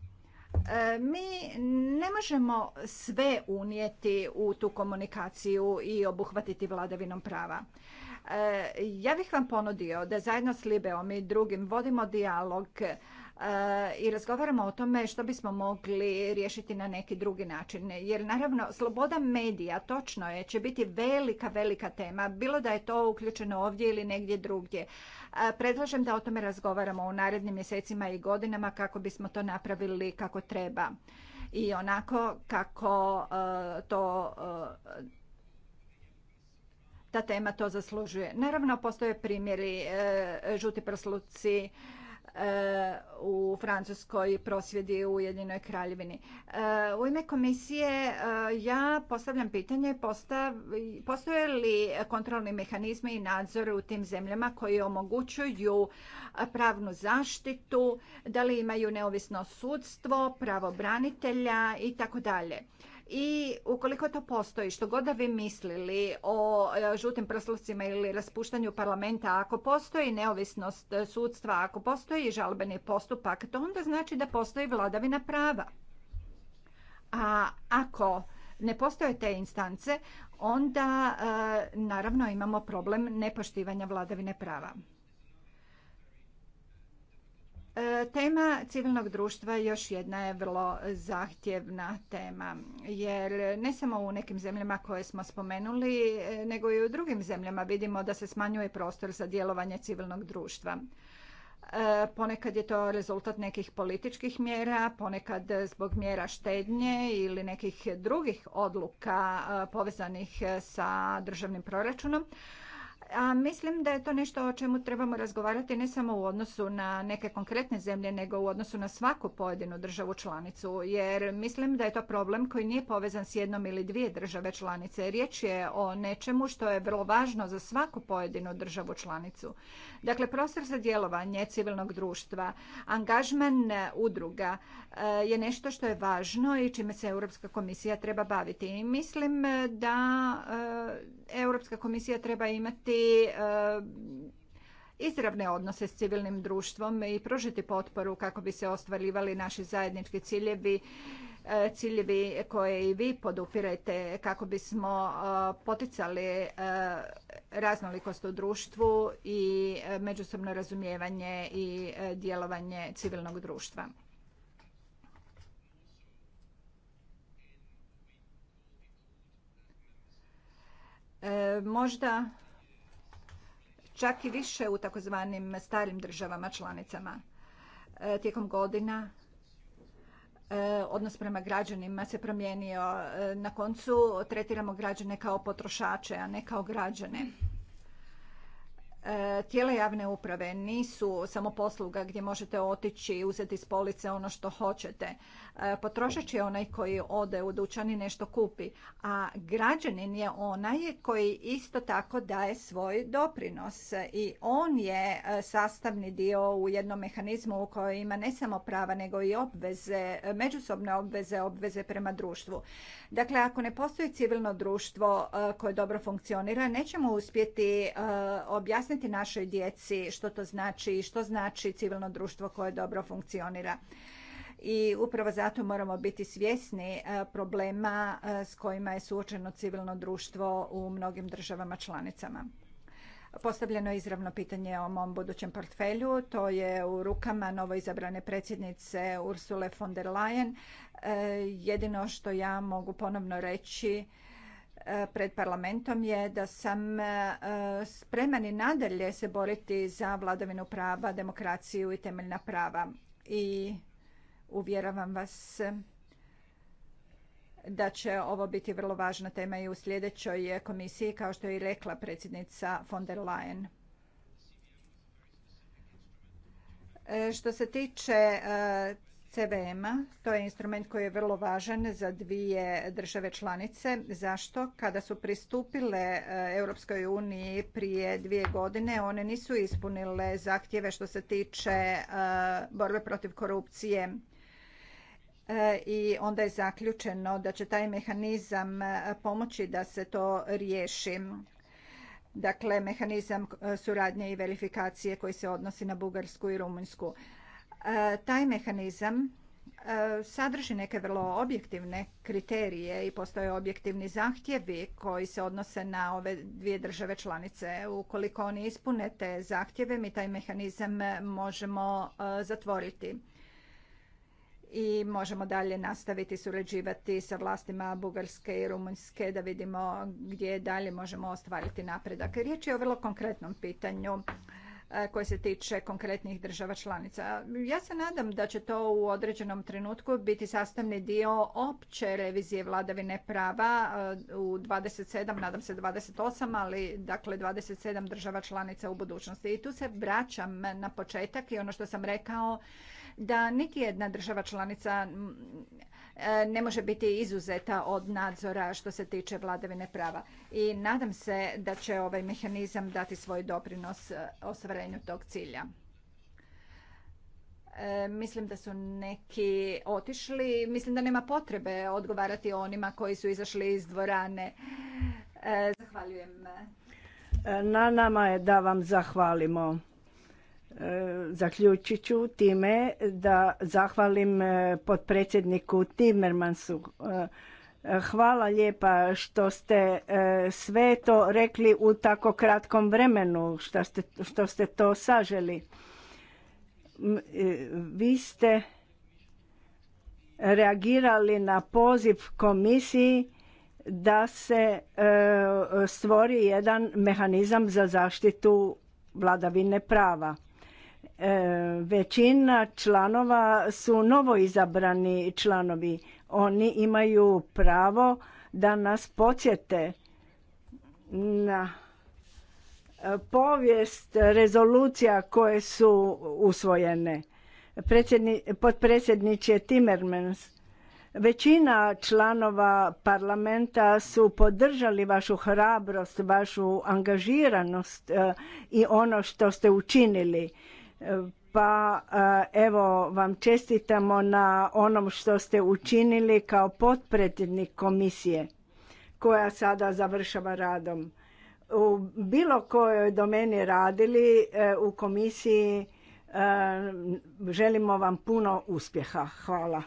e, mi ne možemo sve unijeti u tu komunikaciju i obuhvatiti vladavinom prava. E, ja bih vam ponudio da zajedno s Libeom i drugim vodimo dijalog e, i razgovaramo o tome što bismo mogli riješiti na neki drugi način. Jer naravno, sloboda medija, točno je, će biti velika, velika tema. Bilo da je to uključeno ovdje ili negdje drugdje. Predlažem da o tome razgovaramo u narednim mjesecima i godinama kako bismo to napravili kako treba i onako kako e, to e, ta tema to zaslužuje. Naravno, postoje primjeri, e, žuti prsluci, E, u Francuskoj prosvjedi u Ujedinoj kraljevini. E, u ime komisije e, ja postavljam pitanje postoje li kontrolni mehanizmi i nadzor u tim zemljama koji omogućuju pravnu zaštitu, da li imaju neovisno sudstvo, pravobranitelja i tako dalje i ukoliko to postoji, što god da vi mislili o e, žutim prslucima ili raspuštanju parlamenta, ako postoji neovisnost sudstva, ako postoji žalbeni postupak, to onda znači da postoji vladavina prava. A ako ne postoje te instance, onda e, naravno imamo problem nepoštivanja vladavine prava. E, tema civilnog društva još jedna je vrlo zahtjevna tema, jer ne samo u nekim zemljama koje smo spomenuli, e, nego i u drugim zemljama vidimo da se smanjuje prostor za djelovanje civilnog društva. E, ponekad je to rezultat nekih političkih mjera, ponekad zbog mjera štednje ili nekih drugih odluka povezanih sa državnim proračunom, a mislim da je to nešto o čemu trebamo razgovarati ne samo u odnosu na neke konkretne zemlje, nego u odnosu na svaku pojedinu državu članicu, jer mislim da je to problem koji nije povezan s jednom ili dvije države članice. Riječ je o nečemu što je vrlo važno za svaku pojedinu državu članicu. Dakle, prostor za djelovanje civilnog društva, angažman udruga e, je nešto što je važno i čime se Europska komisija treba baviti. I mislim da e, Europska komisija treba imati e, izravne odnose s civilnim društvom i pružiti potporu kako bi se ostvarivali naši zajednički ciljevi e, ciljevi koje i vi podupirajte kako bismo e, poticali raznolikost u društvu i međusobno razumijevanje i djelovanje civilnog društva. E, možda čak i više u takozvanim starim državama članicama. E, tijekom godina e, odnos prema građanima se promijenio. Na koncu tretiramo građane kao potrošače, a ne kao građane. E, tijela javne uprave nisu samo posluga gdje možete otići i uzeti s police ono što hoćete. E, potrošač je onaj koji ode u dućan i nešto kupi, a građanin je onaj koji isto tako daje svoj doprinos i on je e, sastavni dio u jednom mehanizmu u kojoj ima ne samo prava nego i obveze, međusobne obveze, obveze prema društvu. Dakle, ako ne postoji civilno društvo koje dobro funkcionira, nećemo uspjeti objasniti objasniti našoj djeci što to znači i što znači civilno društvo koje dobro funkcionira i upravo zato moramo biti svjesni e, problema e, s kojima je suočeno civilno društvo u mnogim državama članicama. Postavljeno je izravno pitanje o mom budućem portfelju. To je u rukama novoizabrane predsjednice Ursule von der Leyen. E, jedino što ja mogu ponovno reći E, pred parlamentom je da sam e, spreman i nadalje se boriti za vladavinu prava, demokraciju i temeljna prava. I uvjeravam vas da će ovo biti vrlo važna tema i u sljedećoj komisiji, kao što je i rekla predsjednica von der Leyen. E, što se tiče CBM-a. To je instrument koji je vrlo važan za dvije države članice. Zašto? Kada su pristupile eh, Europskoj uniji prije dvije godine, one nisu ispunile zahtjeve što se tiče eh, borbe protiv korupcije eh, i onda je zaključeno da će taj mehanizam pomoći da se to riješi. Dakle, mehanizam suradnje i verifikacije koji se odnosi na Bugarsku i Rumunjsku. E, taj mehanizam e, sadrži neke vrlo objektivne kriterije i postoje objektivni zahtjevi koji se odnose na ove dvije države članice. Ukoliko oni ispune te zahtjeve, mi taj mehanizam možemo e, zatvoriti i možemo dalje nastaviti surađivati sa vlastima Bugarske i Rumunjske da vidimo gdje dalje možemo ostvariti napredak. Riječ je o vrlo konkretnom pitanju E, koje se tiče konkretnih država članica. Ja se nadam da će to u određenom trenutku biti sastavni dio opće revizije vladavine prava e, u 27, nadam se 28, ali dakle 27 država članica u budućnosti. I tu se vraćam na početak i ono što sam rekao da niti jedna država članica E, ne može biti izuzeta od nadzora što se tiče vladavine prava. I nadam se da će ovaj mehanizam dati svoj doprinos e, ostvarenju tog cilja. E, mislim da su neki otišli. Mislim da nema potrebe odgovarati onima koji su izašli iz dvorane. Zahvaljujem. Na nama je da vam zahvalimo. Zaključit ću time da zahvalim e, potpredsjedniku Timmermansu. E, hvala lijepa što ste e, sve to rekli u tako kratkom vremenu, što ste, što ste to saželi. Vi ste reagirali na poziv komisiji da se stvori jedan mehanizam za zaštitu vladavine prava E, većina članova su novoizabrani članovi. Oni imaju pravo da nas podsjete na e, povijest rezolucija koje su usvojene. Potpredsjedniče Timmermans, većina članova parlamenta su podržali vašu hrabrost, vašu angažiranost e, i ono što ste učinili pa e, evo vam čestitamo na onom što ste učinili kao potpredsjednik komisije koja sada završava radom. U bilo kojoj domeni radili e, u komisiji e, želimo vam puno uspjeha. Hvala.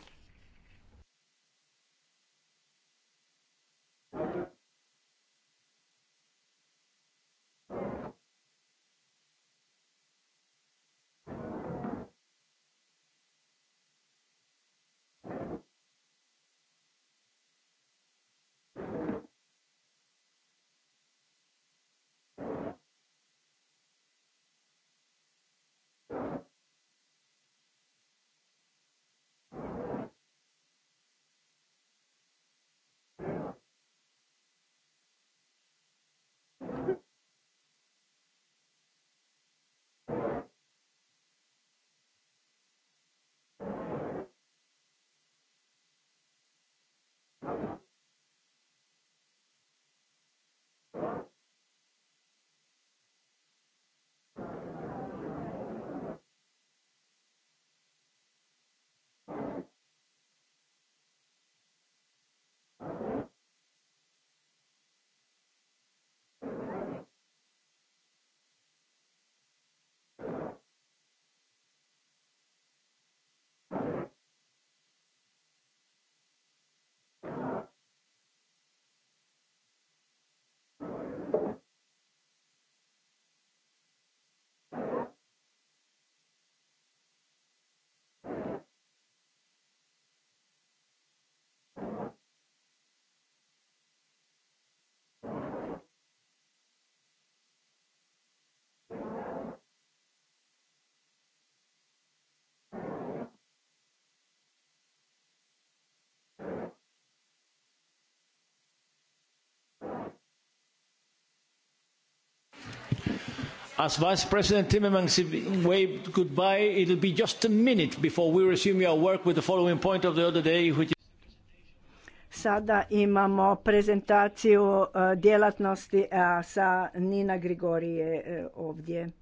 As Vice President Timmermans waved goodbye, it'll be just a minute before we resume our work with the following point of the other day, which Sada imamo prezentaciju eh, djelatnosti eh, sa Nina Grigorije eh, ovdje.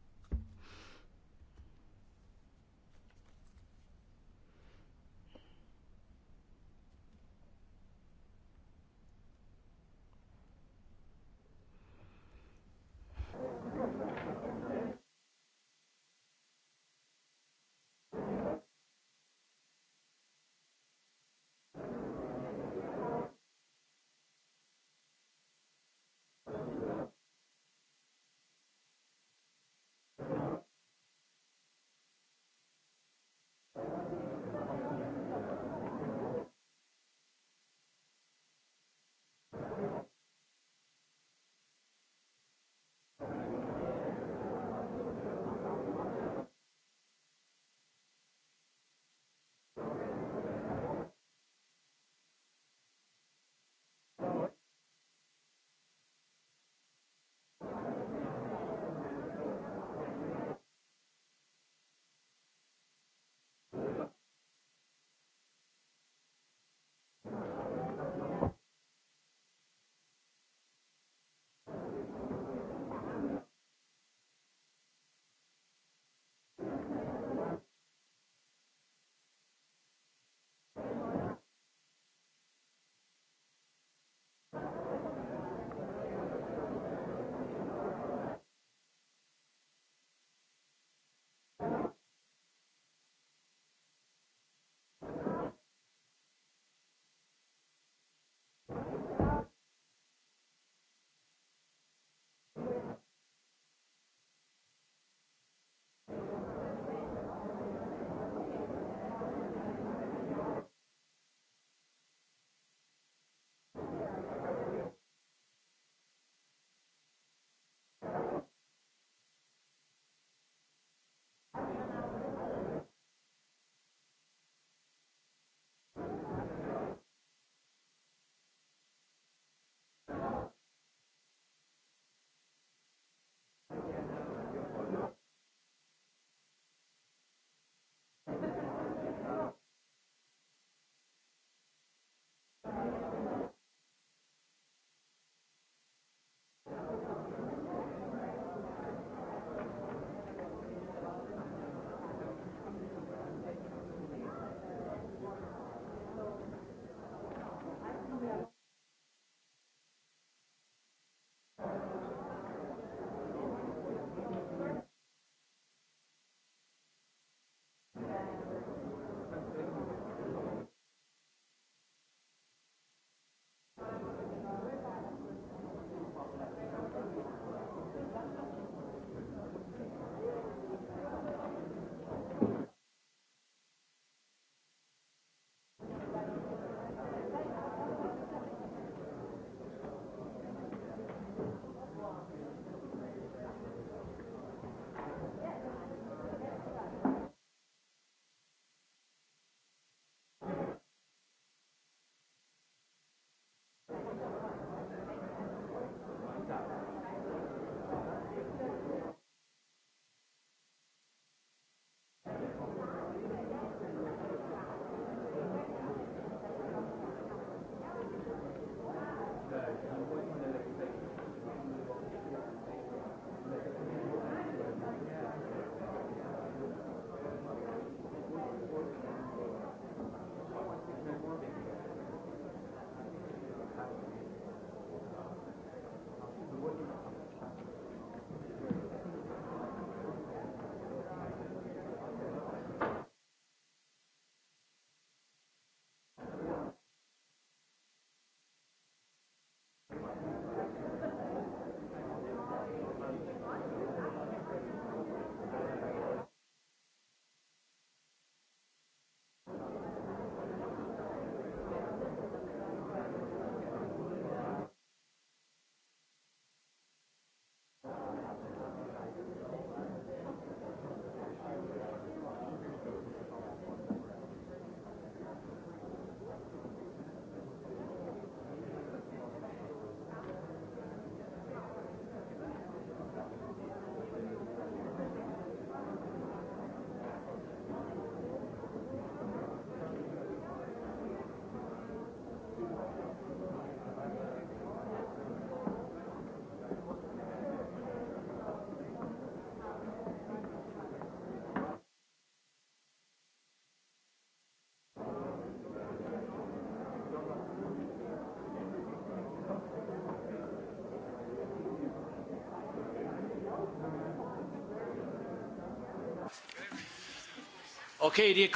Okay, dear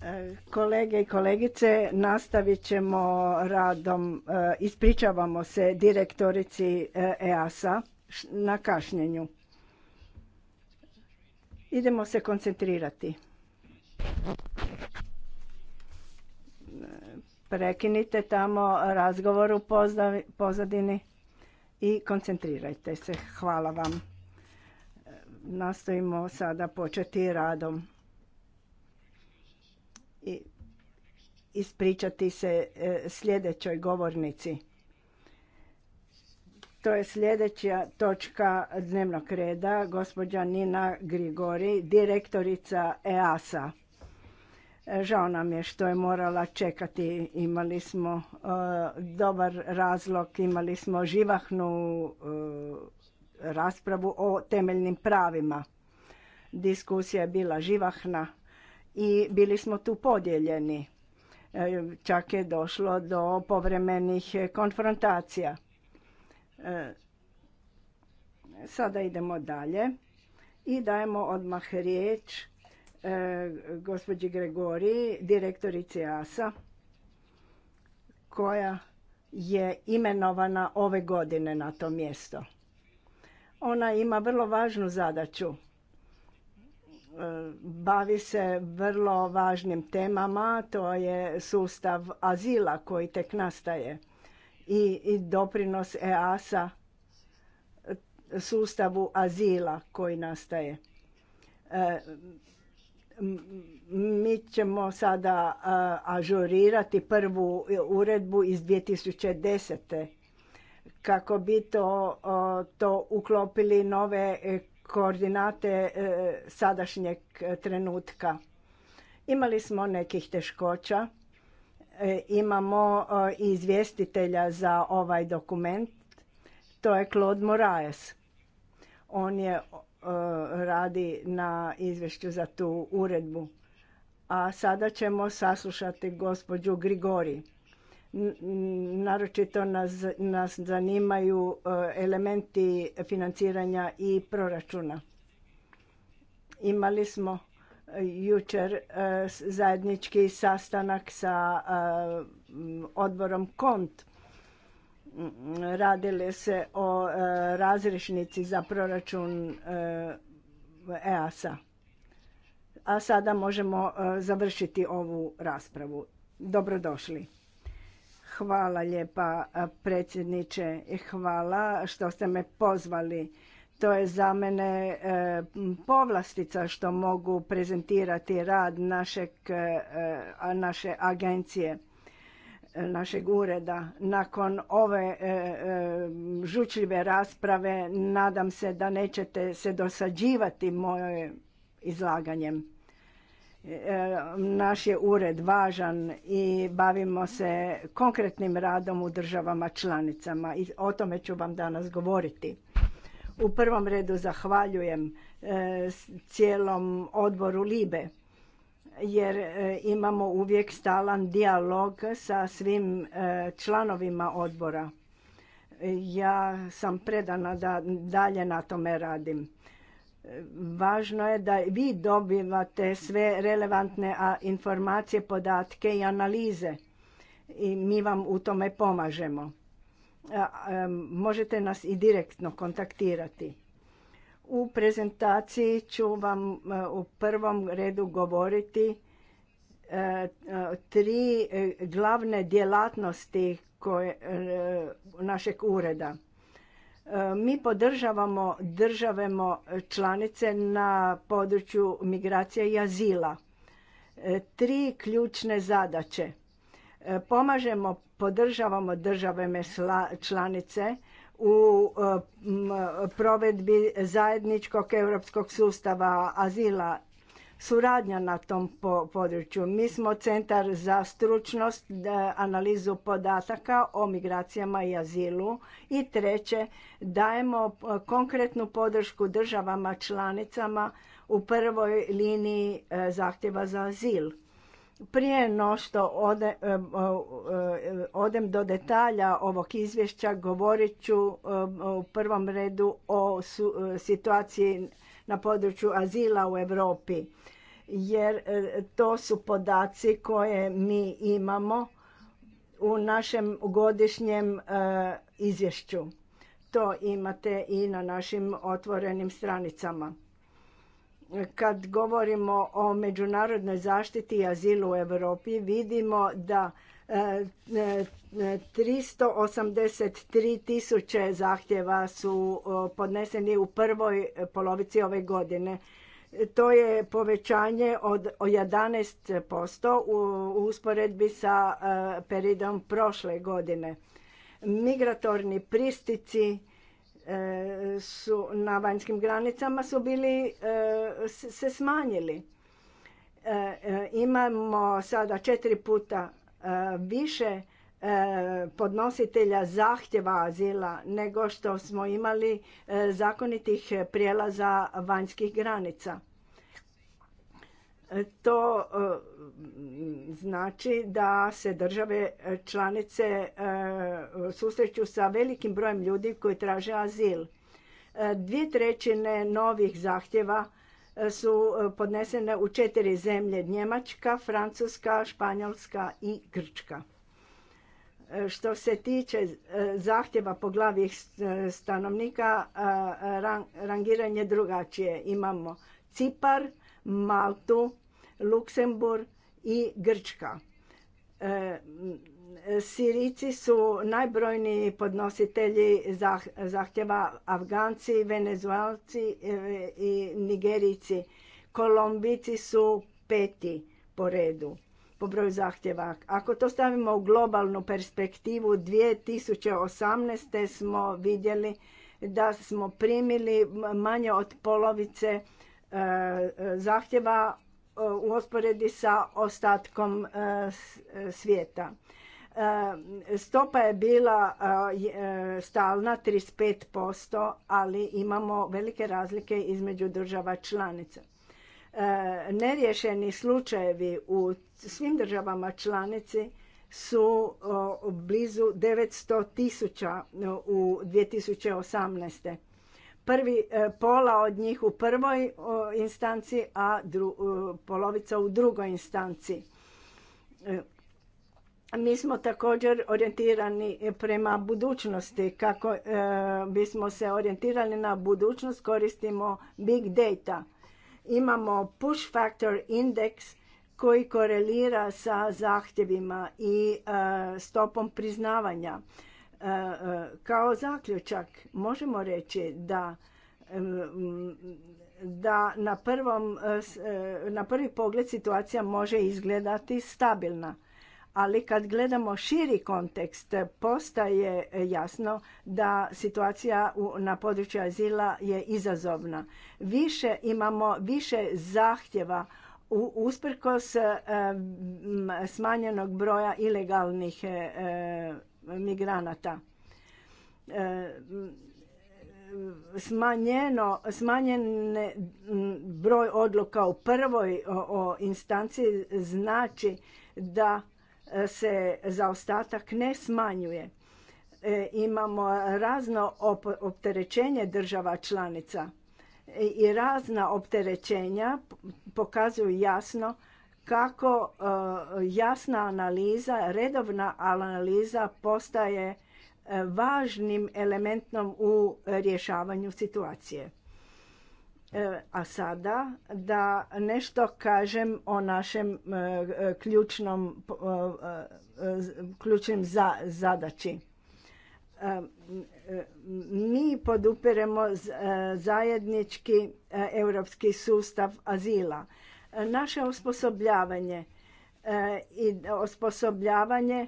e, Kolege i kolegice, nastavit ćemo radom. E, ispričavamo se direktorici EASA e na kašnjenju. Idemo se koncentrirati. Prekinite tamo razgovor u pozadini i koncentrirajte se. Hvala vam nastojimo sada početi radom i ispričati se e, sljedećoj govornici. To je sljedeća točka dnevnog reda, gospođa Nina Grigori, direktorica EASA. E, žao nam je što je morala čekati, imali smo e, dobar razlog, imali smo živahnu raspravu o temeljnim pravima. Diskusija je bila živahna i bili smo tu podijeljeni. E, čak je došlo do povremenih konfrontacija. E, sada idemo dalje i dajemo odmah riječ e, gospođi Gregori, direktorici ASA, koja je imenovana ove godine na to mjesto. Ona ima vrlo važnu zadaću. E, bavi se vrlo važnim temama, to je sustav azila koji tek nastaje i, doprinos EASA sustavu azila koji nastaje. E, mi ćemo sada e, ažurirati prvu uredbu iz 2010 kako bi to, to uklopili nove e, koordinate e, sadašnjeg trenutka. Imali smo nekih teškoća, e, imamo izvjestitelja za ovaj dokument, to je Claude Moraes. On je radi na izvješću za tu uredbu. A sada ćemo saslušati gospođu Grigori naročito nas, zanimaju e, elementi financiranja i proračuna. Imali smo e, jučer e, zajednički sastanak sa odborom KONT. Radili se o razrišnici za proračun EAS-a. A sada možemo završiti ovu raspravu. Dobrodošli. Hvala lijepa predsjedniče i hvala što ste me pozvali. To je za mene e, povlastica što mogu prezentirati rad našeg, e, naše agencije e, našeg ureda. Nakon ove žučljive rasprave nadam se da nećete se dosađivati mojim izlaganjem. Naš je ured važan i bavimo se konkretnim radom u državama članicama i o tome ću vam danas govoriti. U prvom redu zahvaljujem e, cijelom odboru LIBE jer e, imamo uvijek stalan dijalog sa svim e, članovima odbora. Ja sam predana da dalje na tome radim. Važno je da vi dobivate sve relevantne informacije, podatke i analize i mi vam u tome pomažemo. Možete nas i direktno kontaktirati. U prezentaciji ću vam e, u prvom redu govoriti e, e, tri glavne djelatnosti koje, našeg ureda. E, mi podržavamo državemo članice na području migracije i azila. E, tri ključne zadaće. E, pomažemo, podržavamo državeme članice u provedbi zajedničkog europskog sustava azila suradnja na tom području. Mi smo centar za stručnost, analizu podataka o migracijama i azilu i treće dajemo e, konkretnu podršku državama članicama u prvoj liniji e, zahtjeva za azil. Prije no što e, odem do detalja ovog izvješća, govorit ću u prvom redu o situaciji na području azila u Europi jer e, to su podaci koje mi imamo u našem godišnjem e, izvješću. To imate i na našim otvorenim stranicama. Kad govorimo o međunarodnoj zaštiti i azilu u Europi vidimo da e, 383 tisuće zahtjeva su podneseni u prvoj polovici ove godine. To je povećanje od 11% u usporedbi sa e, periodom prošle godine. Migratorni pristici e, su na vanjskim granicama su bili e, se smanjili. Imamo sada četiri puta više E, podnositelja zahtjeva azila nego što smo imali e, zakonitih prijelaza vanjskih granica. E, to znači da se države članice susreću sa velikim brojem ljudi koji traže azil. Dvije trećine novih zahtjeva su podnesene u četiri zemlje Njemačka, Francuska, Španjolska i Grčka. Što se tiče e, zahtjeva po glavi e, stanovnika, e, rangiranje drugačije. Imamo Cipar, Maltu, Luksemburg i Grčka. Sirici su najbrojniji podnositelji zahtjeva Afganci, Venezuelci i Nigerijci. Kolombici su peti po redu po broju zahtjeva. Ako to stavimo u globalnu perspektivu, 2018. smo vidjeli da smo primili manje od polovice e, zahtjeva e, u osporedi sa ostatkom e, svijeta. Stopa je bila stalna 35%, ali imamo velike razlike između država članica. Neriješeni slučajevi u svim državama članici su blizu 900 tisuća u 2018. Prvi, e, pola od njih u prvoj instanci, a polovica u drugoj instanci. E, mi smo također orijentirani prema budućnosti. Kako e, bismo se orijentirali na budućnost koristimo big data – Imamo push factor indeks koji korelira sa zahtjevima i e, stopom priznavanja. E, e, kao zaključak možemo reći da da na, prvom, na prvi pogled situacija može izgledati stabilna ali kad gledamo širi kontekst postaje jasno da situacija na području azila je izazovna. Više imamo više zahtjeva usprkos e, smanjenog broja ilegalnih e, migranata. E, smanjeno, smanjen broj odluka u prvoj o, o instanci znači da se zaostatak ne smanjuje. E, imamo razno opterećenje država članica e, i razna opterećenja pokazuju jasno kako e, jasna analiza, redovna analiza postaje važnim elementom u rješavanju situacije. E, a sada da nešto kažem o našem e, ključnom, e, ključnim zadaći. Mi podupiremo zajednički europski sustav azila. Naše osposobljavanje i osposobljavanje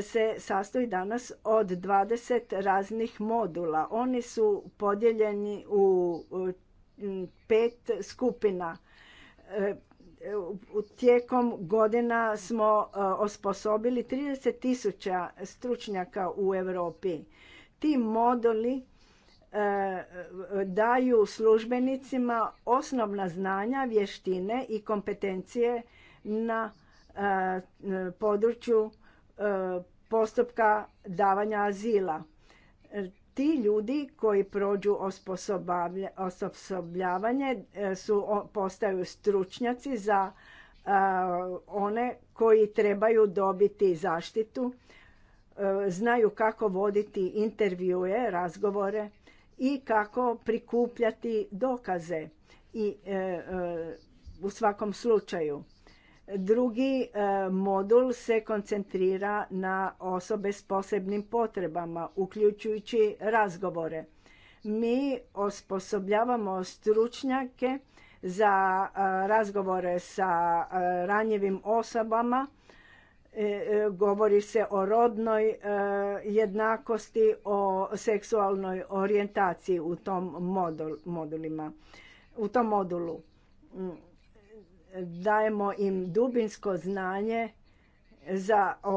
se sastoji danas od 20 raznih modula. Oni su podijeljeni u pet skupina. Tijekom godina smo e, osposobili 30.000 stručnjaka u Europi. Ti moduli e, daju službenicima osnovna znanja, vještine i kompetencije na e, području postupka davanja azila ti ljudi koji prođu osposobljavanje e, su, postaju stručnjaci za e, one koji trebaju dobiti zaštitu, e, znaju kako voditi intervjue, razgovore i kako prikupljati dokaze i u svakom slučaju. Drugi e, modul se koncentrira na osobe s posebnim potrebama, uključujući razgovore. Mi osposobljavamo stručnjake za e, razgovore sa e, ranjivim osobama. Govori se o rodnoj jednakosti, o seksualnoj orijentaciji u tom modulima, u tom modulu dajemo im dubinsko znanje za e,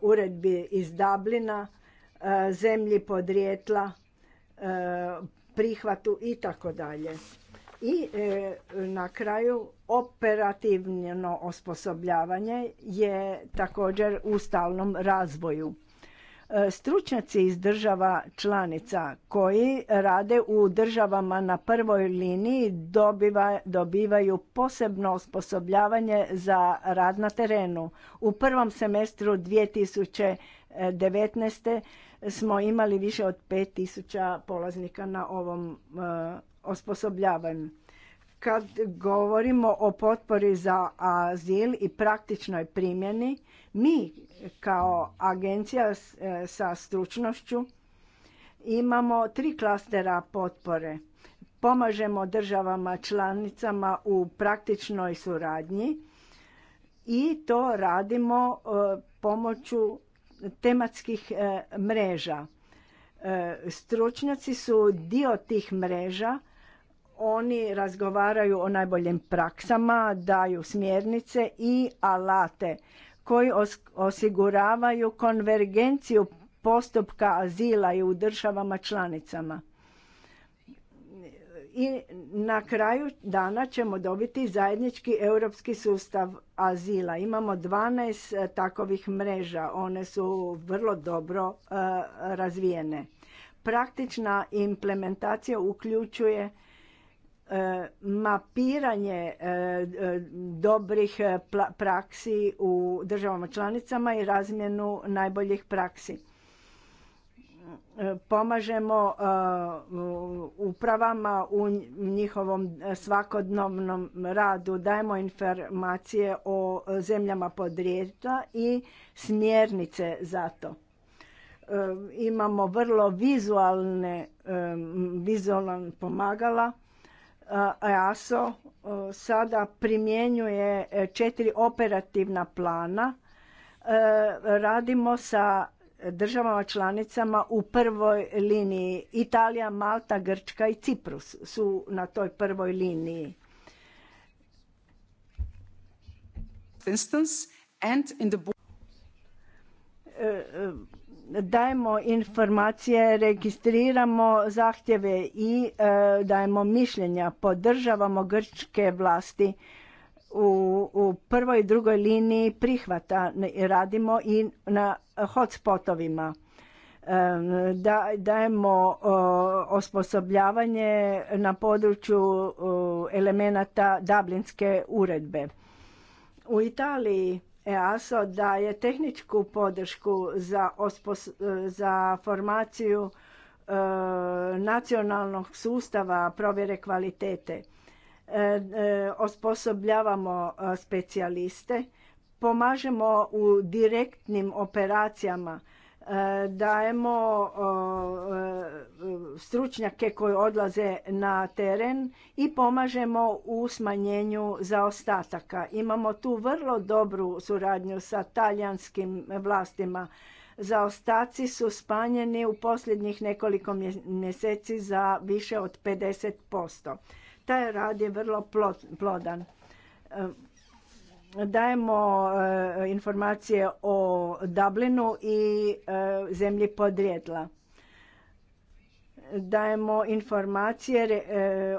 uredbi iz Dublina, e, zemlji podrijetla, e, prihvatu i tako dalje. I na kraju operativno osposobljavanje je također u stalnom razvoju stručnjaci iz država članica koji rade u državama na prvoj liniji dobivaju posebno osposobljavanje za rad na terenu. U prvom semestru 2019. smo imali više od 5000 polaznika na ovom eh, osposobljavanju. Kad govorimo o potpori za azil i praktičnoj primjeni, mi kao agencija e, sa stručnošću imamo tri klastera potpore. Pomažemo državama članicama u praktičnoj suradnji i to radimo e, pomoću tematskih e, mreža. Stručnjaci su dio tih mreža, oni razgovaraju o najboljim praksama, daju smjernice i alate koji osiguravaju konvergenciju postupka azila i u državama članicama. I na kraju dana ćemo dobiti zajednički europski sustav azila. Imamo 12 e, takovih mreža, one su vrlo dobro e, razvijene. Praktična implementacija uključuje E, mapiranje e, e, dobrih praksi u državama članicama i razmjenu najboljih praksi. Pomažemo upravama u njihovom svakodnevnom radu, dajemo informacije o zemljama podrijetla i smjernice za to imamo vrlo vizualne pomagala EASO e, sada primjenjuje e, četiri operativna plana. E, radimo sa državama članicama u prvoj liniji. Italija, Malta, Grčka i Ciprus su na toj prvoj liniji. Instance and in the dajemo informacije, registriramo zahtjeve i e, dajemo mišljenja, podržavamo grčke vlasti u, prvoj i drugoj liniji prihvata radimo i na hotspotovima. E, da, dajemo osposobljavanje na području elemenata Dublinske uredbe. U Italiji EASO daje tehničku podršku za, formaciju e, nacionalnog sustava provjere kvalitete. E, e, osposobljavamo specijaliste, pomažemo u direktnim operacijama dajemo stručnjake koji odlaze na teren i pomažemo u smanjenju zaostataka. Imamo tu vrlo dobru suradnju sa talijanskim vlastima. Zaostaci su smanjeni u posljednjih nekoliko mjeseci za više od 50%. Taj rad je vrlo plodan dajemo e, informacije o Dublinu i e, zemlji podrijetla. Dajemo informacije e,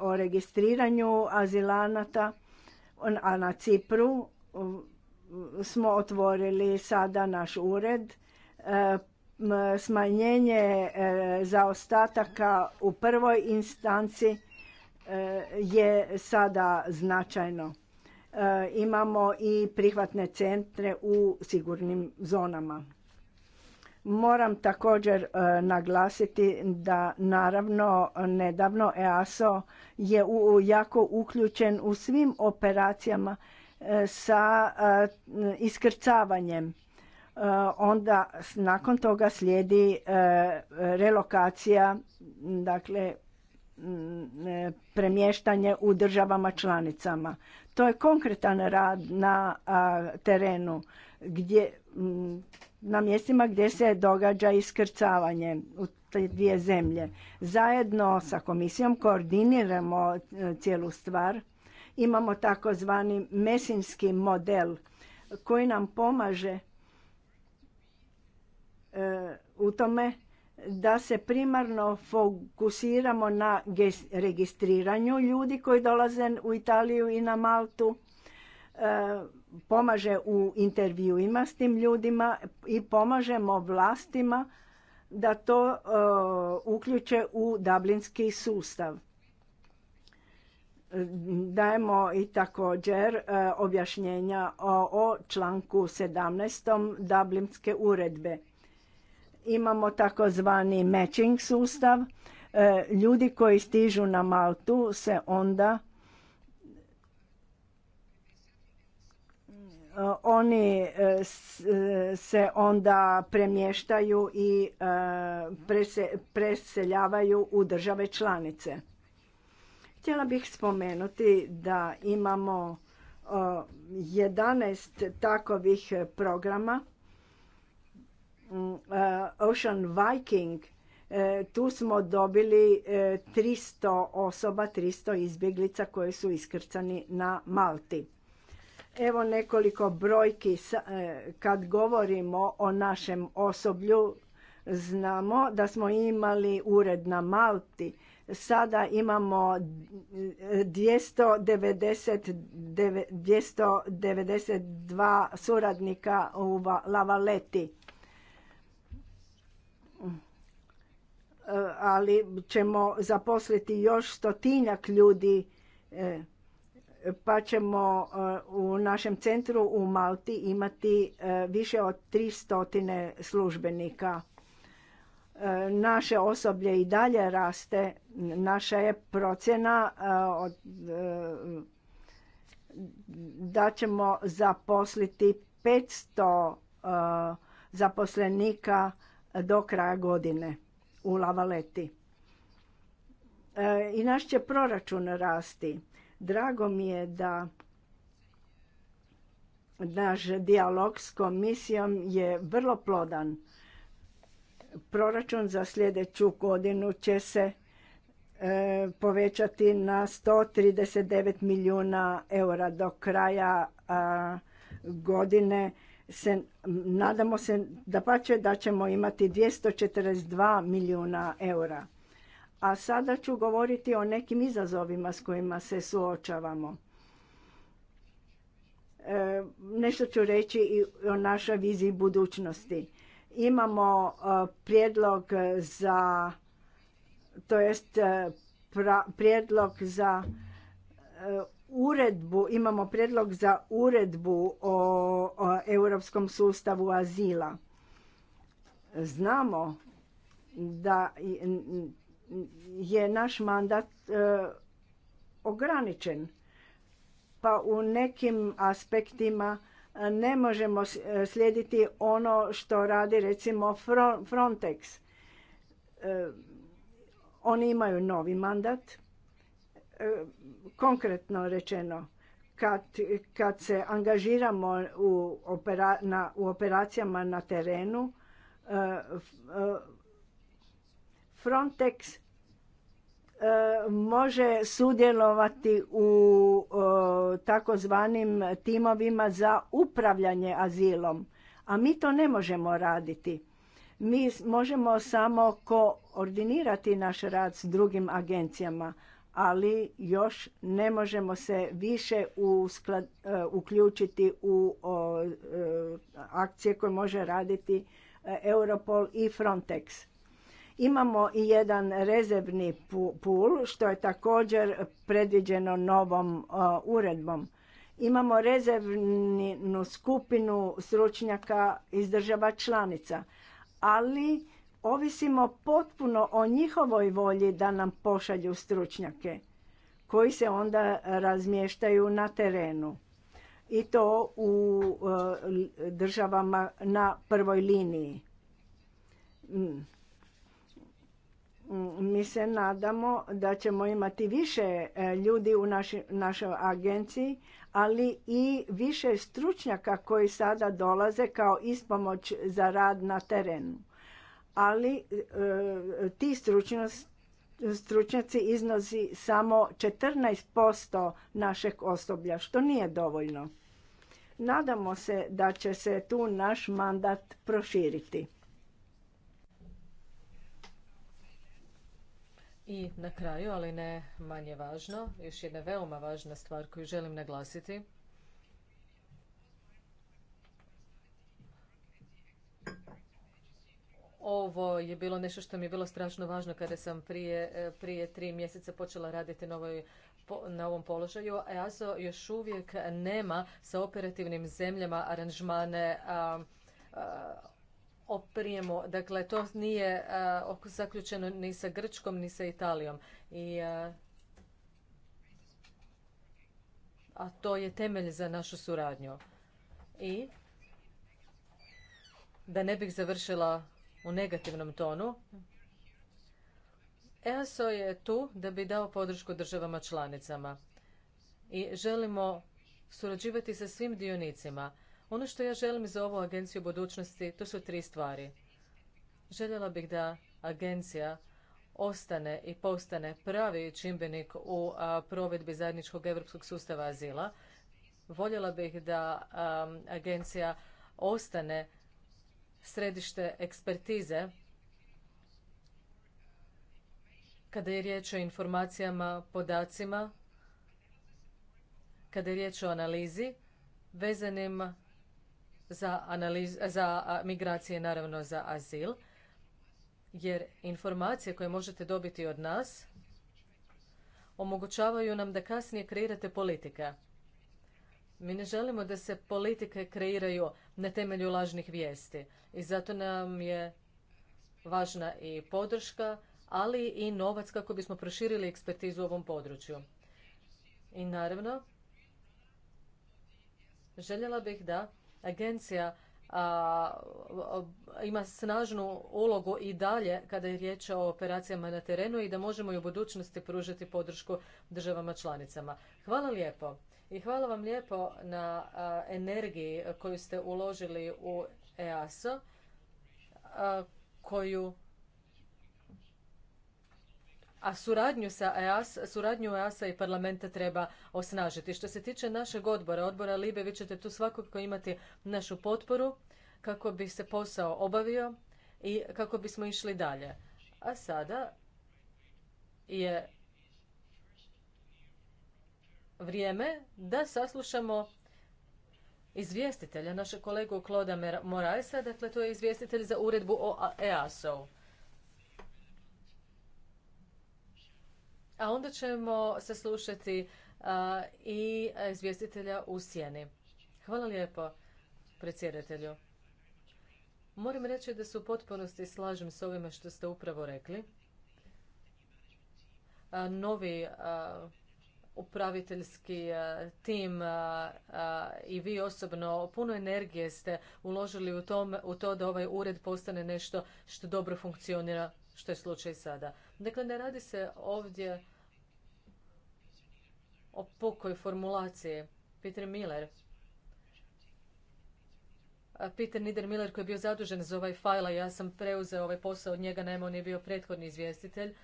o registriranju azilanata, a na Cipru smo otvorili sada naš ured. Smanjenje zaostataka u prvoj instanci je sada značajno E, imamo i prihvatne centre u sigurnim zonama. Moram također e, naglasiti da naravno nedavno EASO je jako uključen u svim operacijama e, sa iskrcavanjem. Onda nakon toga slijedi relokacija, dakle premještanje u državama članicama. To je konkretan rad na terenu gdje na mjestima gdje se događa iskrcavanje u te dvije zemlje. Zajedno sa komisijom koordiniramo e, cijelu stvar. Imamo takozvani mesinski model koji nam pomaže e, u tome da se primarno fokusiramo na registriranju ljudi koji dolaze u Italiju i na Maltu. E, pomaže u intervjuima s tim ljudima i pomažemo vlastima da to e, uključe u Dublinski sustav. Dajemo i također e, objašnjenja o članku 17. Dublinske uredbe Imamo takozvani matching sustav. E, ljudi koji stižu na Maltu se onda e, oni e, se onda premještaju i preseljavaju u države članice. Htjela bih spomenuti da imamo 11 takovih programa Mm, eh, Ocean Viking, eh, tu smo dobili 300 eh, osoba, 300 izbjeglica koji su iskrcani na Malti. Evo nekoliko brojki kad govorimo o našem osoblju. Znamo da smo imali ured na Malti. Sada imamo 292 suradnika u Lavaleti ali ćemo zaposliti još stotinjak ljudi e, pa ćemo e, u našem centru u Malti imati e, više od 300 službenika. Naše osoblje i dalje raste. Naša je procjena da ćemo zaposliti 500 zaposlenika do kraja godine u Lavaleti. E, I naš će proračun rasti. Drago mi je da naš dijalog s komisijom je vrlo plodan. Proračun za sljedeću godinu će se e, povećati na 139 milijuna eura do kraja godine se, nadamo se da da ćemo imati 242 milijuna eura. A sada ću govoriti o nekim izazovima s kojima se suočavamo. E, nešto ću reći i o našoj viziji budućnosti. Imamo e, prijedlog za, to jest e, prijedlog za uredbu, imamo predlog za uredbu o, europskom sustavu azila. Znamo da je naš mandat e, ograničen, pa u nekim aspektima e, ne možemo e, slijediti ono što radi recimo Frontex. oni imaju novi mandat E, konkretno rečeno, kad, kad se angažiramo u, u operacijama na terenu, e, e, Frontex može sudjelovati u takozvanim timovima za upravljanje azilom, a mi to ne možemo raditi. Mi možemo samo koordinirati naš rad s drugim agencijama, ali još ne možemo se više e, uključiti u e, akcije koje može raditi e, Europol i Frontex. Imamo i jedan rezervni pul što je također predviđeno novom uredbom. Imamo rezervnu skupinu stručnjaka iz država članica, ali ovisimo potpuno o njihovoj volji da nam pošalju stručnjake koji se onda razmještaju na terenu i to u e, državama na prvoj liniji. Mm. Mi se nadamo da ćemo imati više e, ljudi u našoj agenciji, ali i više stručnjaka koji sada dolaze kao ispomoć za rad na terenu ali e, ti stručnjaci iznosi samo 14% našeg osoblja, što nije dovoljno. Nadamo se da će se tu naš mandat proširiti. I na kraju, ali ne manje važno, još jedna veoma važna stvar koju želim naglasiti – Ovo je bilo nešto što mi je bilo strašno važno kada sam prije, e, prije tri mjeseca počela raditi na na ovom položaju, e, a EASO još uvijek nema sa operativnim zemljama aranžmane a, Dakle, to nije zaključeno ni sa Grčkom, ni sa Italijom. I, a to je temelj za našu suradnju. I da ne bih završila u negativnom tonu. EASO je tu da bi dao podršku državama članicama i želimo surađivati sa svim dionicima. Ono što ja želim za ovu agenciju budućnosti, to su tri stvari. Željela bih da agencija ostane i postane pravi čimbenik u provedbi zajedničkog europskog sustava azila. Voljela bih da agencija ostane središte ekspertize kada je riječ o informacijama, podacima, kada je riječ o analizi vezanim za, analiz, za migracije, naravno za azil, jer informacije koje možete dobiti od nas omogućavaju nam da kasnije kreirate politike. Mi ne želimo da se politike kreiraju na temelju lažnih vijesti i zato nam je važna i podrška, ali i novac kako bismo proširili ekspertizu u ovom području. I naravno, željela bih da agencija ima snažnu ulogu i dalje kada je riječ o operacijama na terenu i da možemo i u budućnosti pružiti podršku državama članicama. Hvala lijepo. I hvala vam lijepo na energiji koju ste uložili u EASO, koju a suradnju sa EAS, suradnju EAS-a i parlamenta treba osnažiti. Što se tiče našeg odbora, odbora Libe, vi ćete tu svakako imati našu potporu kako bi se posao obavio i kako bismo išli dalje. A sada je vrijeme da saslušamo izvjestitelja, našeg kolegu Kloda Moraesa, dakle to je izvjestitelj za uredbu o EASO. A onda ćemo saslušati i izvjestitelja u sjeni. Hvala lijepo predsjedatelju. Moram reći da se u potpunosti slažem s ovime što ste upravo rekli. novi upraviteljski e, tim e, e, i vi osobno puno energije ste uložili u, tom, u to da ovaj ured postane nešto što dobro funkcionira, što je slučaj sada. Dakle, ne radi se ovdje o pokoj formulaciji. Peter Miller. Peter Niedermiller koji je bio zadužen za ovaj fajl, ja sam preuzeo ovaj posao od njega, naime on je bio prethodni izvjestitelj.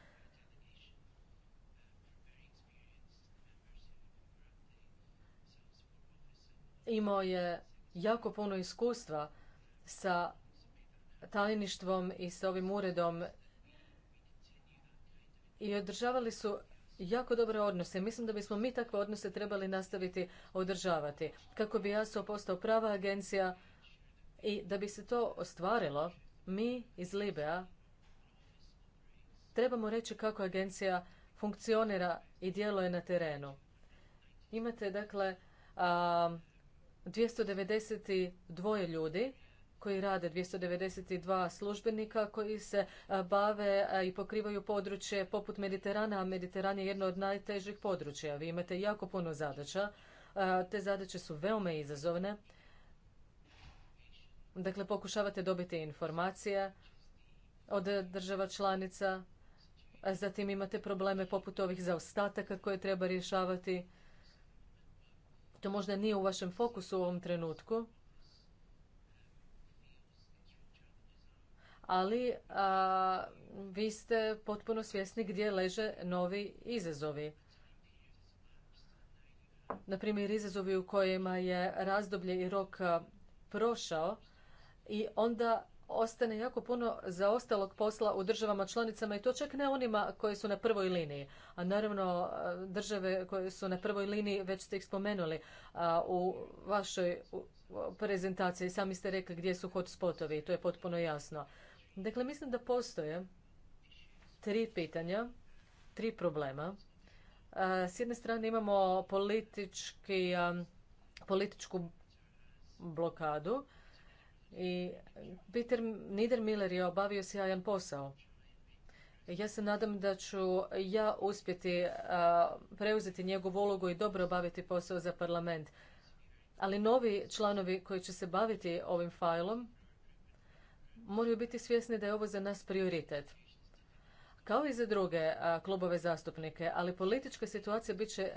imao je jako puno iskustva sa tajništvom i sa ovim uredom i održavali su jako dobre odnose. Mislim da bismo mi takve odnose trebali nastaviti održavati kako bi ASO postao prava agencija i da bi se to ostvarilo, mi iz Libea trebamo reći kako agencija funkcionira i djeluje na terenu. Imate dakle 292 ljudi koji rade, 292 službenika koji se bave i pokrivaju područje poput Mediterana, a Mediteran je jedno od najtežih područja. Vi imate jako puno zadaća. Te zadaće su veoma izazovne. Dakle, pokušavate dobiti informacije od država članica, zatim imate probleme poput ovih zaostataka koje treba rješavati to možda nije u vašem fokusu u ovom trenutku, ali vi ste potpuno svjesni gdje leže novi izazovi. Na primjer, izazovi u kojima je razdoblje i rok prošao i onda ostane jako puno zaostalog posla u državama članicama i to čak ne onima koji su na prvoj liniji. A naravno države koje su na prvoj liniji već ste ih spomenuli u vašoj prezentaciji. Sami ste rekli gdje su hot spotovi, to je potpuno jasno. Dakle, mislim da postoje tri pitanja, tri problema. s jedne strane imamo politički, političku blokadu i Peter Niedermiller je obavio sjajan posao. Ja se nadam da ću ja uspjeti preuzeti njegovu ulogu i dobro obaviti posao za parlament. Ali novi članovi koji će se baviti ovim failom moraju biti svjesni da je ovo za nas prioritet kao i za druge klubove zastupnike, ali politička situacija bit će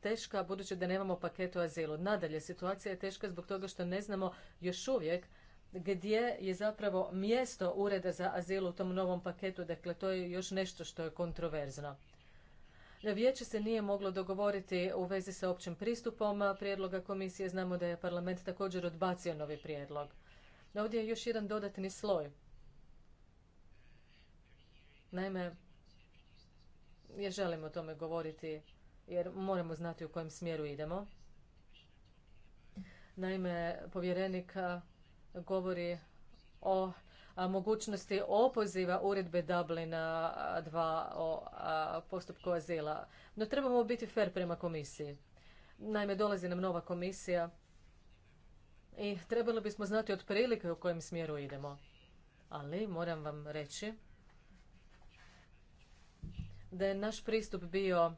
teška budući da nemamo paket u azilu. Nadalje, situacija je teška zbog toga što ne znamo još uvijek gdje je zapravo mjesto ureda za azil u tom novom paketu, dakle to je još nešto što je kontroverzno. Vijeće se nije moglo dogovoriti u vezi sa općim pristupom prijedloga komisije, znamo da je parlament također odbacio novi prijedlog. Ovdje je još jedan dodatni sloj Naime, jer želim o tome govoriti jer moramo znati u kojem smjeru idemo. Naime, povjerenik govori o mogućnosti opoziva uredbe Dublina 2 o postupku azila. No trebamo biti fair prema komisiji. Naime, dolazi nam nova komisija i trebali bismo znati otprilike u kojem smjeru idemo. Ali moram vam reći da je naš pristup bio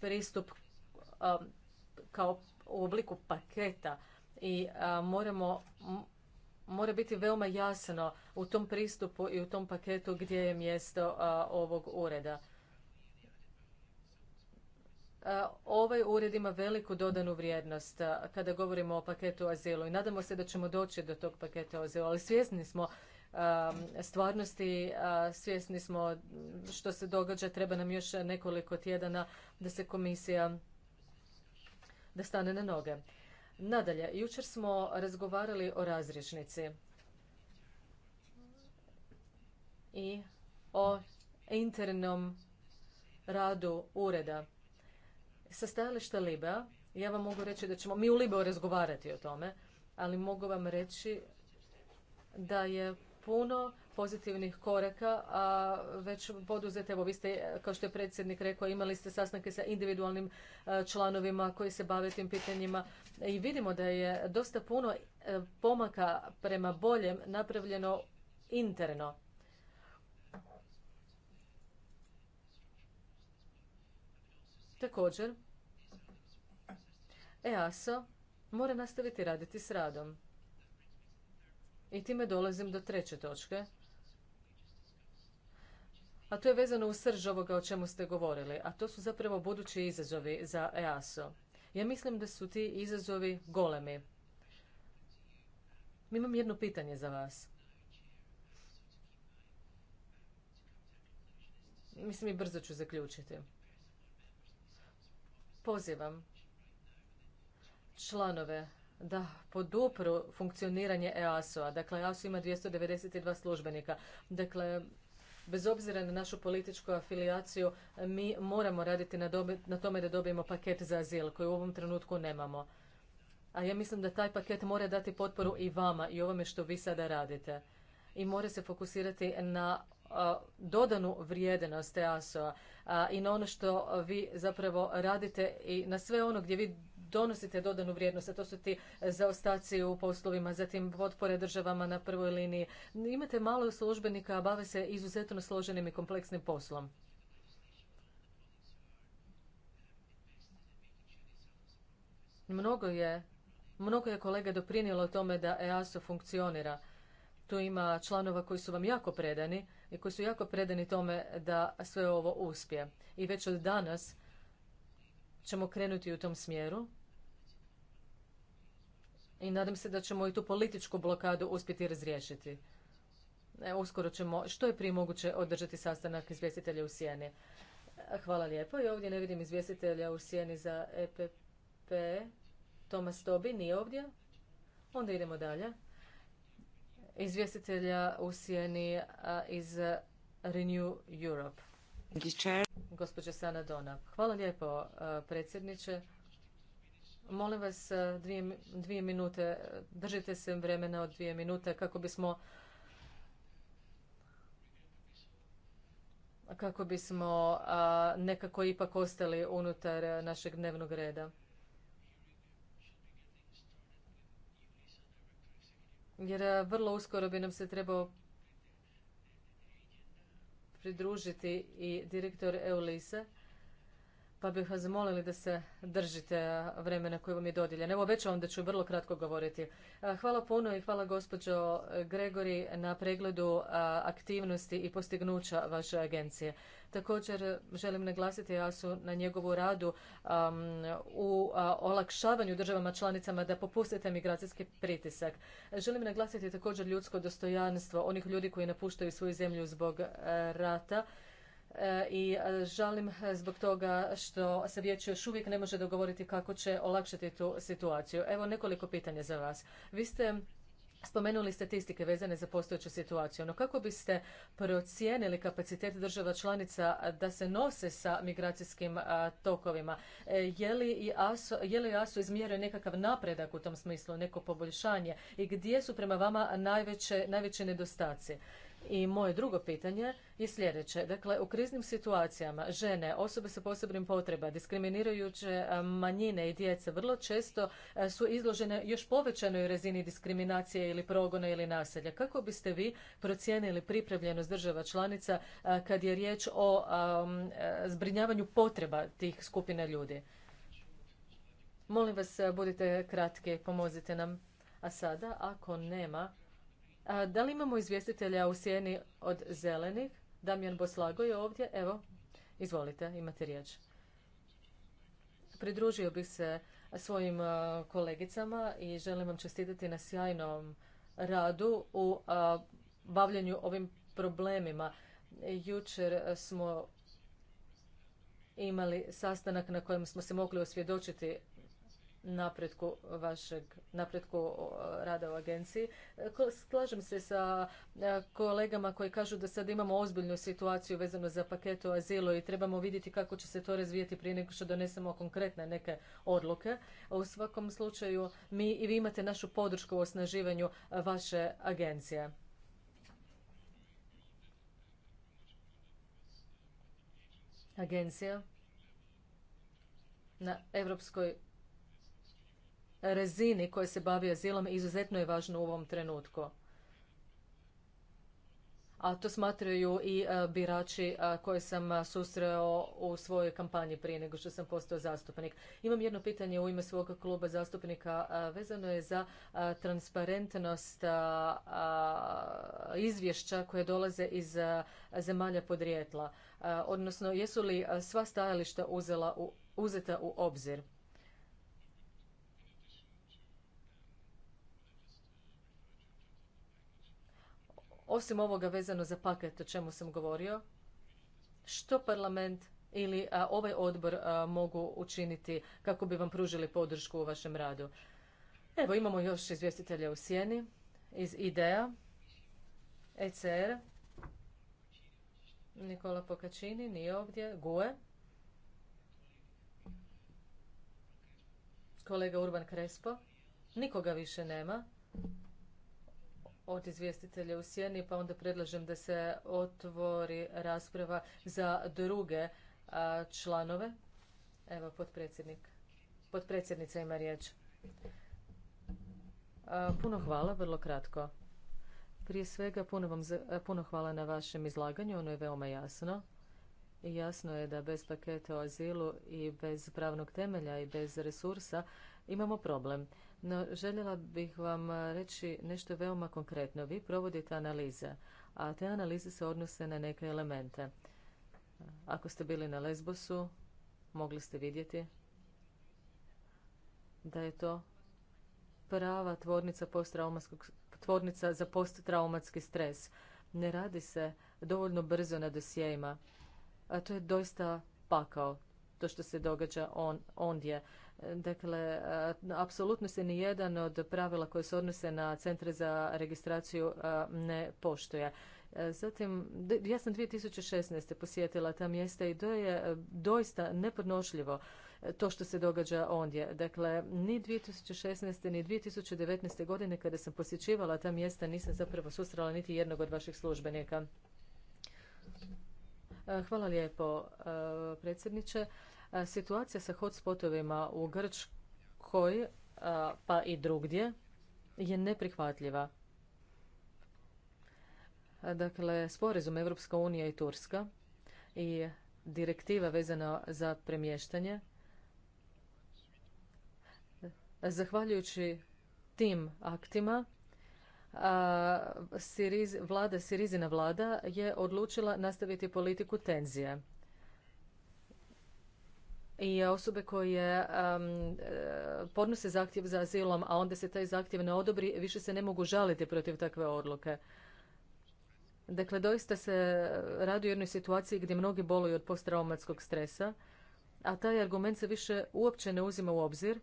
pristup um, kao u obliku paketa i moramo mora biti veoma jasno u tom pristupu i u tom paketu gdje je mjesto ovog ureda. ovaj ured ima veliku dodanu vrijednost kada govorimo o paketu azilu i nadamo se da ćemo doći do tog paketa azilu, ali svjesni smo stvarnosti. Svjesni smo što se događa. Treba nam još nekoliko tjedana da se komisija da stane na noge. Nadalje, jučer smo razgovarali o razrišnici i o internom radu ureda. Sa stajališta Liba, ja vam mogu reći da ćemo mi u Libo razgovarati o tome, ali mogu vam reći da je puno pozitivnih koraka a već poduzete. Evo vi ste, kao što je predsjednik rekao, imali ste sastanke sa individualnim e, članovima koji se bave tim pitanjima i vidimo da je dosta puno e, pomaka prema boljem napravljeno interno. Također, EASO mora nastaviti raditi s radom. I time dolazim do treće točke. A to je vezano u srž ovoga o čemu ste govorili, a to su zapravo budući izazovi za EASO. Ja mislim da su ti izazovi golemi. Imam jedno pitanje za vas. Mislim i brzo ću zaključiti. Pozivam članove da podupru funkcioniranje EASO-a. Dakle, EASO ima 292 službenika. Dakle, bez obzira na našu političku afiliaciju, mi moramo raditi na, dobi, na tome da dobijemo paket za azil koji u ovom trenutku nemamo. A ja mislim da taj paket mora dati potporu i vama i ovome što vi sada radite. I mora se fokusirati na dodanu vrijednost EASO-a i na ono što vi zapravo radite i na sve ono gdje vi donosite dodanu vrijednost, a to su ti e, zaostaci u poslovima, zatim potpore državama na prvoj liniji. Imate malo službenika, a bave se izuzetno složenim i kompleksnim poslom. Mnogo je, mnogo je kolega doprinijelo tome da EASO funkcionira. Tu ima članova koji su vam jako predani i koji su jako predani tome da sve ovo uspije. I već od danas ćemo krenuti u tom smjeru i nadam se da ćemo i tu političku blokadu uspjeti razriješiti. E, uskoro ćemo što je prije moguće održati sastanak izvjestitelja u Sijeni. E, hvala lijepo. I ovdje ne vidim izvjestitelja u Sijeni za EPP. Tomas Tobi nije ovdje. Onda idemo dalje. Izvjestitelja u Sijeni iz Renew Europe. Gospođa Sana Dona. Hvala lijepo predsjedniče. Molim vas e, dvije, dvije minute, držite se vremena od dvije minute kako bismo kako bismo nekako ipak ostali unutar našeg dnevnog reda. Jer e, vrlo uskoro bi nam se trebao pridružiti i direktor Eulisa pa bih vas zamolili da se držite vremena koje vam je dodijeljeno. Evo obećavam da ću vrlo kratko govoriti. E, hvala puno i hvala gospođo Gregori na pregledu e, aktivnosti i postignuća vaše agencije. Također želim naglasiti su na njegovu radu u olakšavanju državama članicama da popustite migracijski pritisak. Želim naglasiti također ljudsko dostojanstvo onih ljudi koji napuštaju svoju zemlju zbog e, rata E, i e, žalim zbog toga što se vijeće još uvijek ne može dogovoriti kako će olakšati tu situaciju. Evo nekoliko pitanja za vas. Vi ste Spomenuli statistike vezane za postojeću situaciju, no kako biste procijenili kapacitet država članica da se nose sa migracijskim tokovima? E, je li ASO, nekakav napredak u tom smislu, neko poboljšanje i gdje su prema vama najveće, najveći nedostaci? I moje drugo pitanje je sljedeće. Dakle, u kriznim situacijama žene, osobe sa posebnim potreba, diskriminirajuće manjine i djece vrlo često su izložene još povećanoj razini diskriminacije ili progona ili naselja. Kako biste vi procijenili pripremljenost država članica kad je riječ o zbrinjavanju potreba tih skupina ljudi? Molim vas, budite kratki, pomozite nam. A sada, ako nema da li imamo izvjestitelja u sjeni od zelenih? Damjan Boslago je ovdje. Evo, izvolite, imate riječ. Pridružio bih se svojim kolegicama i želim vam čestitati na sjajnom radu u bavljenju ovim problemima. Jučer smo imali sastanak na kojem smo se mogli osvjedočiti napretku vašeg napretku rada u agenciji. E, slažem se sa e, kolegama koji kažu da sad imamo ozbiljnu situaciju vezano za paket o azilu i trebamo vidjeti kako će se to razvijeti prije nego što donesemo konkretne neke odluke. U svakom slučaju mi i vi imate našu podršku u osnaživanju vaše agencije. Agencija na europskoj razini koje se bavi azilom izuzetno je važno u ovom trenutku. A to smatraju i e, birači e, koje sam e, susreo u svojoj kampanji prije nego što sam postao zastupnik. Imam jedno pitanje u ime svog kluba zastupnika. Vezano je za transparentnost izvješća koje dolaze iz zemalja podrijetla. Odnosno, jesu li sva stajališta uzeta u obzir? Osim ovoga vezano za paket o čemu sam govorio, što parlament ili a, ovaj odbor mogu učiniti kako bi vam pružili podršku u vašem radu? Evo, imamo još izvjestitelja u sjeni iz IDEA, ECR, Nikola Pokačini, nije ovdje, GUE, kolega Urban Krespo, nikoga više nema od izvjestitelja u sjeni, pa onda predlažem da se otvori rasprava za druge članove. Evo, potpredsjednik. Potpredsjednica ima riječ. puno hvala, vrlo kratko. Prije svega, puno, vam, puno hvala na vašem izlaganju, ono je veoma jasno. I jasno je da bez paketa o azilu i bez pravnog temelja i bez resursa imamo problem. No, željela bih vam eh, reći nešto veoma konkretno. Vi provodite analize, a te analize se odnose na neke elemente. Ako ste bili na Lesbosu, mogli ste vidjeti da je to prava tvornica, tvornica za posttraumatski stres. Ne radi se dovoljno brzo na dosjejima. A to je doista pakao, to što se događa on, ondje. Dakle, apsolutno se ni jedan od pravila koje se odnose na centre za registraciju ne poštuje. Zatim, ja sam 2016. posjetila ta mjesta i to je doista nepodnošljivo to što se događa ondje. Dakle, ni 2016. ni 2019. godine kada sam posjećivala ta mjesta nisam zapravo susrala niti jednog od vaših službenika. Hvala lijepo, predsjedniče. E, situacija sa hotspotovima u Grčkoj e, pa i drugdje je neprihvatljiva. E, dakle, sporazum Europska unija i Turska i direktiva vezana za premještanje. Zahvaljujući tim aktima, vlada Sirizina vlada je odlučila nastaviti politiku tenzije i osobe koje e, podnose zahtjev za azilom, a onda se taj zahtjev ne odobri, više se ne mogu žaliti protiv takve odluke. Dakle, doista se radi o jednoj situaciji gdje mnogi boluju od posttraumatskog stresa, a taj argument se više uopće ne uzima u obzir,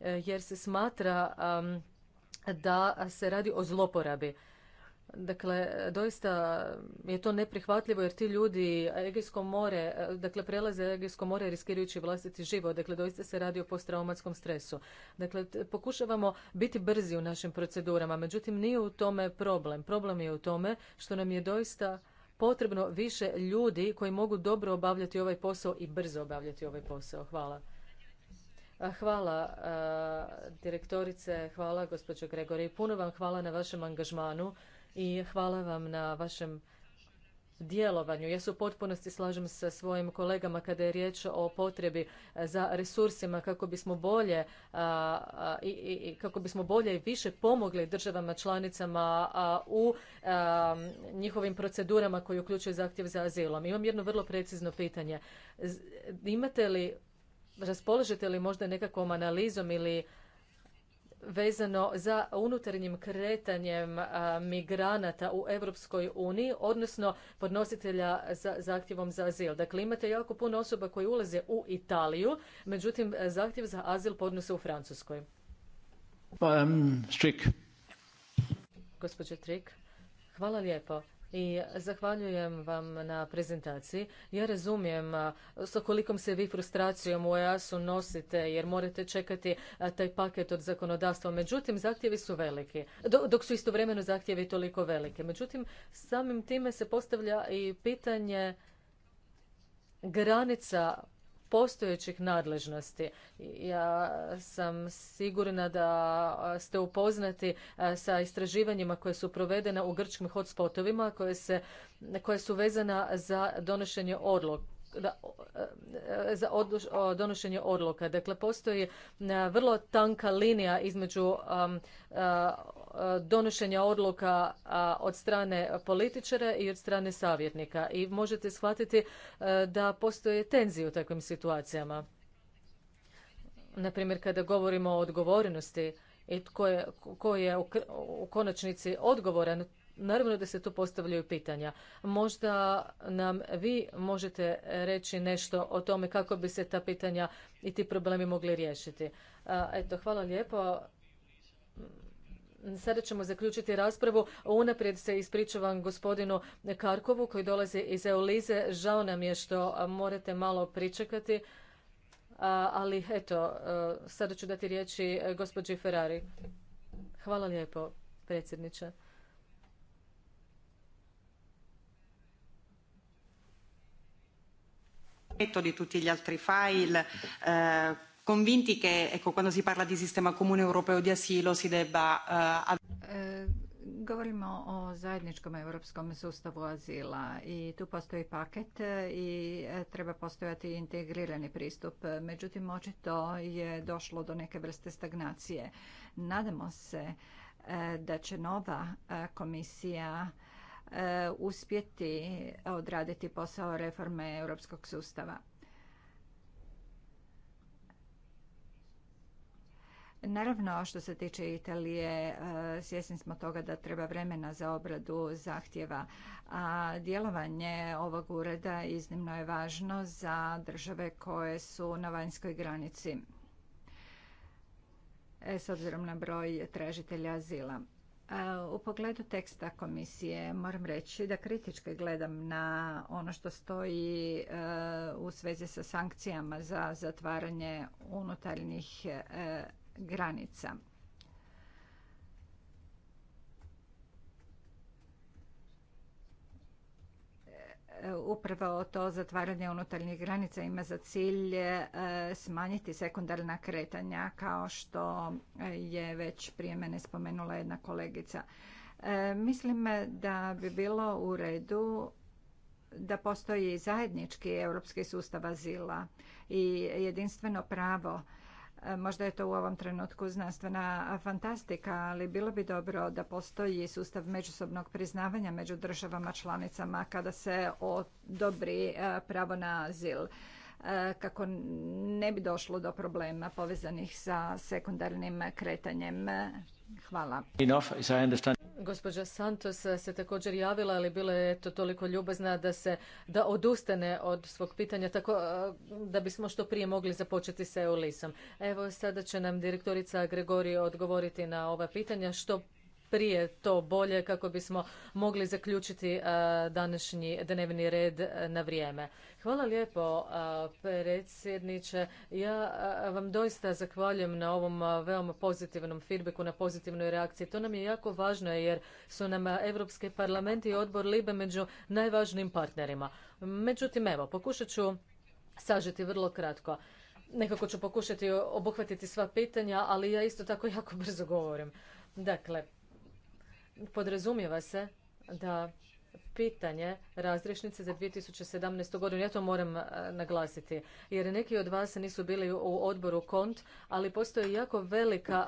e, jer se smatra da se radi o zloporabi. Dakle, doista je to neprihvatljivo jer ti ljudi Egejsko more, dakle prelaze Egejsko more riskirajući vlastiti život. Dakle, doista se radi o posttraumatskom stresu. Dakle, pokušavamo biti brzi u našim procedurama, međutim nije u tome problem. Problem je u tome što nam je doista potrebno više ljudi koji mogu dobro obavljati ovaj posao i brzo obavljati ovaj posao. Hvala. Hvala direktorice, hvala gospođo Gregori. Puno vam hvala na vašem angažmanu i hvala vam na vašem djelovanju. Ja se u potpunosti slažem sa svojim kolegama kada je riječ o potrebi za resursima kako bismo bolje i, kako bismo bolje i više pomogli državama članicama a, u njihovim procedurama koji uključuju zahtjev za azilom. Imam jedno vrlo precizno pitanje. imate li, raspolažete li možda nekakvom analizom ili vezano za unutarnjim kretanjem migranata u Europskoj uniji, odnosno podnositelja za zahtjevom za azil. Dakle, imate jako puno osoba koje ulaze u Italiju, međutim, zahtjev za azil podnose u Francuskoj. Pa, Trik, hvala lijepo i zahvaljujem vam na prezentaciji. Ja razumijem sa kolikom se vi frustracijom u EAS-u nosite jer morate čekati taj paket od zakonodavstva. Međutim, zahtjevi su veliki, dok su istovremeno zahtjevi toliko velike. Međutim, samim time se postavlja i pitanje granica postojećih nadležnosti. Ja sam sigurna da ste upoznati sa istraživanjima koje su provedena u grčkim hotspotovima koje, se, koje su vezana za donošenje odluka za donošenje odluka. Dakle, postoji vrlo tanka linija između E, donošenja odluka od strane političara i od strane savjetnika. I možete shvatiti e, da postoje tenzije u takvim situacijama. Naprimjer, kada govorimo o odgovornosti i tko je, ko je u, u konačnici odgovoran, naravno da se tu postavljaju pitanja. Možda nam vi možete reći nešto o tome kako bi se ta pitanja i ti problemi mogli riješiti. Eto, hvala lijepo. Sada ćemo zaključiti raspravu. Unaprijed se ispričavam gospodinu Karkovu koji dolazi iz Eulize. Žao nam je što morate malo pričekati, ali eto, sada ću dati riječi gospođi Ferrari. Hvala lijepo, predsjedniče. tutti gli file eh, convinti che ecco, quando si parla di sistema comune europeo di asilo si debba... Eh, eh, govorimo o zajedničkom europskom sustavu azila i tu postoji paket i e, treba postojati integrirani pristup. Međutim, očito je došlo do neke vrste stagnacije. Nadamo se e, da će nova e, komisija uspjeti odraditi posao reforme europskog sustava. Naravno, što se tiče Italije, e, svjesni smo toga da treba vremena za obradu zahtjeva, a djelovanje ovog ureda iznimno je važno za države koje su na vanjskoj granici e, s obzirom na broj tražitelja azila. E, u pogledu teksta komisije moram reći da kritički gledam na ono što stoji u svezi sa sankcijama za zatvaranje unutarnjih granica. Upravo to zatvaranje unutarnjih granica ima za cilj e, smanjiti sekundarna kretanja kao što je već prije mene spomenula jedna kolegica. E, mislim da bi bilo u redu da postoji zajednički europski sustav azila i jedinstveno pravo E, možda je to u ovom trenutku znanstvena fantastika, ali bilo bi dobro da postoji sustav međusobnog priznavanja među državama članicama kada se odobri e, pravo na azil e, kako ne bi došlo do problema povezanih sa sekundarnim kretanjem. Hvala. Gospođa Santos se također javila, ali bila je to toliko ljubazna da se da odustane od svog pitanja, tako da bismo što prije mogli započeti sa EU-lisom. Evo sada će nam direktorica Gregori odgovoriti na ova pitanja, što prije to bolje kako bismo mogli zaključiti e, današnji dnevni red e, na vrijeme. Hvala lijepo e, predsjedniče. Ja vam doista zahvaljujem na ovom veoma pozitivnom feedbacku, na pozitivnoj reakciji. To nam je jako važno jer su nam Europski parlament i odbor Libe među najvažnijim partnerima. Međutim, evo, pokušat ću sažeti vrlo kratko. Nekako ću pokušati obuhvatiti sva pitanja, ali ja isto tako jako brzo govorim. Dakle, podrazumijeva se da pitanje razrešnice za 2017. godinu. Ja to moram e, naglasiti, jer neki od vas nisu bili u odboru KONT, ali postoji jako velika,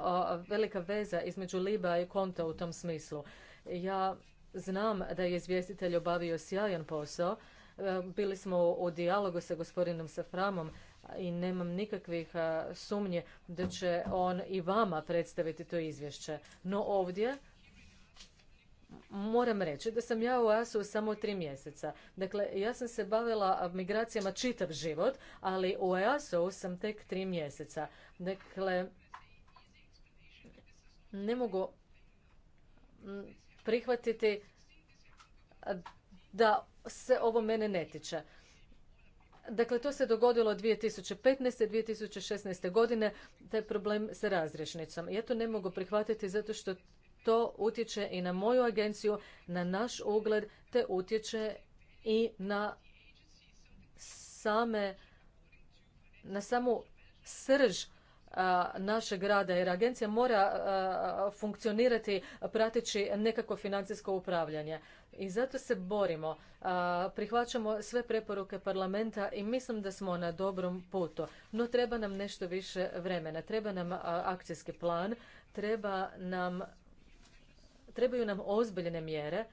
velika veza između Liba i KONTA u tom smislu. Ja znam da je izvjestitelj obavio sjajan posao. E, bili smo u dijalogu sa gospodinom Saframom i nemam nikakvih e, sumnje da će on i vama predstaviti to izvješće. No ovdje Moram reći da sam ja u ASU samo tri mjeseca. Dakle, ja sam se bavila migracijama čitav život, ali u EASO-u sam tek tri mjeseca. Dakle, ne mogu prihvatiti da se ovo mene ne tiče. Dakle, to se dogodilo 2015. 2016. godine, taj problem sa razrješnicom. Ja to ne mogu prihvatiti zato što to utječe i na moju agenciju, na naš ugled, te utječe i na same na samu srž našeg rada jer agencija mora funkcionirati prateći nekako financijsko upravljanje i zato se borimo prihvaćamo sve preporuke parlamenta i mislim da smo na dobrom putu no treba nam nešto više vremena treba nam akcijski plan treba nam trebaju nam ozbiljne mjere.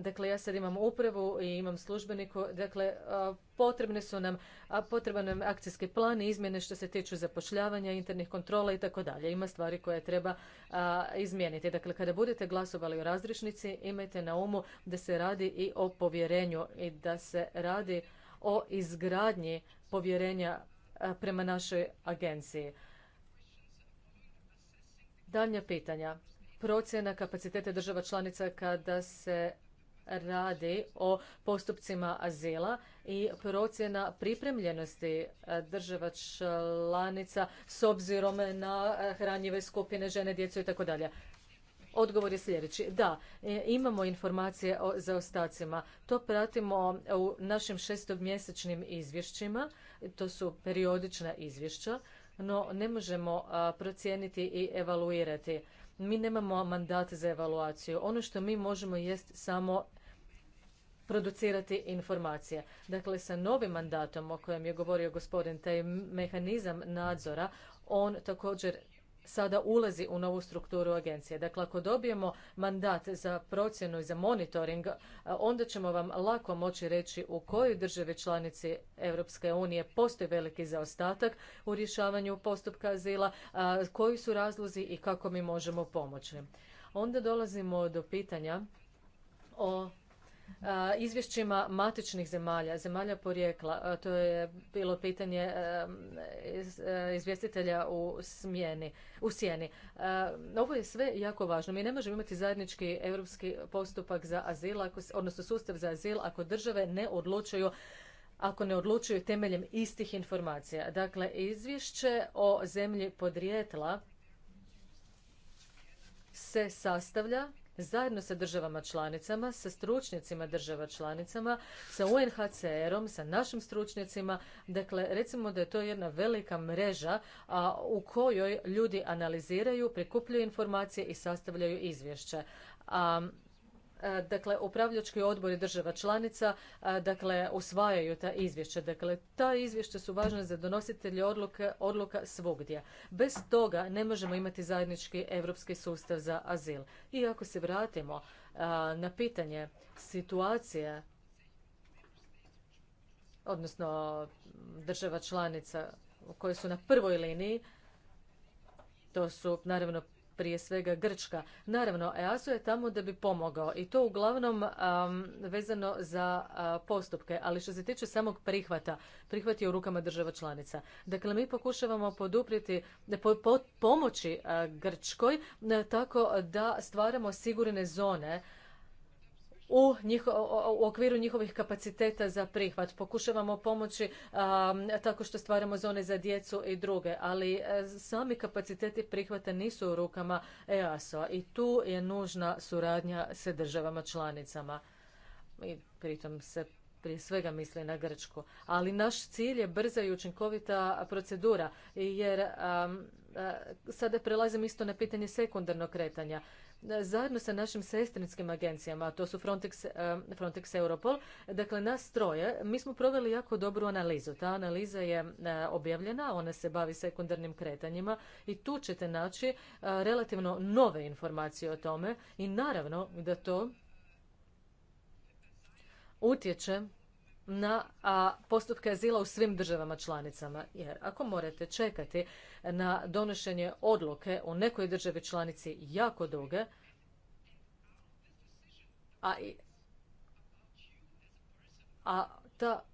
Dakle, ja sad imam upravu i imam službeniku. Dakle, potrebne su nam, potreban nam akcijski plan i izmjene što se tiču zapošljavanja, internih kontrola i tako dalje. Ima stvari koje treba izmijeniti. Dakle, kada budete glasovali o razrišnici, imajte na umu da se radi i o povjerenju i da se radi o izgradnji povjerenja prema našoj agenciji. Daljnja pitanja procjena kapaciteta država članica kada se radi o postupcima azila i procjena pripremljenosti e, država članica s obzirom na hranjive e, skupine, žene, djecu i tako dalje. Odgovor je sljedeći. Da, e, imamo informacije o zaostacima. To pratimo u našim šestomjesečnim izvješćima. To su periodična izvješća, no ne možemo procijeniti i evaluirati. Mi nemamo mandat za evaluaciju. Ono što mi možemo jest samo producirati informacije. Dakle, sa novim mandatom o kojem je govorio gospodin, taj mehanizam nadzora, on također sada ulazi u novu strukturu agencije. Dakle, ako dobijemo mandat za procjenu i za monitoring, onda ćemo vam lako moći reći u kojoj državi članici Europske unije postoji veliki zaostatak u rješavanju postupka azila, koji su razlozi i kako mi možemo pomoći. Onda dolazimo do pitanja o izvješćima matičnih zemalja, zemalja porijekla. To je bilo pitanje izvjestitelja u smjeni, u sjeni. Ovo je sve jako važno. Mi ne možemo imati zajednički europski postupak za azil, odnosno sustav za azil, ako države ne odlučuju ako ne odlučuju temeljem istih informacija. Dakle, izvješće o zemlji podrijetla se sastavlja zajedno sa državama članicama, sa stručnjacima država članicama, sa UNHCR-om, sa našim stručnjacima. Dakle, recimo da je to jedna velika mreža u kojoj ljudi analiziraju, prikupljaju informacije i sastavljaju izvješće. A E, dakle upravljački odbori država članica e, dakle usvajaju ta izvješća. Dakle, ta izvješća su važna za donositelje odluka, odluka svugdje. Bez toga ne možemo imati zajednički europski sustav za azil. I ako se vratimo e, na pitanje situacije odnosno država članica koje su na prvoj liniji, to su naravno prije svega Grčka. Naravno, EASO je tamo da bi pomogao i to uglavnom vezano za postupke, ali što se tiče samog prihvata, prihvat je u rukama država članica. Dakle, mi pokušavamo poduprijeti, pomoći Grčkoj e, tako da stvaramo sigurne zone u, okviru njihovih kapaciteta za prihvat. Pokušavamo pomoći tako što stvaramo zone za djecu i druge, ali e, sami kapaciteti prihvata nisu u rukama easo i tu je nužna suradnja sa državama članicama. I pritom se prije svega misli na Grčku. Ali naš cilj je brza i učinkovita procedura, jer sada prelazim isto na pitanje sekundarnog kretanja. E, zajedno sa našim sestrinskim agencijama, a to su Frontex, e, Frontex Europol, dakle nas troje, mi smo proveli jako dobru analizu. Ta analiza je e, objavljena, ona se bavi sekundarnim kretanjima i tu ćete naći relativno nove informacije o tome i naravno da to utječe na postupke azila u svim državama članicama. Jer ako morate čekati na donošenje odluke u nekoj državi članici jako duge, a, i, a ta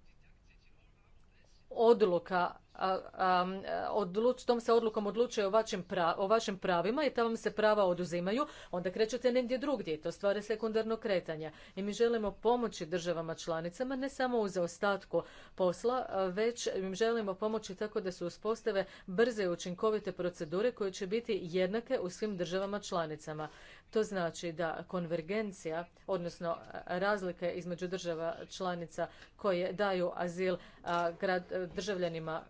odluka odluč, tom se odlukom odlučuje o vašim, vašim pravima i ta vam se prava oduzimaju, onda krećete negdje drugdje i to stvara sekundarno kretanje. I mi želimo pomoći državama članicama, ne samo u zaostatku posla, već im želimo pomoći tako da se uspostave brze i učinkovite procedure koje će biti jednake u svim državama članicama. To znači da konvergencija, odnosno razlike između država članica koje daju azil državljanima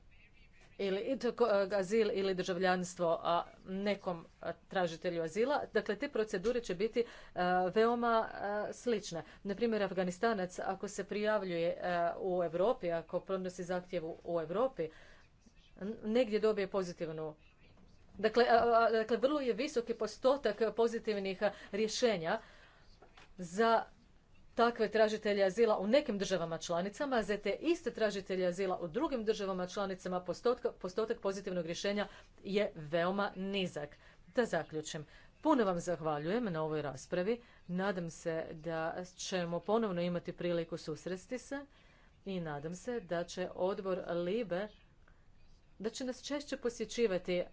ili eh, azil ili državljanstvo nekom eh, tražitelju azila. Dakle, te procedure će biti eh, veoma slične. Naprimjer, Afganistanac ako se prijavljuje u Europi, ako pronosi zahtjev u Europi, negdje dobije pozitivnu Dakle, dakle, vrlo je visoki postotak pozitivnih rješenja za takve tražitelje azila u nekim državama članicama, za te iste tražitelje azila u drugim državama članicama postotak pozitivnog rješenja je veoma nizak. Da zaključim, puno vam zahvaljujem na ovoj raspravi. Nadam se da ćemo ponovno imati priliku susresti se i nadam se da će odbor LIBE da će nas češće posjećivati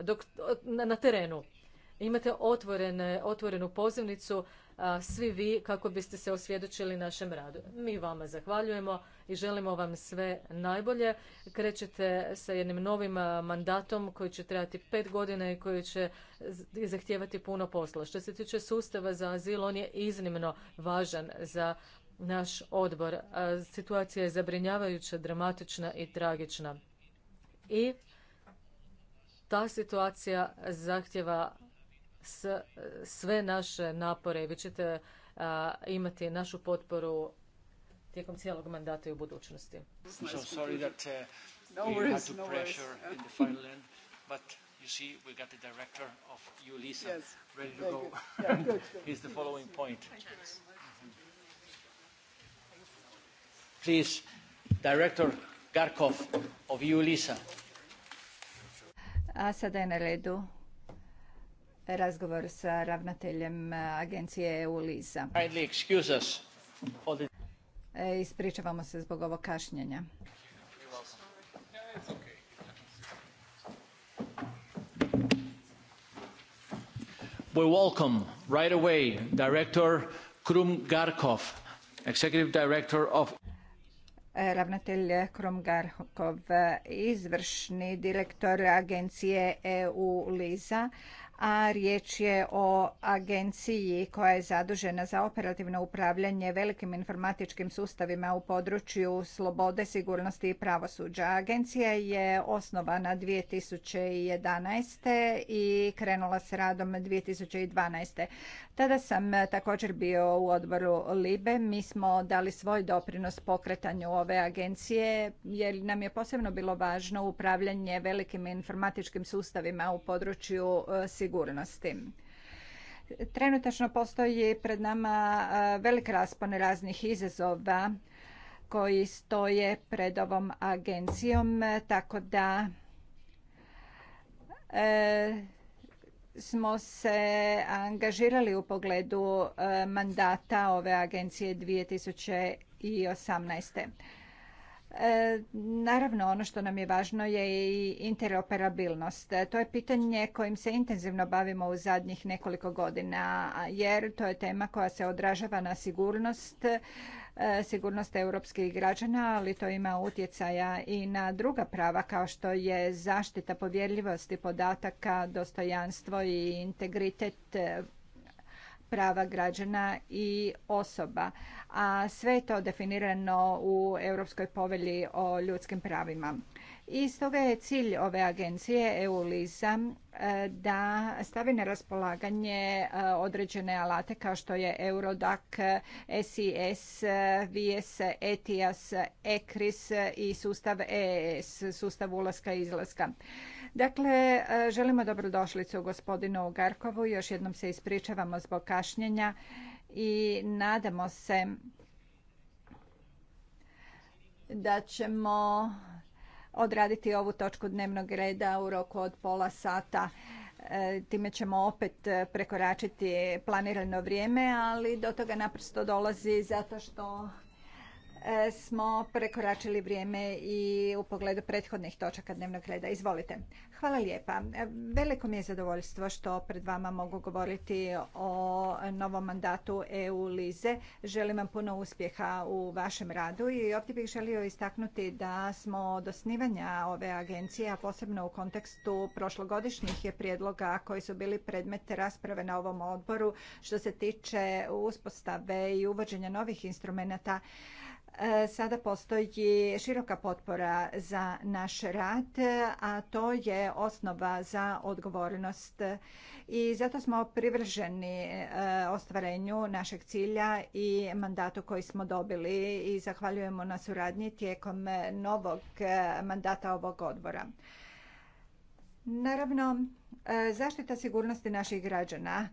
na, terenu. Imate otvorenu pozivnicu svi vi kako biste se osvjedočili našem radu. Mi vama zahvaljujemo i želimo vam sve najbolje. Krećete sa jednim novim mandatom koji će trajati pet godina i koji će zahtijevati puno posla. Što se tiče sustava za azil, on je iznimno važan za naš odbor. Situacija je zabrinjavajuća, dramatična i tragična. I ta situacija zahtjeva s, sve naše napore i vi ćete imati našu potporu tijekom cijelog mandata i u budućnosti. sorry that uh, no no pressure in the but You see, we got the director of ULISA yes. ready to go. Yeah, good, good. the following point. Please, Director Garkov of ULISA. A sada je na redu razgovor sa ravnateljem agencije eu Liza. E, ispričavamo se zbog ovog kašnjenja. We welcome right away Director Krum Garkov, Executive Director of e, ravnatelj Krom Garhokov, izvršni direktor agencije EU Liza, a riječ je o agenciji koja je zadužena za operativno upravljanje velikim informatičkim sustavima u području slobode, sigurnosti i pravosuđa. Agencija je osnovana 2011. i krenula s radom 2012. Tada sam također bio u odboru LIBE. Mi smo dali svoj doprinos pokretanju ove agencije jer nam je posebno bilo važno upravljanje velikim informatičkim sustavima u području sigurnosti e, sigurnosti. Trenutačno postoji pred nama e, velik raspon raznih izazova koji stoje pred ovom agencijom, tako da e, smo se angažirali u pogledu e, mandata ove agencije 2018. E, naravno, ono što nam je važno je i interoperabilnost. E, to je pitanje kojim se intenzivno bavimo u zadnjih nekoliko godina, jer to je tema koja se odražava na sigurnost, e, sigurnost europskih građana, ali to ima utjecaja i na druga prava kao što je zaštita povjerljivosti podataka, dostojanstvo i integritet prava građana i osoba, a sve je to definirano u Europskoj povelji o ljudskim pravima. I stoga je cilj ove agencije EULISA e, da stavi na raspolaganje e, određene alate kao što je Eurodac, SIS, VIS, ETIAS, ECRIS i sustav EES, sustav ulaska i izlaska. Dakle, e, želimo dobrodošlicu gospodinu Garkovu, još jednom se ispričavamo zbog kašnjenja i nadamo se da ćemo odraditi ovu točku dnevnog reda u roku od pola sata. E, time ćemo opet e, prekoračiti planirano vrijeme, ali do toga naprosto dolazi zato što E, smo prekoračili vrijeme i u pogledu prethodnih točaka dnevnog reda. Izvolite. Hvala lijepa. E, veliko mi je zadovoljstvo što pred vama mogu govoriti o novom mandatu EU Lize. Želim vam puno uspjeha u vašem radu i ovdje bih želio istaknuti da smo od osnivanja ove agencije, a posebno u kontekstu prošlogodišnjih prijedloga koji su bili predmet rasprave na ovom odboru što se tiče uspostave i uvođenja novih instrumenata E, sada postoji široka potpora za naš rad, a to je osnova za odgovornost i zato smo privrženi e, ostvarenju našeg cilja i mandatu koji smo dobili i zahvaljujemo na suradnji tijekom novog e, mandata ovog odbora. Naravno, zaštita sigurnosti naših građana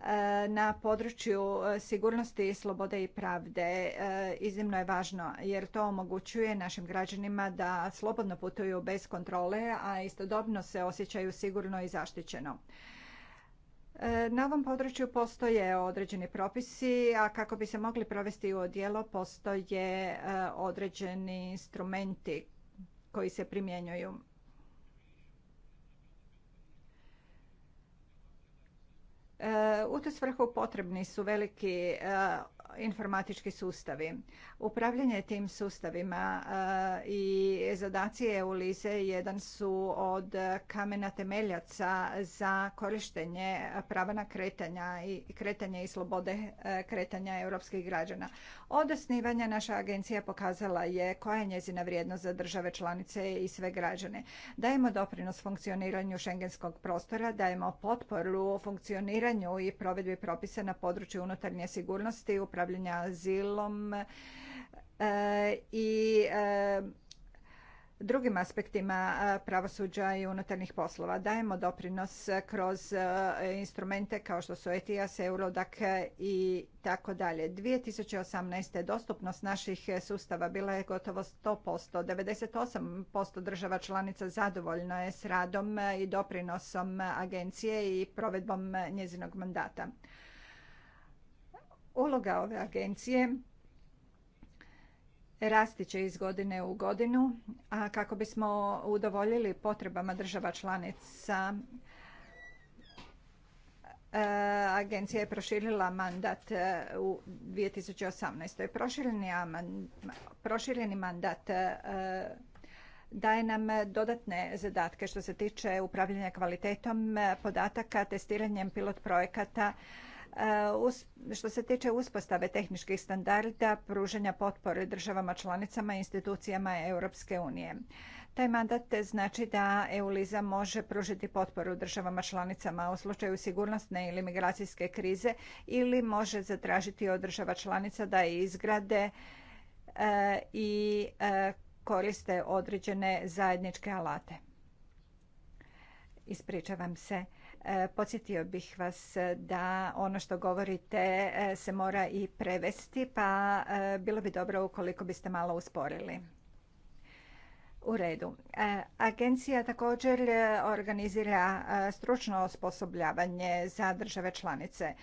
Eh, na području eh, sigurnosti, slobode i pravde eh, iznimno je važno jer to omogućuje našim građanima da slobodno putuju bez kontrole, a istodobno se osjećaju sigurno i zaštićeno. Na ovom području postoje određeni propisi, a kako bi se mogli provesti u odjelo postoje određeni instrumenti koji se primjenjuju. U tu svrhu potrebni su veliki eh, informatički sustavi, Upravljanje tim sustavima eh, i zadaci EULISE jedan su od kamena temeljaca za korištenje prava na kretanja i kretanje i slobode eh, kretanja europskih građana. Od osnivanja naša agencija pokazala je koja je njezina vrijednost za države članice i sve građane. Dajemo doprinos funkcioniranju šengenskog prostora, dajemo potporu funkcioniranju i provedbi propisa na području unutarnje sigurnosti, upravljanja azilom, i e, drugim aspektima e, pravosuđa i unutarnjih poslova. Dajemo doprinos kroz e, instrumente kao što su ETIAS, Eurodac i tako dalje. 2018. dostupnost naših sustava bila je gotovo 100%. 98% država članica zadovoljno je s radom i doprinosom agencije i provedbom njezinog mandata. Uloga ove agencije rasti će iz godine u godinu, a kako bismo udovoljili potrebama država članica, e, agencija je proširila mandat e, u 2018. Prošireni, prošireni mandat e, daje nam dodatne zadatke što se tiče upravljanja kvalitetom podataka, testiranjem pilot projekata, Uh, što se tiče uspostave tehničkih standarda, pružanja potpore državama članicama i institucijama Europske unije. Taj mandat znači da EULIZA može pružiti potporu državama članicama u slučaju sigurnosne ili migracijske krize ili može zatražiti od država članica da izgrade uh, i uh, koriste određene zajedničke alate. Ispričavam se. E, podsjetio bih vas da ono što govorite e, se mora i prevesti, pa e, bilo bi dobro ukoliko biste malo usporili. U redu. Agencija također organizira stručno osposobljavanje za države članice.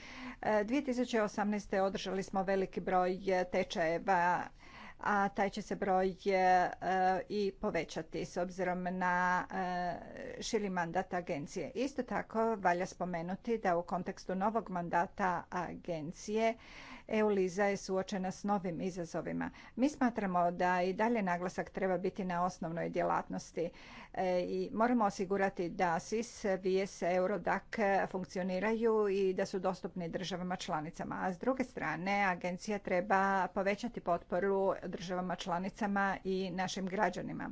2018. održali smo veliki broj tečajeva a taj će se broj e, e, i povećati s obzirom na e, širi mandat agencije. Isto tako valja spomenuti da u kontekstu novog mandata agencije EU-Liza je suočena s novim izazovima. Mi smatramo da i dalje naglasak treba biti na osnovnoj djelatnosti e, i moramo osigurati da SIS, VIS, Eurodac funkcioniraju i da su dostupni državama članicama. A s druge strane, agencija treba povećati potporu državama članicama i našim građanima.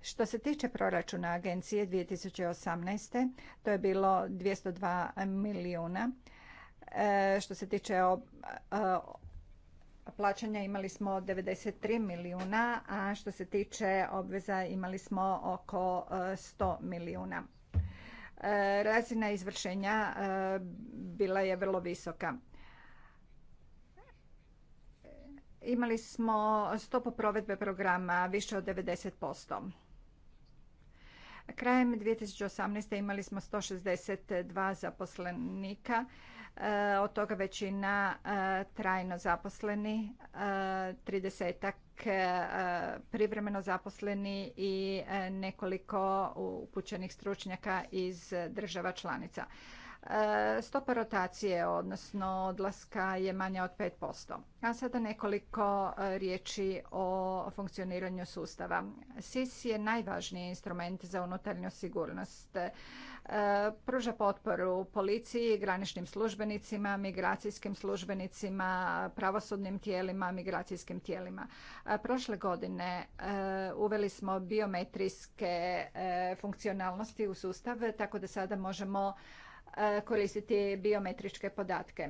Što se tiče proračuna agencije 2018. to je bilo 202 milijuna E, što se tiče e, plaćanja imali smo 93 milijuna, a što se tiče obveza imali smo oko 100 e, milijuna. Razina izvršenja bila je vrlo visoka. Imali smo stopu provedbe programa više od 90%. Krajem 2018. imali smo 162 zaposlenika. Eh, od toga većina eh, trajno zaposleni, eh, tridesetak privremeno zaposleni i nekoliko upućenih stručnjaka iz država članica. E, stopa rotacije, odnosno odlaska, je manja od 5%. A sada nekoliko e, riječi o funkcioniranju sustava. SIS je najvažniji instrument za unutarnju sigurnost. E, pruža potporu policiji, graničnim službenicima, migracijskim službenicima, pravosudnim tijelima, migracijskim tijelima. Prošle godine uveli smo biometrijske funkcionalnosti u sustav, tako da sada možemo E, koristiti biometričke podatke.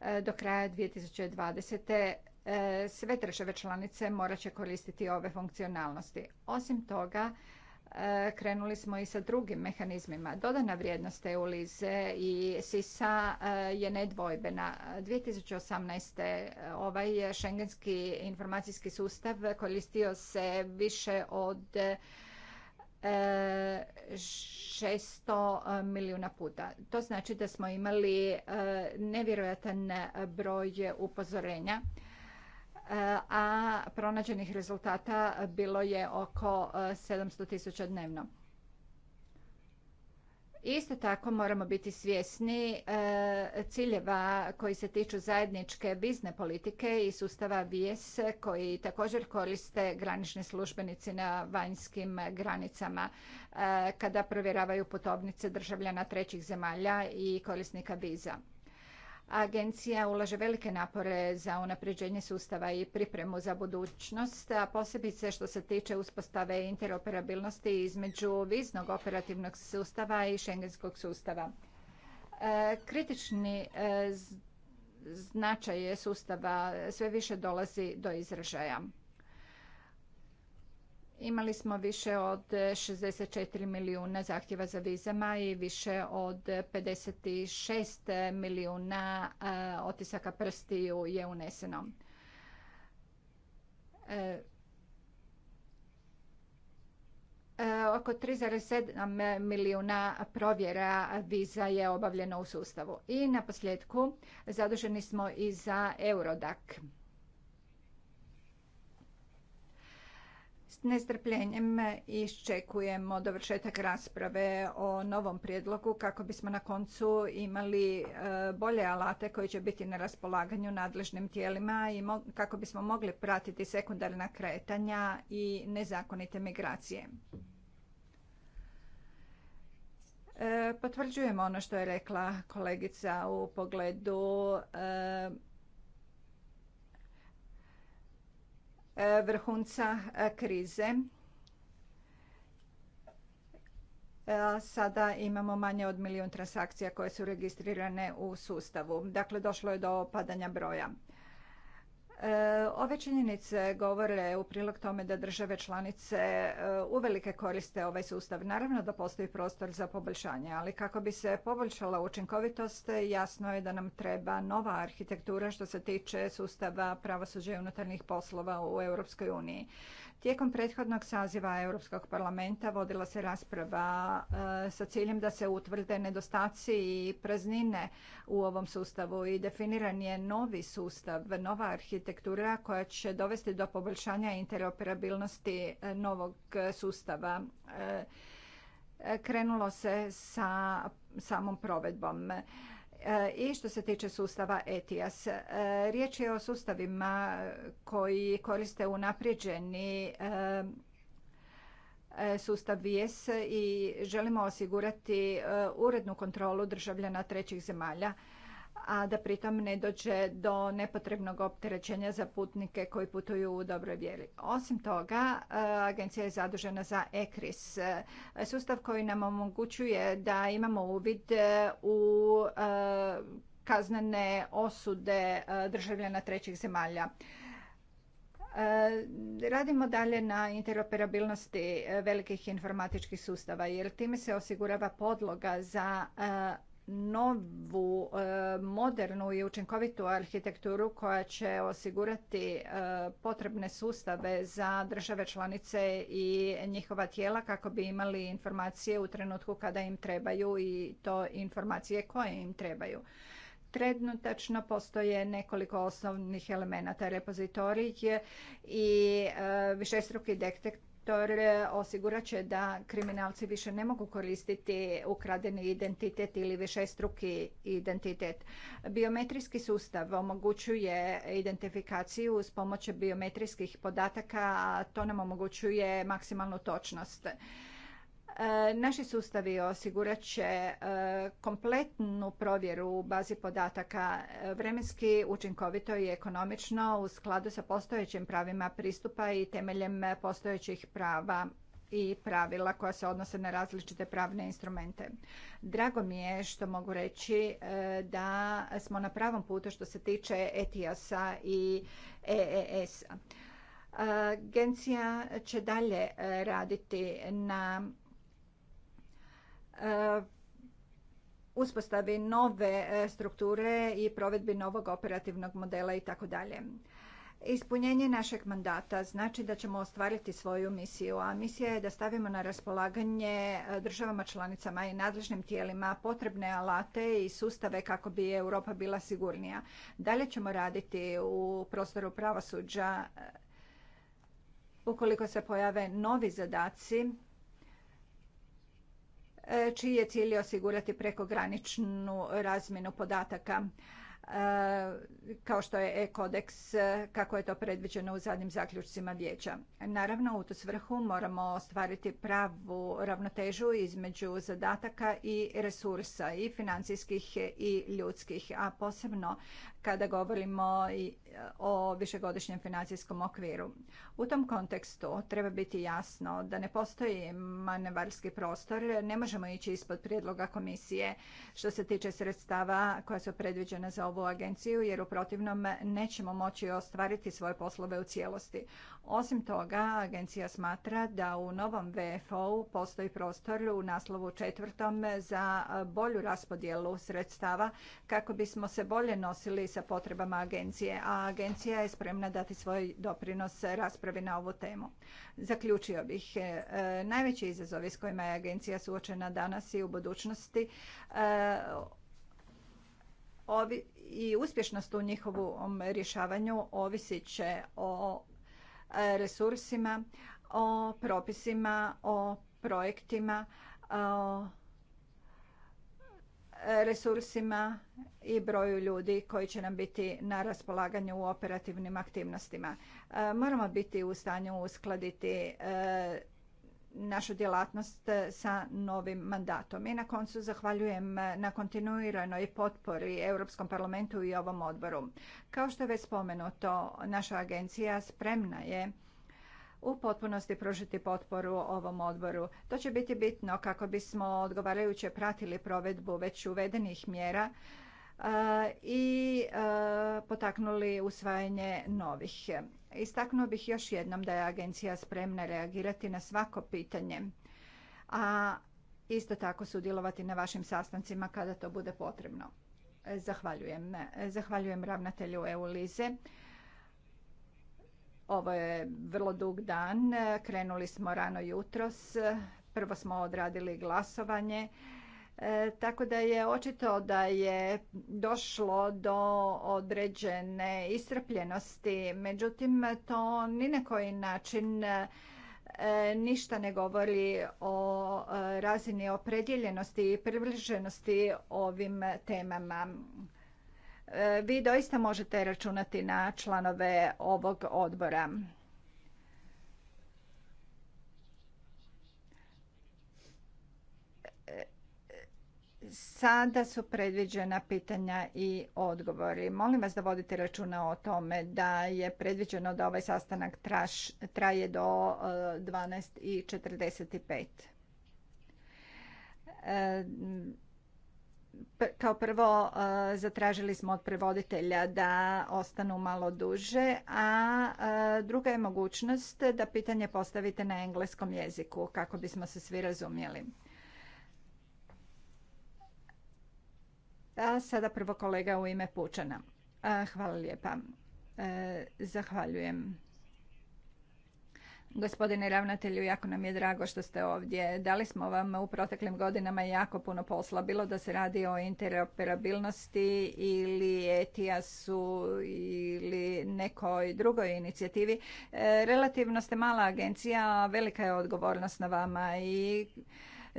E, do kraja 2020 e, sve države članice morat će koristiti ove funkcionalnosti. Osim toga, krenuli smo i sa drugim mehanizmima. Dodana vrijednost ulize i SISA je nedvojbena. 2018. ovaj šengenski informacijski sustav koristio se više od 600 e, milijuna puta. To znači da smo imali e, nevjerojatan e, broj upozorenja, a pronađenih rezultata bilo je oko 700 tisuća dnevno. Isto tako moramo biti svjesni e, ciljeva koji se tiču zajedničke bizne politike i sustava VIES koji također koriste granični službenici na vanjskim granicama e, kada provjeravaju putovnice državljana trećih zemalja i korisnika viza. Agencija ulaže velike napore za unapređenje sustava i pripremu za budućnost, a posebice što se tiče uspostave interoperabilnosti između viznog operativnog sustava i šengenskog sustava. E, kritični e, značaj sustava sve više dolazi do izražaja. Imali smo više od 64 milijuna zahtjeva za vizama i više od 56 milijuna e, otisaka prstiju je uneseno. E, e, oko 3,7 milijuna provjera viza je obavljeno u sustavu. I na posljedku zaduženi smo i za Eurodac. nestrpljenjem iščekujemo dovršetak rasprave o novom prijedlogu kako bismo na koncu imali e, bolje alate koji će biti na raspolaganju nadležnim tijelima i kako bismo mogli pratiti sekundarna kretanja i nezakonite migracije. E, potvrđujemo ono što je rekla kolegica u pogledu e, E, vrhunca e, krize. E, sada imamo manje od milijun transakcija koje su registrirane u sustavu. Dakle, došlo je do opadanja broja. E, ove činjenice govore u prilog tome da države članice e, uvelike koriste ovaj sustav. Naravno da postoji prostor za poboljšanje, ali kako bi se poboljšala učinkovitost, jasno je da nam treba nova arhitektura što se tiče sustava pravosuđa i unutarnjih poslova u Europskoj uniji. Tijekom prethodnog saziva Europskog parlamenta vodila se rasprava e, sa ciljem da se utvrde nedostaci i praznine u ovom sustavu i definiran je novi sustav, nova arhitektura koja će dovesti do poboljšanja interoperabilnosti e, novog sustava. E, krenulo se sa samom provedbom i što se tiče sustava ETIAS. E, riječ je o sustavima koji koriste unaprijeđeni e, e, sustav VIES i želimo osigurati urednu kontrolu državljana trećih zemalja a da pritom ne dođe do nepotrebnog opterećenja za putnike koji putuju u dobroj vjeri. Osim toga, e, agencija je zadužena za ECRIS, e, sustav koji nam omogućuje da imamo uvid e, u kaznene osude državljana trećih zemalja. Radimo dalje na interoperabilnosti velikih informatičkih sustava jer time se osigurava podloga za novu, e, modernu i učinkovitu arhitekturu koja će osigurati e, potrebne sustave za države članice i njihova tijela kako bi imali informacije u trenutku kada im trebaju i to informacije koje im trebaju. Trenutačno postoje nekoliko osnovnih elemenata repozitorij i e, višestruki detektor sektor osigurat će da kriminalci više ne mogu koristiti ukradeni identitet ili više struki identitet. Biometrijski sustav omogućuje identifikaciju s pomoću biometrijskih podataka, a to nam omogućuje maksimalnu točnost. E, naši sustavi osigurat će e, kompletnu provjeru u bazi podataka e, vremenski, učinkovito i ekonomično u skladu sa postojećim pravima pristupa i temeljem postojećih prava i pravila koja se odnose na različite pravne instrumente. Drago mi je što mogu reći da smo na pravom putu što se tiče ETIAS-a i EES-a. Agencija će dalje raditi na E, uspostavi nove e, strukture i provedbi novog operativnog modela i tako dalje. Ispunjenje našeg mandata znači da ćemo ostvariti svoju misiju, a misija je da stavimo na raspolaganje e, državama članicama i nadležnim tijelima potrebne alate i sustave kako bi Europa bila sigurnija. Dalje ćemo raditi u prostoru pravosuđa ukoliko se pojave novi zadaci čiji je cilj osigurati prekograničnu razmjenu podataka. E, kao što je e-kodeks e, kako je to predviđeno u zadnjim zaključcima vijeća. Naravno, u tu svrhu moramo ostvariti pravu ravnotežu između zadataka i resursa i financijskih i ljudskih, a posebno kada govorimo e, o višegodišnjem financijskom okviru. U tom kontekstu treba biti jasno da ne postoji manevarski prostor, ne možemo ići ispod prijedloga komisije što se tiče sredstava koja su predviđena za ovu agenciju jer u protivnom nećemo moći ostvariti svoje poslove u cijelosti. Osim toga, agencija smatra da u novom vfo postoji prostor u naslovu četvrtom za bolju raspodjelu sredstava kako bismo se bolje nosili sa potrebama agencije, a agencija je spremna dati svoj doprinos raspravi na ovu temu. Zaključio bih, e, najveći izazovi s kojima je agencija suočena danas i u budućnosti e, i uspješnost u njihovom rješavanju ovisit će o e, resursima, o propisima, o projektima, o e, resursima i broju ljudi koji će nam biti na raspolaganju u operativnim aktivnostima. E, moramo biti u stanju uskladiti našu djelatnost e, sa novim mandatom. I na koncu zahvaljujem e, na kontinuiranoj potpori Europskom parlamentu i ovom odboru. Kao što je već spomenuto, naša agencija spremna je u potpunosti pružiti potporu ovom odboru. To će biti bitno kako bismo odgovarajuće pratili provedbu već uvedenih mjera e, i potaknuli usvajanje novih. Istaknuo bih još jednom da je agencija spremna reagirati na svako pitanje, a isto tako sudjelovati na vašim sastancima kada to bude potrebno. Zahvaljujem. Zahvaljujem ravnatelju e lize. Ovo je vrlo dug dan. Krenuli smo rano jutros. Prvo smo odradili glasovanje. E, tako da je očito da je došlo do određene istrpljenosti, međutim to ni na koji način e, ništa ne govori o e, razini opredjeljenosti i privrženosti ovim temama. Vi doista možete računati na članove ovog odbora. Sada su predviđena pitanja i odgovori. Molim vas da vodite računa o tome da je predviđeno da ovaj sastanak traje do 12.45. E, e, kao prvo e, zatražili smo od prevoditelja da ostanu malo duže, a druga je mogućnost da pitanje postavite na engleskom jeziku kako bismo se svi razumjeli. A sada prvo kolega u ime Pučana. Hvala lijepa. E, zahvaljujem. Gospodine ravnatelju, jako nam je drago što ste ovdje. Dali smo vam u proteklim godinama jako puno posla, bilo da se radi o interoperabilnosti ili etias ili nekoj drugoj inicijativi. E, relativno ste mala agencija, velika je odgovornost na vama i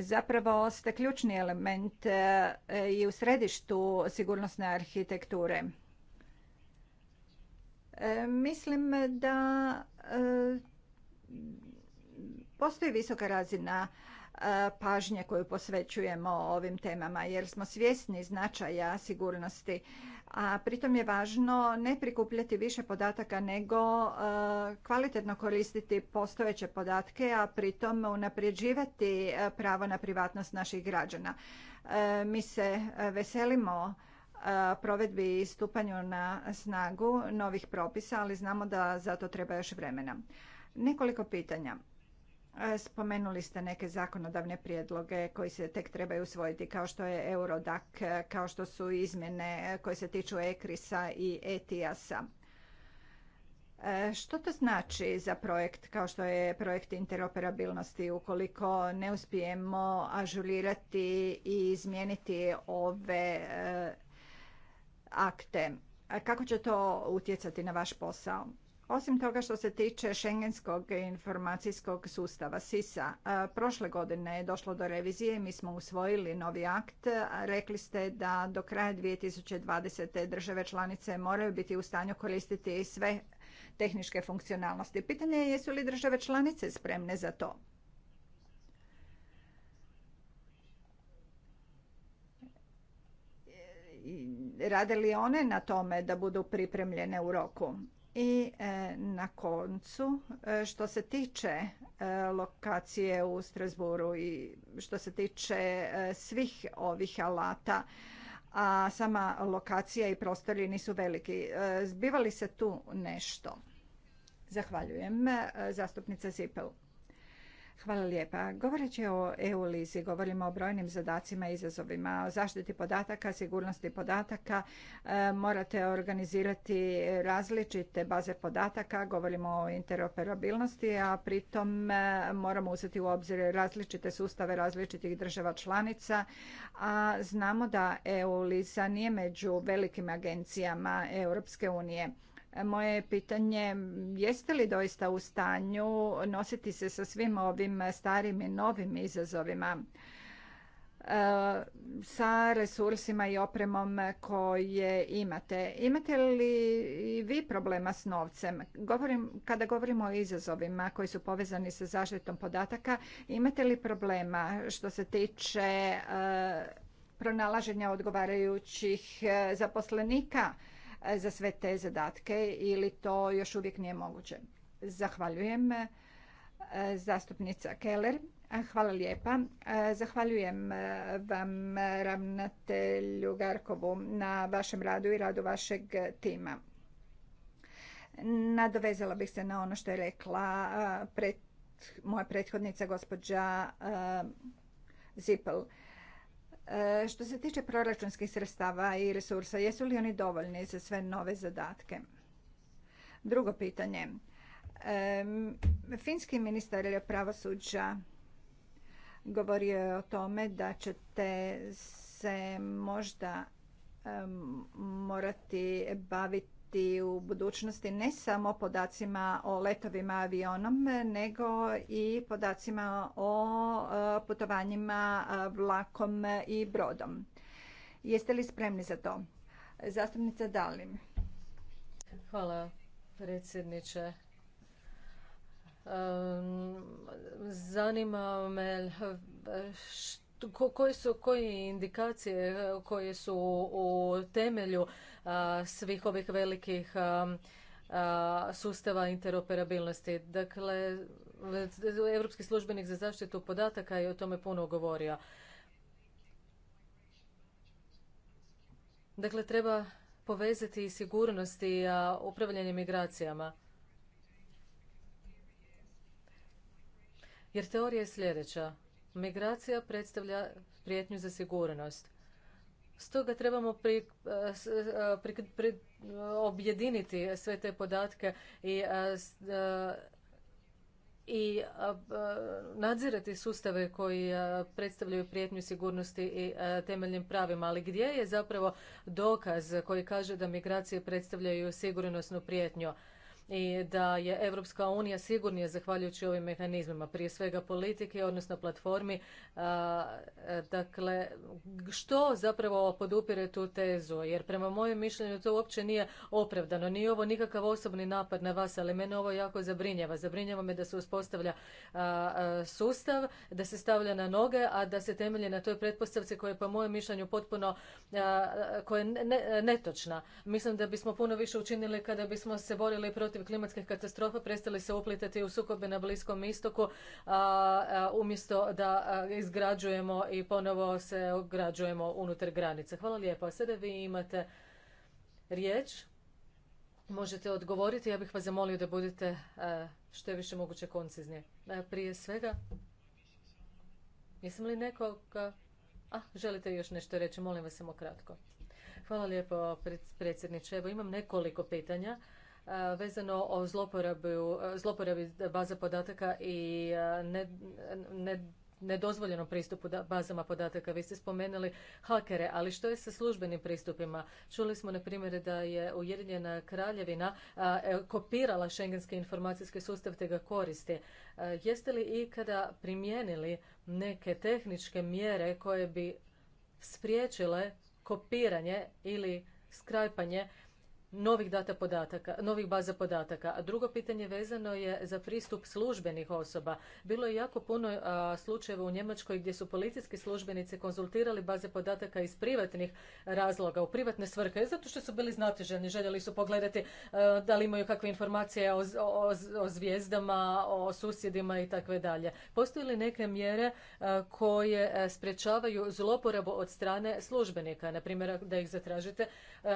zapravo ste ključni element e, i u središtu sigurnosne arhitekture. E, mislim da e, postoji visoka razina pažnje koju posvećujemo ovim temama jer smo svjesni značaja sigurnosti a pritom je važno ne prikupljati više podataka nego e, kvalitetno koristiti postojeće podatke, a pritom unaprijeđivati e, pravo na privatnost naših građana. E, mi se veselimo provedbi i stupanju na snagu novih propisa, ali znamo da za to treba još vremena. Nekoliko pitanja. E, spomenuli ste neke zakonodavne prijedloge koji se tek trebaju usvojiti kao što je Eurodac, e, kao što su izmjene e, koje se tiču Ekrisa i etias Što to znači za projekt kao što je projekt interoperabilnosti ukoliko ne uspijemo ažurirati i izmijeniti ove akte? Kako će to utjecati na vaš posao? Osim toga što se tiče šengenskog informacijskog sustava SISA, prošle godine je došlo do revizije, mi smo usvojili novi akt. Rekli ste da do kraja 2020. države članice moraju biti u stanju koristiti sve tehničke funkcionalnosti. Pitanje je jesu li države članice spremne za to? Rade li one na tome da budu pripremljene u roku? I e, na koncu, e, što se tiče e, lokacije u Strasburu i što se tiče svih ovih alata, a sama lokacija i prostori nisu veliki. Zbivali se tu nešto? Zahvaljujem. Zastupnica Zipel. Hvala lijepa. Govoreći o EU-lizi, govorimo o brojnim zadacima i izazovima, o zaštiti podataka, sigurnosti podataka. E, morate organizirati različite baze podataka, govorimo o interoperabilnosti, a pritom e, moramo uzeti u obzir različite sustave različitih država članica. A znamo da EU-liza nije među velikim agencijama Europske unije. Moje pitanje, jeste li doista u stanju nositi se sa svim ovim starim i novim izazovima? E, sa resursima i opremom koje imate. Imate li i vi problema s novcem? Govorim, kada govorimo o izazovima koji su povezani sa zaštitom podataka, imate li problema što se tiče e, pronalaženja odgovarajućih e, zaposlenika? za sve te zadatke ili to još uvijek nije moguće. Zahvaljujem e, zastupnica Keller. E, hvala lijepa. E, zahvaljujem vam ravnatelju Garkovu na vašem radu i radu vašeg tima. Nadovezala bih se na ono što je rekla moja prethodnica gospođa Zipel. E, što se tiče proračunskih sredstava i resursa, jesu li oni dovoljni za sve nove zadatke? Drugo pitanje. E, finski ministar pravosuđa govorio je o tome da ćete se možda e, morati baviti u budućnosti ne samo podacima o letovima avionom, nego i podacima o e, putovanjima e, vlakom i brodom. Jeste li spremni za to? Zastupnica Dalim. Hvala predsjedniče. Zanima me e, koje su koje indikacije koje su u temelju svih ovih velikih sustava interoperabilnosti. Dakle, Europski službenik za zaštitu podataka je o tome puno govorio. Dakle, treba povezati i sigurnost i upravljanje migracijama. Jer teorija je sljedeća. Migracija predstavlja prijetnju za sigurnost. Stoga trebamo eh, eh, pri, pri, objediniti sve te podatke i eh, i nadzirati sustave koji predstavljaju prijetnju sigurnosti i temeljnim pravima. Ali gdje je zapravo dokaz koji kaže da migracije predstavljaju sigurnosnu prijetnju? i da je Europska unija sigurnije zahvaljujući ovim mehanizmima, prije svega politike, odnosno platformi. Dakle, što zapravo podupire tu tezu? Jer prema mojem mišljenju to uopće nije opravdano. Nije ovo nikakav osobni napad na vas, ali mene ovo jako zabrinjava. Zabrinjava me da se uspostavlja sustav, da se stavlja na noge, a da se temelji na toj pretpostavci koja je po mojem mišljenju potpuno koja je netočna. Mislim da bismo puno više učinili kada bismo se borili protiv protiv klimatskih katastrofa prestali se uplitati u sukobe na Bliskom istoku umjesto da izgrađujemo i ponovo se ograđujemo unutar granice. Hvala lijepo. A sada vi imate riječ. Možete odgovoriti. Ja bih vas zamolio da budete što je više moguće koncizni. Prije svega, jesam li nekoga... A, želite još nešto reći? Molim vas samo kratko. Hvala lijepo, predsjedniče. Evo, imam nekoliko pitanja. E, vezano o zloporabi e, baza podataka i e, nedozvoljenom pristupu bazama podataka. Vi ste spomenuli hakere, ali što je sa službenim pristupima? Čuli smo, na primjer, da je Ujedinjena kraljevina kopirala šengenski informacijski sustav te ga koristi. Jeste li ikada primijenili neke tehničke mjere koje bi spriječile kopiranje ili skrajpanje novih data podataka, novih baza podataka. A drugo pitanje vezano je za pristup službenih osoba. Bilo je jako puno slučajeva u Njemačkoj gdje su policijski službenici konzultirali baze podataka iz privatnih razloga, u privatne svrhe, zato što su bili znatiženi, željeli su pogledati e, da li imaju kakve informacije o, o zvijezdama, o susjedima i takve dalje. Postoje li neke mjere e, koje e, sprječavaju zloporabu od strane službenika, na primjer da ih zatražite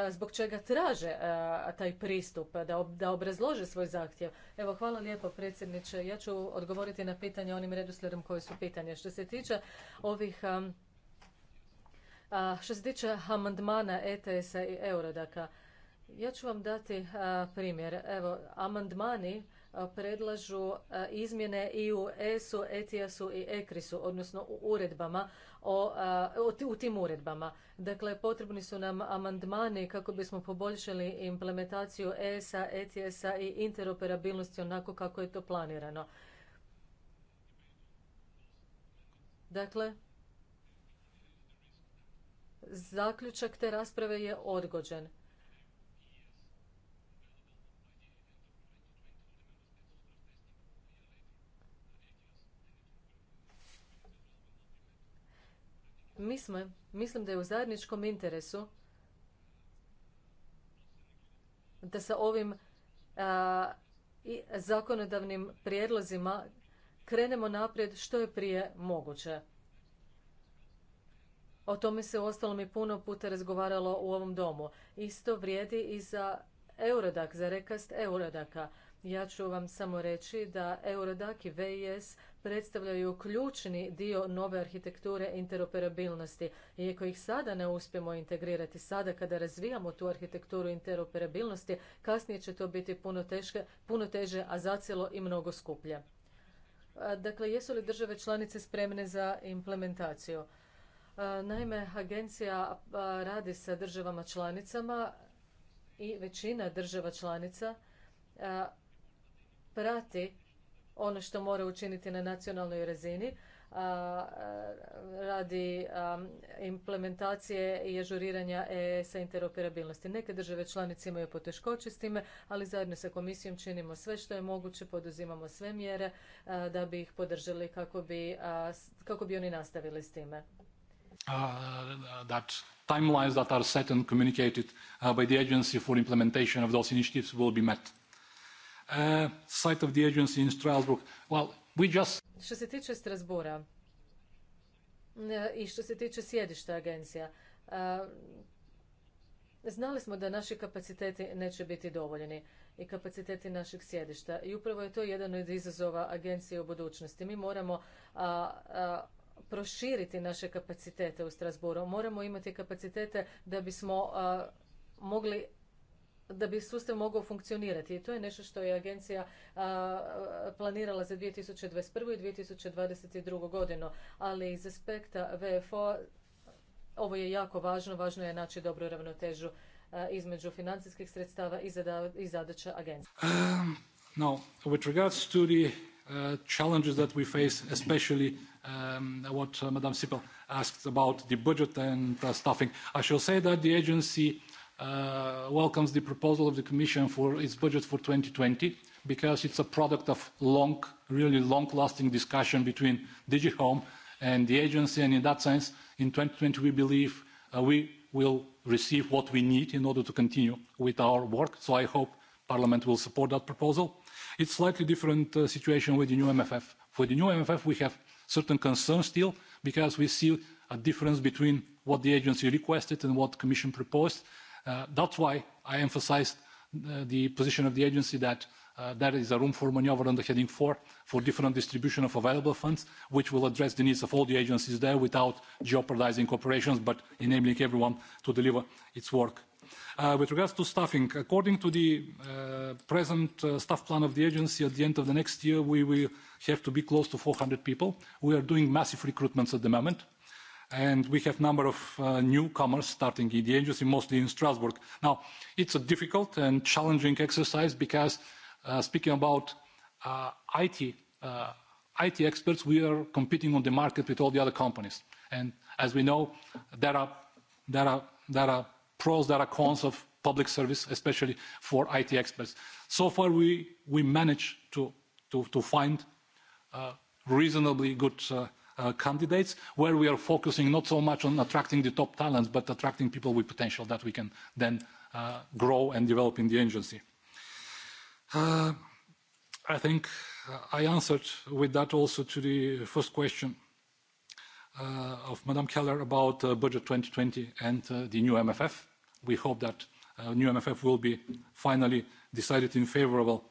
zbog čega traže E, taj pristup, da, obrazlože svoj zahtjev. Evo, hvala lijepo predsjedniče. Ja ću odgovoriti na pitanje onim redoslijedom koji su pitanje. Što se tiče ovih što se tiče amandmana ETS-a i Eurodaka, ja ću vam dati primjer. Evo, amandmani predlažu izmjene i u ESU, ETIAS-u i ECRIS-u, odnosno u uredbama u tim uredbama. Dakle, potrebni su nam amandmani kako bismo poboljšali implementaciju ESA, ETS-a i interoperabilnosti onako kako je to planirano. Dakle, zaključak te rasprave je odgođen. mislim da je u zajedničkom interesu da sa ovim i zakonodavnim prijedlozima krenemo naprijed što je prije moguće. O tome se ostalo mi puno puta razgovaralo u ovom domu. Isto vrijedi i za Eurodak, za rekast Eurodaka. Ja ću vam samo reći da Eurodak i VIS predstavljaju ključni dio nove arhitekture interoperabilnosti. Iako ih sada ne uspijemo integrirati, sada kada razvijamo tu arhitekturu interoperabilnosti, kasnije će to biti puno, puno teže, a zacijelo i mnogo skuplje. Dakle, jesu li države članice spremne za implementaciju? Naime, agencija radi sa državama članicama i većina država članica prati ono što mora učiniti na nacionalnoj razini radi implementacije i ažuriranja e sa interoperabilnosti. Neke države članice imaju poteškoće s time, ali zajedno sa komisijom činimo sve što je moguće, poduzimamo sve mjere da bi ih podržali kako bi, kako bi oni nastavili s time. Uh, timelines that are set and communicated uh, by the agency for implementation of those initiatives will be met. Što se tiče Strasbura uh, i što se tiče sjedišta agencija, uh, znali smo da naši kapaciteti neće biti dovoljeni i kapaciteti našeg sjedišta. I upravo je to jedan od izazova agencije u budućnosti. Mi moramo uh, proširiti naše kapacitete u Strasburu. Moramo imati kapacitete da bismo mogli da bi sustav mogao funkcionirati. I to je nešto što je agencija a, planirala za 2021. i 2022. godinu, ali iz aspekta VFO ovo je jako važno, važno je naći dobru ravnotežu a, između financijskih sredstava i, zada, i zadaća agencije. Um, no, with regards to the uh, challenges that we face, especially um, what uh, Madame Sipel asked about the budget and uh, staffing, I shall say that the agency uh, welcomes the proposal of the Commission for its budget for 2020 because it's a product of long, really long-lasting discussion between Digihome and the agency. And in that sense, in 2020, we believe uh, we will receive what we need in order to continue with our work. So I hope Parliament will support that proposal. It's slightly different uh, situation with the new MFF. For the new MFF, we have certain concerns still because we see a difference between what the agency requested and what the Commission proposed Uh, that's why I emphasized uh, the position of the agency that uh, there is a room for maneuver under heading four for different distribution of available funds, which will address the needs of all the agencies there without jeopardizing operations, but enabling everyone to deliver its work. Uh, with regards to staffing, according to the present uh, staff plan of the agency, at the end of the next year, we will have to be close to 400 people. We are doing massive recruitments at the moment and we have a number of uh, newcomers starting in the agency, mostly in Strasbourg. Now, it's a difficult and challenging exercise because uh, speaking about uh, IT, uh, IT experts, we are competing on the market with all the other companies. And as we know, there are, there are, there are pros, there are cons of public service, especially for IT experts. So far, we, we managed to, to, to find uh, reasonably good uh, uh, candidates, where we are focusing not so much on attracting the top talents, but attracting people with potential that we can then uh, grow and develop in the agency. Uh, I think uh, I answered with that also to the first question uh, of Madame Keller about uh, budget 2020 and the new MFF. We hope that new MFF will be finally decided in favorable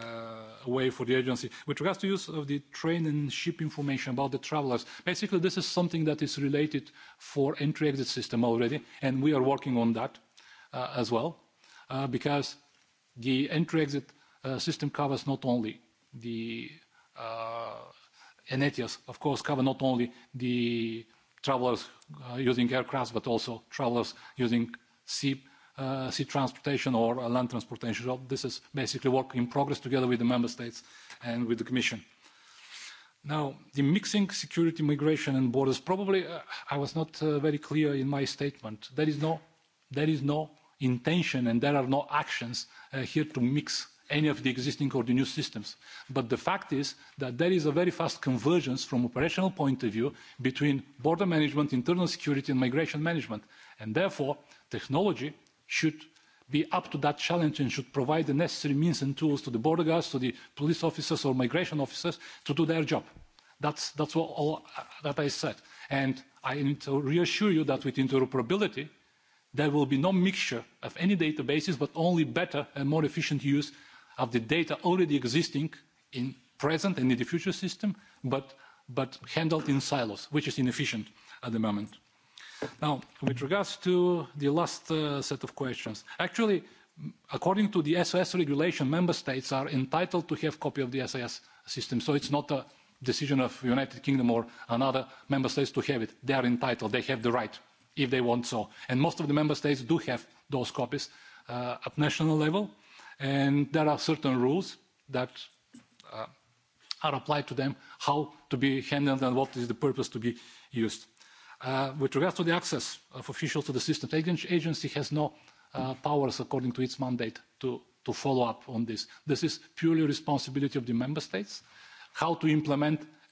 uh, way for the agency. With regards to use of the train and ship information about the travelers, basically this is something that is related for entry-exit system already, and we are working on that uh, as well, uh, because the entry-exit uh, system covers not only the uh, ETIAS, of course, cover not only the travelers uh, using aircraft but also travelers using sea Uh, sea transportation or uh, land transportation. So this is basically work in progress together with the member states and with the Commission. Now, the mixing security, migration and borders, probably uh, I was not uh, very clear in my statement. There is no, there is no intention and there are no actions uh, here to mix any of the existing or the new systems. But the fact is that there is a very fast convergence from operational point of view between border management, internal security and migration management. And therefore, technology should be up to that challenge and should provide the necessary means and tools to the border guards to the police officers or migration officers to do their job. that's that's all, all that i said and i need to reassure you that with interoperability there will be no mixture of any databases but only better and more efficient use of the data already existing in present and in the future system but but handled in silos which is inefficient at the moment. Now, with regards to the last uh, set of questions, actually, according to the SOS regulation, member states are entitled to have copy of the SAS system. So it's not a decision of United Kingdom or another member states to have it. They are entitled. They have the right if they want so. And most of the member states do have those copies uh, at national level. And there are certain rules that uh, are applied to them, how to be handled and what is the purpose to be used Uh, with regard to the access of officials to the system the agency has no uh, powers according to its mandate to, to follow up on this. this is purely responsibility of the member states how to implement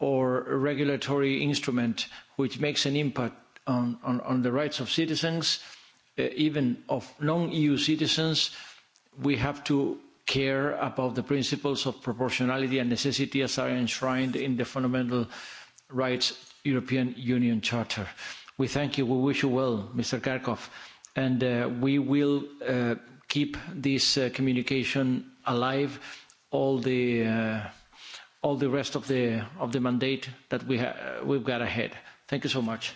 or a regulatory instrument which makes an impact on, on, on the rights of citizens, uh, even of non-EU citizens, we have to care about the principles of proportionality and necessity as are enshrined in the Fundamental Rights European Union Charter. We thank you. We wish you well, Mr. Karkov. And uh, we will uh, keep this communication alive all the all the rest of the of the mandate that we we've got ahead. Thank you so much.